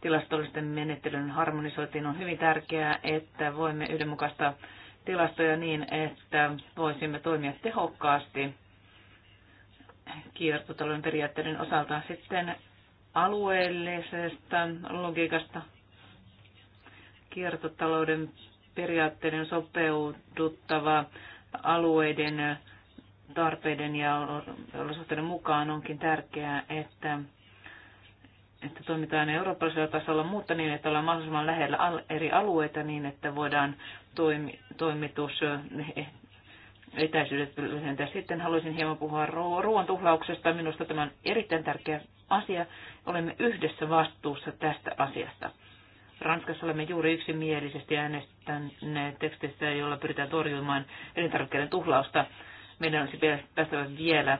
tilastollisten menettelyn harmonisointiin. On hyvin tärkeää, että voimme yhdenmukaista tilastoja niin, että voisimme toimia tehokkaasti kiertotalouden periaatteiden osalta sitten alueellisesta logiikasta kiertotalouden periaatteiden sopeuduttava alueiden tarpeiden ja olosuhteiden mukaan onkin tärkeää, että, että toimitaan eurooppalaisella tasolla, mutta niin, että ollaan mahdollisimman lähellä eri alueita niin, että voidaan toimi, toimitus eh, etäisyydet lyhentää. Sitten haluaisin hieman puhua ruoan tuhlauksesta. Minusta tämä on erittäin tärkeä asia. Olemme yhdessä vastuussa tästä asiasta. Ranskassa olemme juuri yksimielisesti äänestäneet tekstissä, jolla pyritään torjumaan elintarvikkeiden tuhlausta meidän olisi päästävä vielä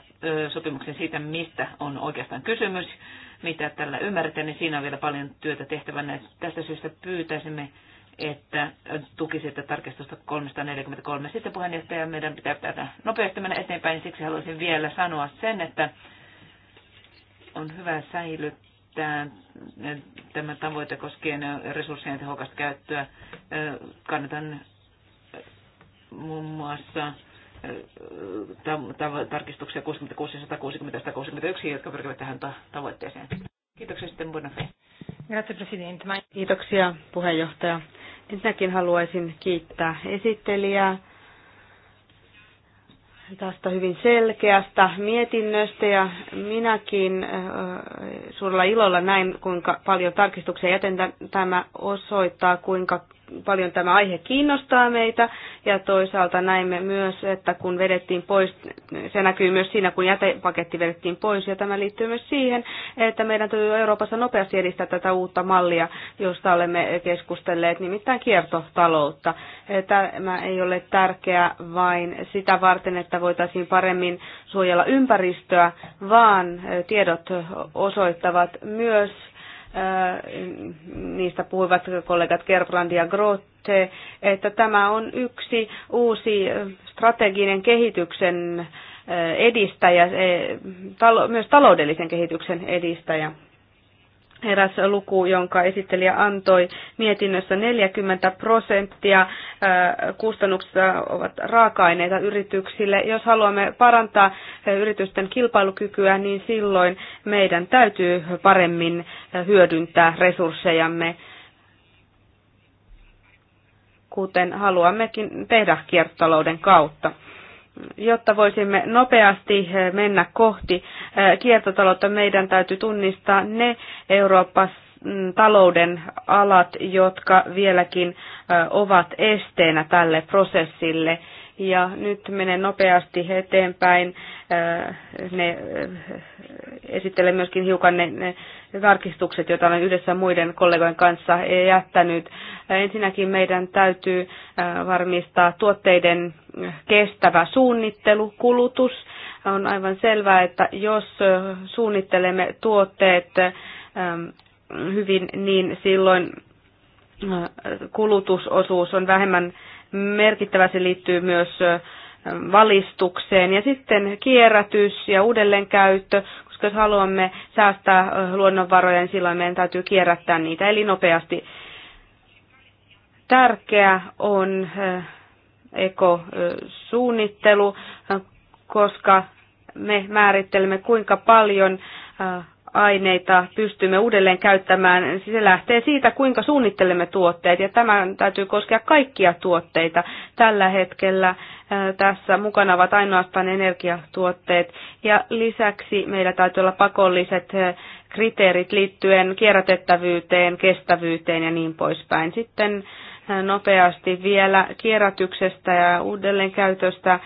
sopimuksen siitä, mistä on oikeastaan kysymys, mitä tällä ymmärretään, niin siinä on vielä paljon työtä tehtävänä. Tästä syystä pyytäisimme, että tukisitte tarkistusta 343. Sitten puheenjohtaja, meidän pitää päätä nopeasti mennä eteenpäin, siksi haluaisin vielä sanoa sen, että on hyvä säilyttää tämä tavoite koskien resurssien tehokasta käyttöä. Kannatan muun muassa Äh, äh, tarkistuksia 66 ja 160 161, jotka pyrkivät tähän tavoitteeseen. Kiitoksia sitten Bonafé. Grazie Kiitoksia puheenjohtaja. Ensinnäkin haluaisin kiittää esittelijää tästä hyvin selkeästä mietinnöstä ja minäkin äh, suurella ilolla näin, kuinka paljon tarkistuksia jätetään. Tämä osoittaa, kuinka paljon tämä aihe kiinnostaa meitä ja toisaalta näimme myös, että kun vedettiin pois, se näkyy myös siinä, kun jätepaketti vedettiin pois ja tämä liittyy myös siihen, että meidän täytyy Euroopassa nopeasti edistää tätä uutta mallia, josta olemme keskustelleet, nimittäin kiertotaloutta. Tämä ei ole tärkeää vain sitä varten, että voitaisiin paremmin suojella ympäristöä, vaan tiedot osoittavat myös niistä puhuivat kollegat Gerbrand ja Grotte, että tämä on yksi uusi strateginen kehityksen edistäjä, e, myös taloudellisen kehityksen edistäjä eräs luku, jonka esittelijä antoi mietinnössä 40 prosenttia kustannuksista ovat raaka-aineita yrityksille. Jos haluamme parantaa yritysten kilpailukykyä, niin silloin meidän täytyy paremmin hyödyntää resurssejamme, kuten haluammekin tehdä kiertotalouden kautta jotta voisimme nopeasti eh, mennä kohti eh, kiertotaloutta, meidän täytyy tunnistaa ne Euroopassa mm, talouden alat, jotka vieläkin eh, ovat esteenä tälle prosessille. Ja nyt menen nopeasti eteenpäin. Ne, esittelen myöskin hiukan ne, ne tarkistukset, joita olen yhdessä muiden kollegojen kanssa jättänyt. Ensinnäkin meidän täytyy varmistaa tuotteiden kestävä suunnittelu, kulutus. On aivan selvää, että jos suunnittelemme tuotteet hyvin, niin silloin kulutusosuus on vähemmän merkittävä. Se liittyy myös valistukseen ja sitten kierrätys ja uudelleenkäyttö, koska jos haluamme säästää luonnonvaroja, niin silloin meidän täytyy kierrättää niitä eli nopeasti. Tärkeää on ekosuunnittelu, koska me määrittelemme kuinka paljon aineita pystymme uudelleen käyttämään. Se lähtee siitä, kuinka suunnittelemme tuotteet ja tämä täytyy koskea kaikkia tuotteita. Tällä hetkellä tässä mukana ovat ainoastaan energiatuotteet ja lisäksi meillä täytyy olla pakolliset kriteerit liittyen kierrätettävyyteen, kestävyyteen ja niin poispäin. Sitten nopeasti vielä kierrätyksestä ja uudelleenkäytöstä.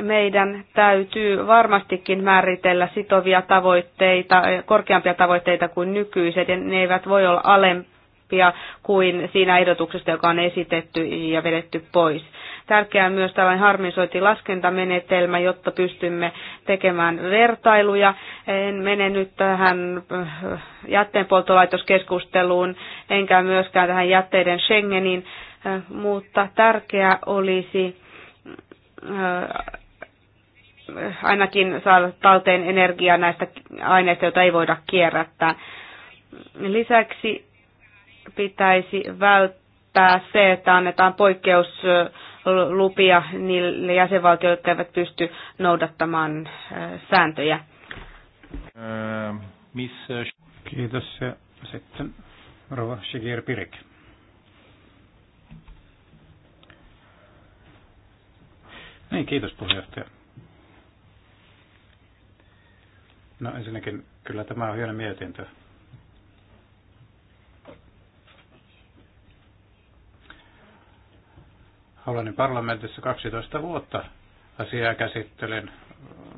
Meidän täytyy varmastikin määritellä sitovia tavoitteita, korkeampia tavoitteita kuin nykyiset, ja ne eivät voi olla alempia kuin siinä ehdotuksesta, joka on esitetty ja vedetty pois. Tärkeää on myös tällainen harmonisointilaskentamenetelmä, jotta pystymme tekemään vertailuja. En mene nyt tähän äh, jätteenpolttolaitoskeskusteluun, enkä myöskään tähän jätteiden Schengeniin, äh, mutta tärkeää olisi äh, ainakin saada talteen energiaa näistä aineista, joita ei voida kierrättää. Lisäksi pitäisi välttää se, että annetaan poikkeus lupia niille jäsenvaltioille, jotka eivät pysty noudattamaan sääntöjä. Äh, äh, kiitos. sitten Rova Shigir Pirik. Niin, kiitos puheenjohtaja. No ensinnäkin kyllä tämä on hieno mietintö. Hollannin parlamentissa 12 vuotta asiaa käsittelin.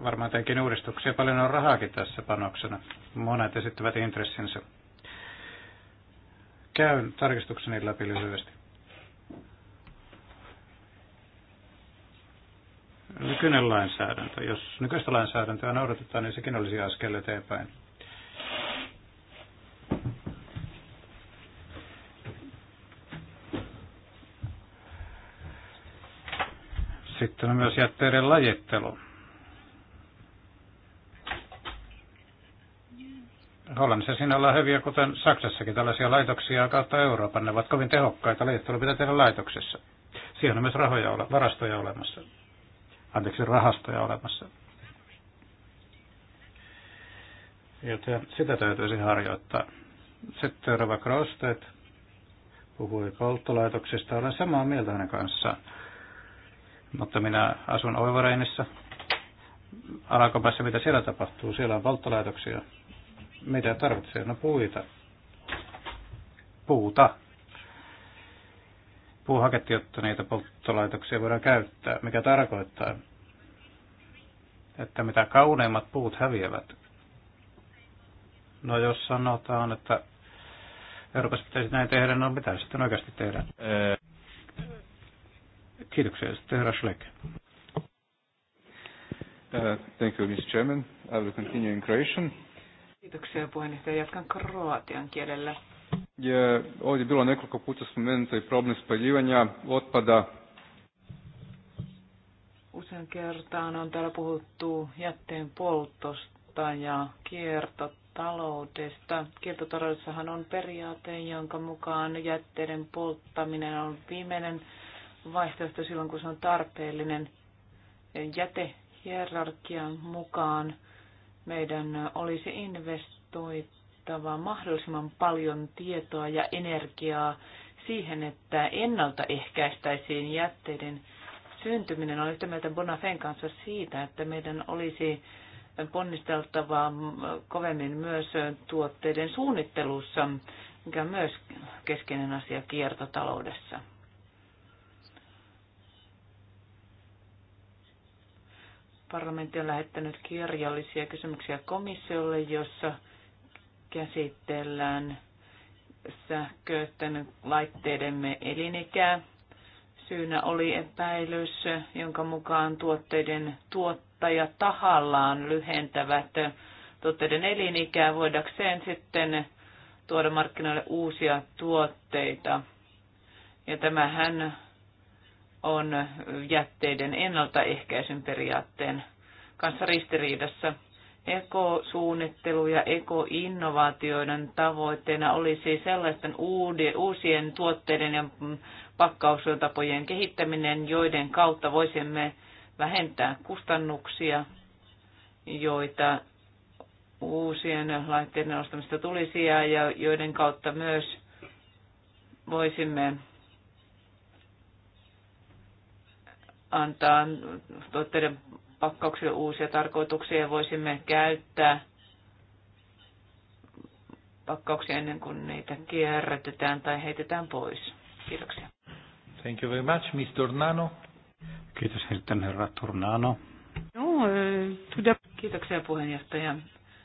Varmaan teinkin uudistuksia. Paljon on rahaakin tässä panoksena. Monet esittävät intressinsä. Käyn tarkistukseni läpi lyhyesti. Nykyinen lainsäädäntö. Jos nykyistä lainsäädäntöä noudatetaan, niin sekin olisi askel eteenpäin. Sitten on myös jätteiden lajittelu. Hollannissa siinä ollaan hyviä, kuten Saksassakin, tällaisia laitoksia kautta Euroopan. Ne ovat kovin tehokkaita. Lajittelu pitää tehdä laitoksessa. Siihen on myös rahoja, varastoja olemassa. Anteeksi, rahastoja olemassa. Joten sitä täytyisi harjoittaa. Sitten Rova Krosteet puhui polttolaitoksista. Olen samaa mieltä hänen kanssaan mutta minä asun Oivareinissa. Alakopassa, mitä siellä tapahtuu? Siellä on polttolaitoksia. Mitä tarvitsee? No puita. Puuta. Puuhaketti, jotta niitä polttolaitoksia voidaan käyttää, mikä tarkoittaa, että mitä kauneimmat puut häviävät. No jos sanotaan, että Euroopassa pitäisi näin tehdä, no mitä sitten oikeasti tehdä? Kiitoksia. Sitten herra Schleck. Uh, thank you, Mr. Chairman. I will continue in Croatian. Kiitoksia puheenjohtaja. Jatkan kroatian kielellä. Je ovdje bilo nekoliko puta spomenuto i problem spaljivanja otpada. Usein kertaan on täällä puhuttu jätteen poltosta ja kiertotaloudesta. Kiertotaloudessahan on periaate, jonka mukaan jätteiden polttaminen on viimeinen vaihtoehto silloin, kun se on tarpeellinen. Jätehierarkian mukaan meidän olisi investoitava mahdollisimman paljon tietoa ja energiaa siihen, että ennaltaehkäistäisiin jätteiden syntyminen. Olen yhtä mieltä Bonafen kanssa siitä, että meidän olisi ponnisteltava kovemmin myös tuotteiden suunnittelussa, mikä on myös keskeinen asia kiertotaloudessa. Parlamentti on lähettänyt kirjallisia kysymyksiä komissiolle, jossa käsitellään sähköisten laitteidemme elinikää. Syynä oli epäilys, jonka mukaan tuotteiden tuottaja tahallaan lyhentävät tuotteiden elinikää voidakseen sitten tuoda markkinoille uusia tuotteita. Ja tämähän on jätteiden ennaltaehkäisyn periaatteen kanssa ristiriidassa. Ekosuunnittelu ja ekoinnovaatioiden tavoitteena olisi sellaisten uusien tuotteiden ja pakkaustapojen kehittäminen, joiden kautta voisimme vähentää kustannuksia, joita uusien laitteiden ostamista tulisi ja joiden kautta myös voisimme antaa tuotteiden pakkauksille uusia tarkoituksia ja voisimme käyttää pakkauksia ennen kuin niitä kierrätetään tai heitetään pois. Kiitoksia. Thank you very much, Mr. Tornano. Kiitos sitten herra Tornano. No, eh, Kiitoksia puheenjohtaja.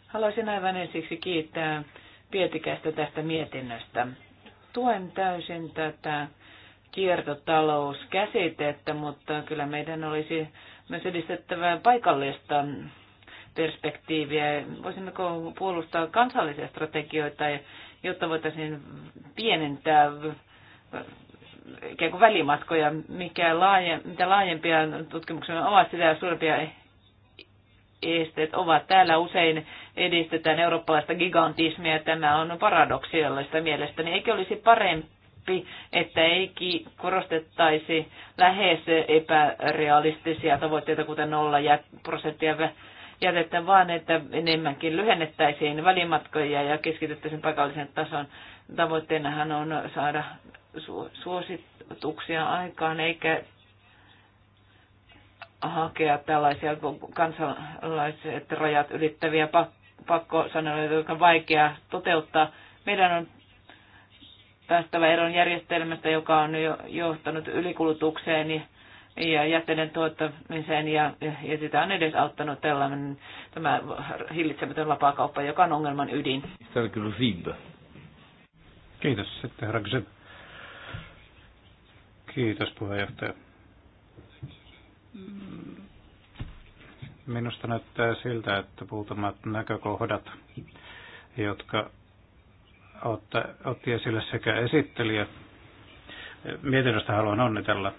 Haluaisin aivan ensiksi kiittää Pietikäistä tästä mietinnöstä. Tuen täysin tätä kiertotalouskäsitettä, mutta kyllä meidän olisi myös edistettävä paikallista perspektiiviä. Voisimmeko puolustaa kansallisia strategioita, jotta voitaisiin pienentää ikään kuin välimatkoja, mikä laaja, mitä laajempia tutkimuksia ovat, sitä suurempia esteet ovat. Täällä usein edistetään eurooppalaista gigantismia, tämä on paradoksiallista mielestäni. Eikö olisi parempi oppi, että ei korostettaisi lähes epärealistisia tavoitteita, kuten nolla prosenttia jätettä, vaan että enemmänkin lyhennettäisiin välimatkoja ja keskityttäisiin paikallisen tason. Tavoitteenahan on saada suosituksia aikaan, eikä hakea tällaisia kansalaiset rajat ylittäviä pakkosaneluja, jotka on vaikea toteuttaa. Meidän on päästävä eron järjestelmästä, joka on jo johtanut ylikulutukseen ja jätteiden tuottamiseen ja, ja sitä on edesauttanut tällainen, tämä hillitsemätön vapaakauppa, joka on ongelman ydin. Kiitos. Sitten herra Kiitos puheenjohtaja. Minusta näyttää siltä, että muutamat näkökohdat, jotka otti esille sekä esittelijä. Mietinnöstä haluan onnitella.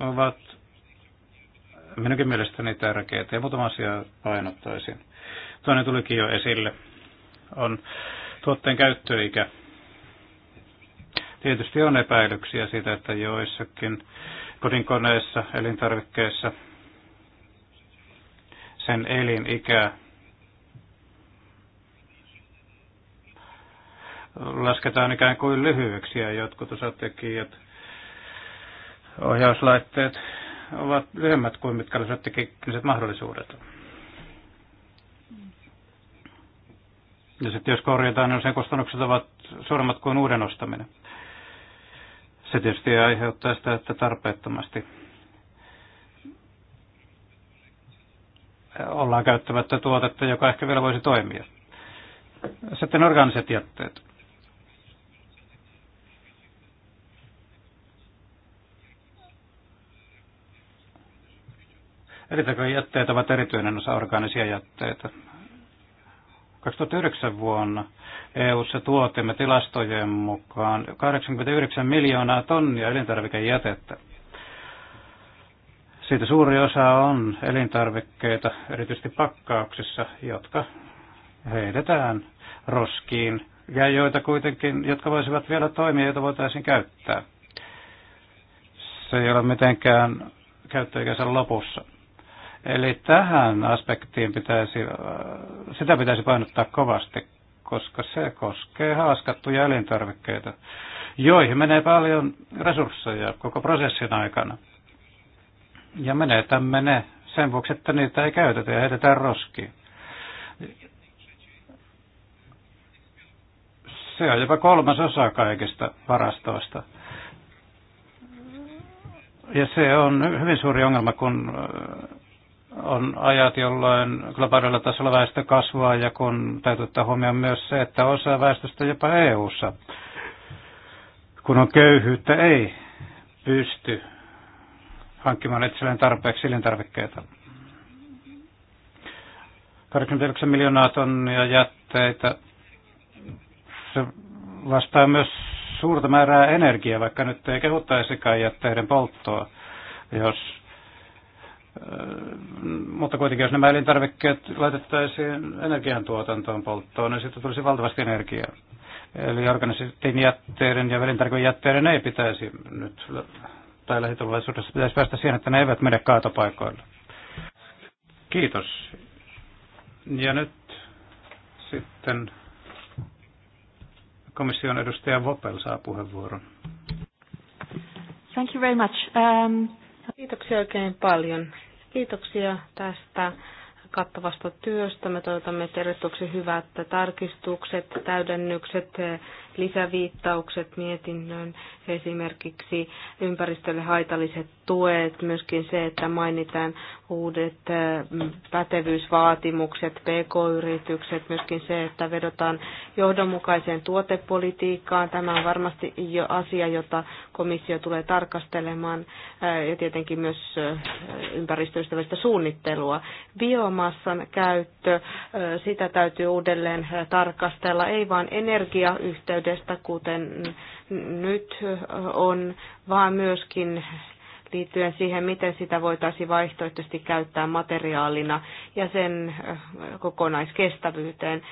Ovat minunkin mielestäni tärkeitä ja muutama asia painottaisin. Toinen tulikin jo esille. On tuotteen käyttöikä. Tietysti on epäilyksiä siitä, että joissakin kodinkoneissa, elintarvikkeissa sen elinikä lasketaan ikään kuin lyhyeksi ja jotkut osatekijät, ohjauslaitteet ovat lyhyemmät kuin mitkä olisivat tekniset mahdollisuudet. Ja sitten jos korjataan, niin sen kustannukset ovat suuremmat kuin uuden ostaminen. Se tietysti aiheuttaa sitä, että tarpeettomasti ollaan käyttämättä tuotetta, joka ehkä vielä voisi toimia. Sitten organiset jätteet. Elintarvikejätteet ovat erityinen osa orgaanisia jätteitä. 2009 vuonna EU-ssa tuotimme tilastojen mukaan 89 miljoonaa tonnia elintarvikejätettä. Siitä suuri osa on elintarvikkeita, erityisesti pakkauksissa, jotka heitetään roskiin ja joita kuitenkin, jotka voisivat vielä toimia, joita voitaisiin käyttää. Se ei ole mitenkään käyttöikänsä lopussa. Eli tähän aspektiin pitäisi, äh, sitä pitäisi painottaa kovasti, koska se koskee haaskattuja elintarvikkeita, joihin menee paljon resursseja koko prosessin aikana. Ja menetämme ne sen vuoksi, että niitä ei käytetä ja heitetään roskiin. Se on jopa kolmas osa kaikista varastoista. Ja se on hyvin suuri ongelma, kun äh, on ajat, jolloin globaalilla tasolla väestö kasvaa ja kun täytyy ottaa huomioon myös se, että osa väestöstä jopa EU-ssa, kun on köyhyyttä, ei pysty hankkimaan itselleen tarpeeksi elintarvikkeita. 89 miljoonaa tonnia jätteitä. Se vastaa myös suurta määrää energiaa, vaikka nyt ei kehuttaisikaan jätteiden polttoa, jos mutta kuitenkin jos nämä elintarvikkeet laitettaisiin energiantuotantoon polttoon, niin siitä tulisi valtavasti energiaa. Eli organisaatin jätteiden ja velintarkojen jätteiden ei pitäisi nyt, tai lähitulevaisuudessa pitäisi päästä siihen, että ne eivät mene kaatopaikoille. Kiitos. Ja nyt sitten komission edustaja Vopel saa puheenvuoron. Thank you very much. Um... Kiitoksia oikein paljon. Kiitoksia tästä kattavasta työstä. Me toivotamme tervetulleeksi hyvät tarkistukset, täydennykset lisäviittaukset mietinnön, esimerkiksi ympäristölle haitalliset tuet, myöskin se, että mainitaan uudet pätevyysvaatimukset, pk-yritykset, myöskin se, että vedotaan johdonmukaiseen tuotepolitiikkaan. Tämä on varmasti jo asia, jota komissio tulee tarkastelemaan ja tietenkin myös ympäristöystävällistä suunnittelua. Biomassan käyttö, sitä täytyy uudelleen tarkastella, ei vain energiayhteydessä, yhteydestä, kuten nyt on, vaan myöskin liittyen siihen, miten sitä voitaisiin vaihtoehtoisesti käyttää materiaalina ja sen kokonaiskestävyyteen.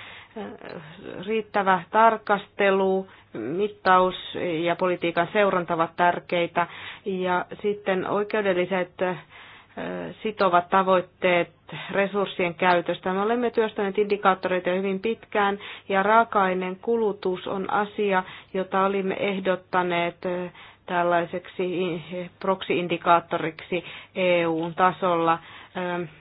Riittävä tarkastelu, mittaus ja politiikan seuranta ovat tärkeitä ja sitten oikeudelliset sitovat tavoitteet resurssien käytöstä. Me olemme työstäneet indikaattoreita jo hyvin pitkään ja raaka-aineen kulutus on asia, jota olimme ehdottaneet tällaiseksi proksi-indikaattoriksi EUn tasolla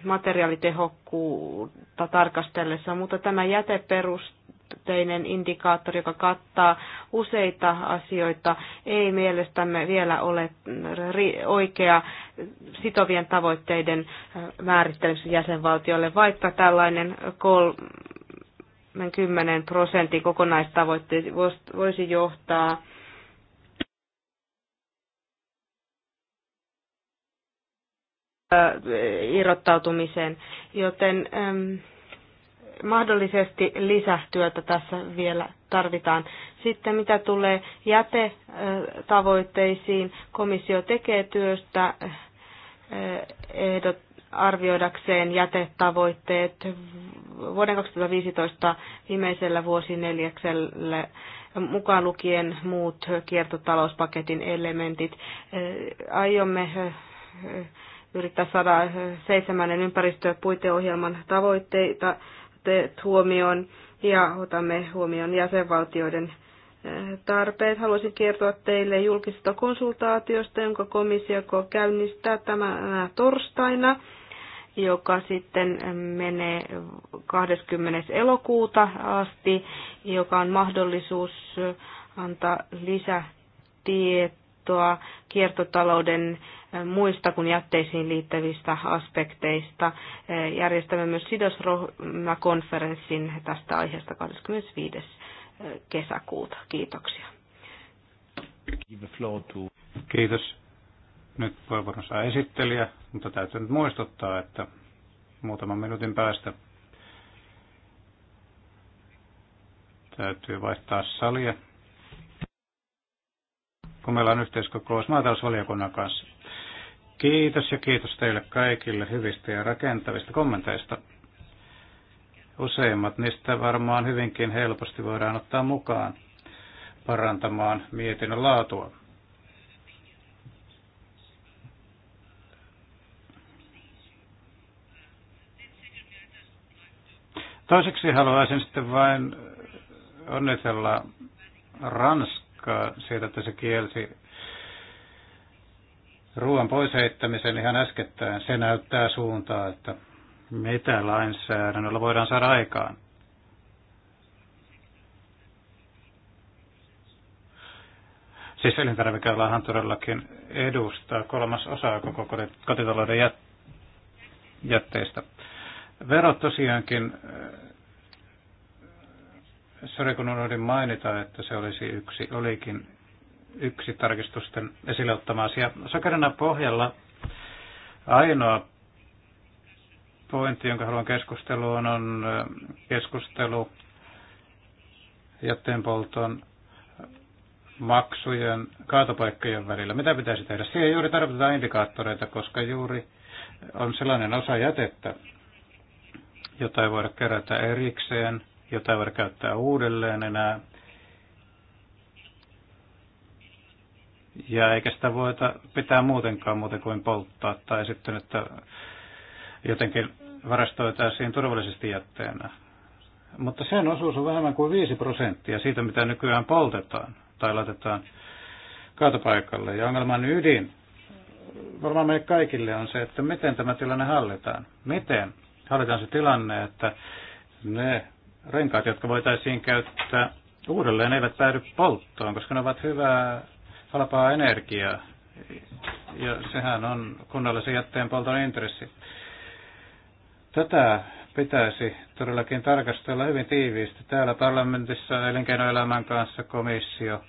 materiaalitehokkuutta tarkastellessa, mutta tämä jäteperuste myönteinen indikaattori, joka kattaa useita asioita, ei mielestämme vielä ole oikea sitovien tavoitteiden määrittelyssä jäsenvaltiolle, vaikka tällainen kol 10 prosentin kokonaistavoitteet voisi johtaa irrottautumiseen, joten mahdollisesti lisätyötä tässä vielä tarvitaan. Sitten mitä tulee jätetavoitteisiin, komissio tekee työstä eh, ehdot, arvioidakseen jätetavoitteet vuoden 2015 viimeisellä vuosineljäksellä mukaan lukien muut kiertotalouspaketin elementit. Eh, aiomme eh, yrittää saada seitsemännen ympäristöpuiteohjelman tavoitteita ottaneet huomioon ja otamme huomioon jäsenvaltioiden eh, tarpeet. Haluaisin kertoa teille julkisesta konsultaatiosta, jonka komissio käynnistää tämä torstaina, joka sitten eh, menee 20. elokuuta asti, joka on mahdollisuus eh, antaa lisätietoa tietoa kiertotalouden eh, muista kuin jätteisiin liittyvistä aspekteista. Eh, järjestämme myös sidosryhmäkonferenssin tästä aiheesta 25. Eh, kesäkuuta. Kiitoksia. Kiitos. Nyt puheenvuoron saa esittelijä, mutta täytyy nyt muistuttaa, että muutaman minuutin päästä täytyy vaihtaa salia kun meillä on yhteiskokous maatalousvaliokunnan kanssa. Kiitos ja kiitos teille kaikille hyvistä ja rakentavista kommenteista. Useimmat niistä varmaan hyvinkin helposti voidaan ottaa mukaan parantamaan mietinnön laatua. Toiseksi haluaisin sitten vain onnitella Ranskaa taakkaa siitä, että se kielsi ruoan pois heittämisen ihan äskettäin. Se näyttää suuntaa, että mitä lainsäädännöllä voidaan saada aikaan. Siis elintarvikealahan todellakin edustaa kolmas osa koko kotitalouden jätteistä. Verot tosiaankin Sori, kun unohdin mainita, että se olisi yksi, olikin yksi tarkistusten esille ottama asia. Sakarina pohjalla ainoa pointti, jonka haluan keskusteluun, on keskustelu jätteenpolton maksujen kaatopaikkojen välillä. Mitä pitäisi tehdä? Siihen juuri tarvitaan indikaattoreita, koska juuri on sellainen osa jätettä, jota ei voida kerätä erikseen – jota ei voida käyttää uudelleen enää. Ja eikä sitä voita pitää muutenkaan muuten kuin polttaa tai sitten, että jotenkin varastoitaisiin turvallisesti jätteenä. Mutta sen osuus on vähemmän kuin 5 prosenttia siitä, mitä nykyään poltetaan tai laitetaan kaatopaikalle. Ja ongelman ydin varmaan meille kaikille on se, että miten tämä tilanne hallitaan. Miten hallitaan se tilanne, että ne renkaat, jotka voitaisiin käyttää uudelleen, eivät päädy polttoon, koska ne ovat hyvää, halpaa energiaa. Ja sehän on kunnallisen jätteen polton intressi. Tätä pitäisi todellakin tarkastella hyvin tiiviisti täällä parlamentissa elinkeinoelämän kanssa komissio.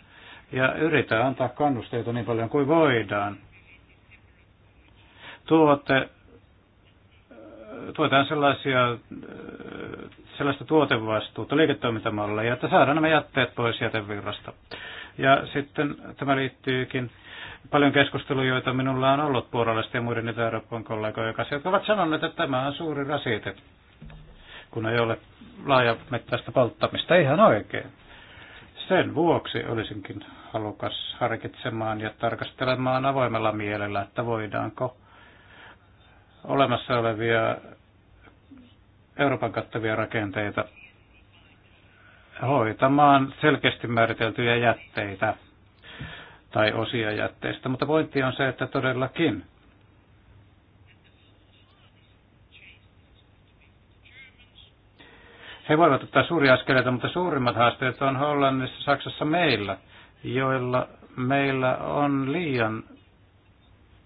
Ja yritetään antaa kannusteita niin paljon kuin voidaan. Tuote tuetaan sellaisia, äh, sellaista tuotevastuuta, liiketoimintamalleja, että saadaan nämä jätteet pois jätevirrasta. Ja sitten tämä liittyykin paljon keskusteluja, joita minulla on ollut puolalaisten ja muiden Itä-Euroopan kollegojen kanssa, jotka ovat sanoneet, että tämä on suuri rasite, kun ei ole laaja, mettäistä polttamista. Ihan oikein. Sen vuoksi olisinkin halukas harkitsemaan ja tarkastelemaan avoimella mielellä, että voidaanko olemassa olevia Euroopan kattavia rakenteita hoitamaan selkeästi määriteltyjä jätteitä tai osia jätteistä. Mutta pointti on se, että todellakin he voivat ottaa suuria askeleita, mutta suurimmat haasteet on Hollannissa, Saksassa meillä, joilla meillä on liian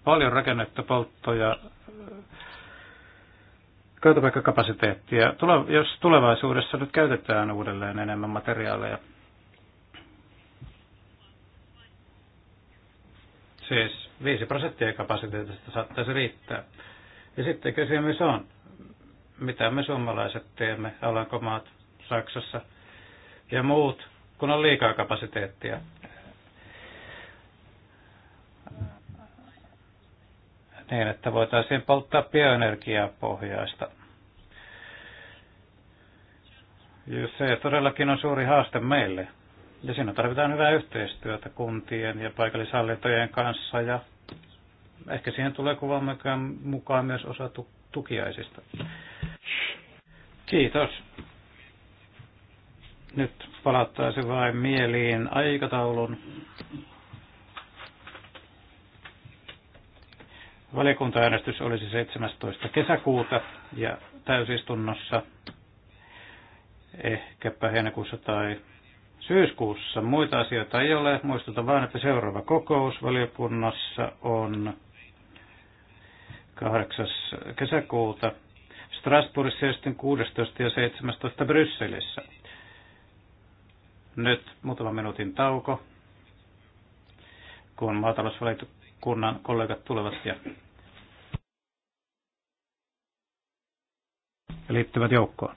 paljon rakennettu polttoja kaatopaikkakapasiteettia. Jos tulevaisuudessa nyt käytetään uudelleen enemmän materiaaleja, siis 5 prosenttia kapasiteetista saattaisi riittää. Ja sitten kysymys on, mitä me suomalaiset teemme, Alankomaat, Saksassa ja muut, kun on liikaa kapasiteettia. niin, että voitaisiin polttaa bioenergiaa pohjaista. Ja se todellakin on suuri haaste meille. Ja siinä tarvitaan hyvää yhteistyötä kuntien ja paikallishallintojen kanssa ja ehkä siihen tulee kuvan mukaan myös osa tukiaisista. Kiitos. Nyt palauttaisi vain mieliin aikataulun. Valiokuntaäänestys olisi 17. kesäkuuta ja täysistunnossa ehkäpä heinäkuussa tai syyskuussa. Muita asioita ei ole. Muistutan vain, että seuraava kokous valiokunnassa on 8. kesäkuuta Strasbourgissa ja sitten 16. ja 17. Brysselissä. Nyt muutama minuutin tauko, kun maatalousvaliokunta kunnan kollegat tulevat ja liittyvät joukkoon.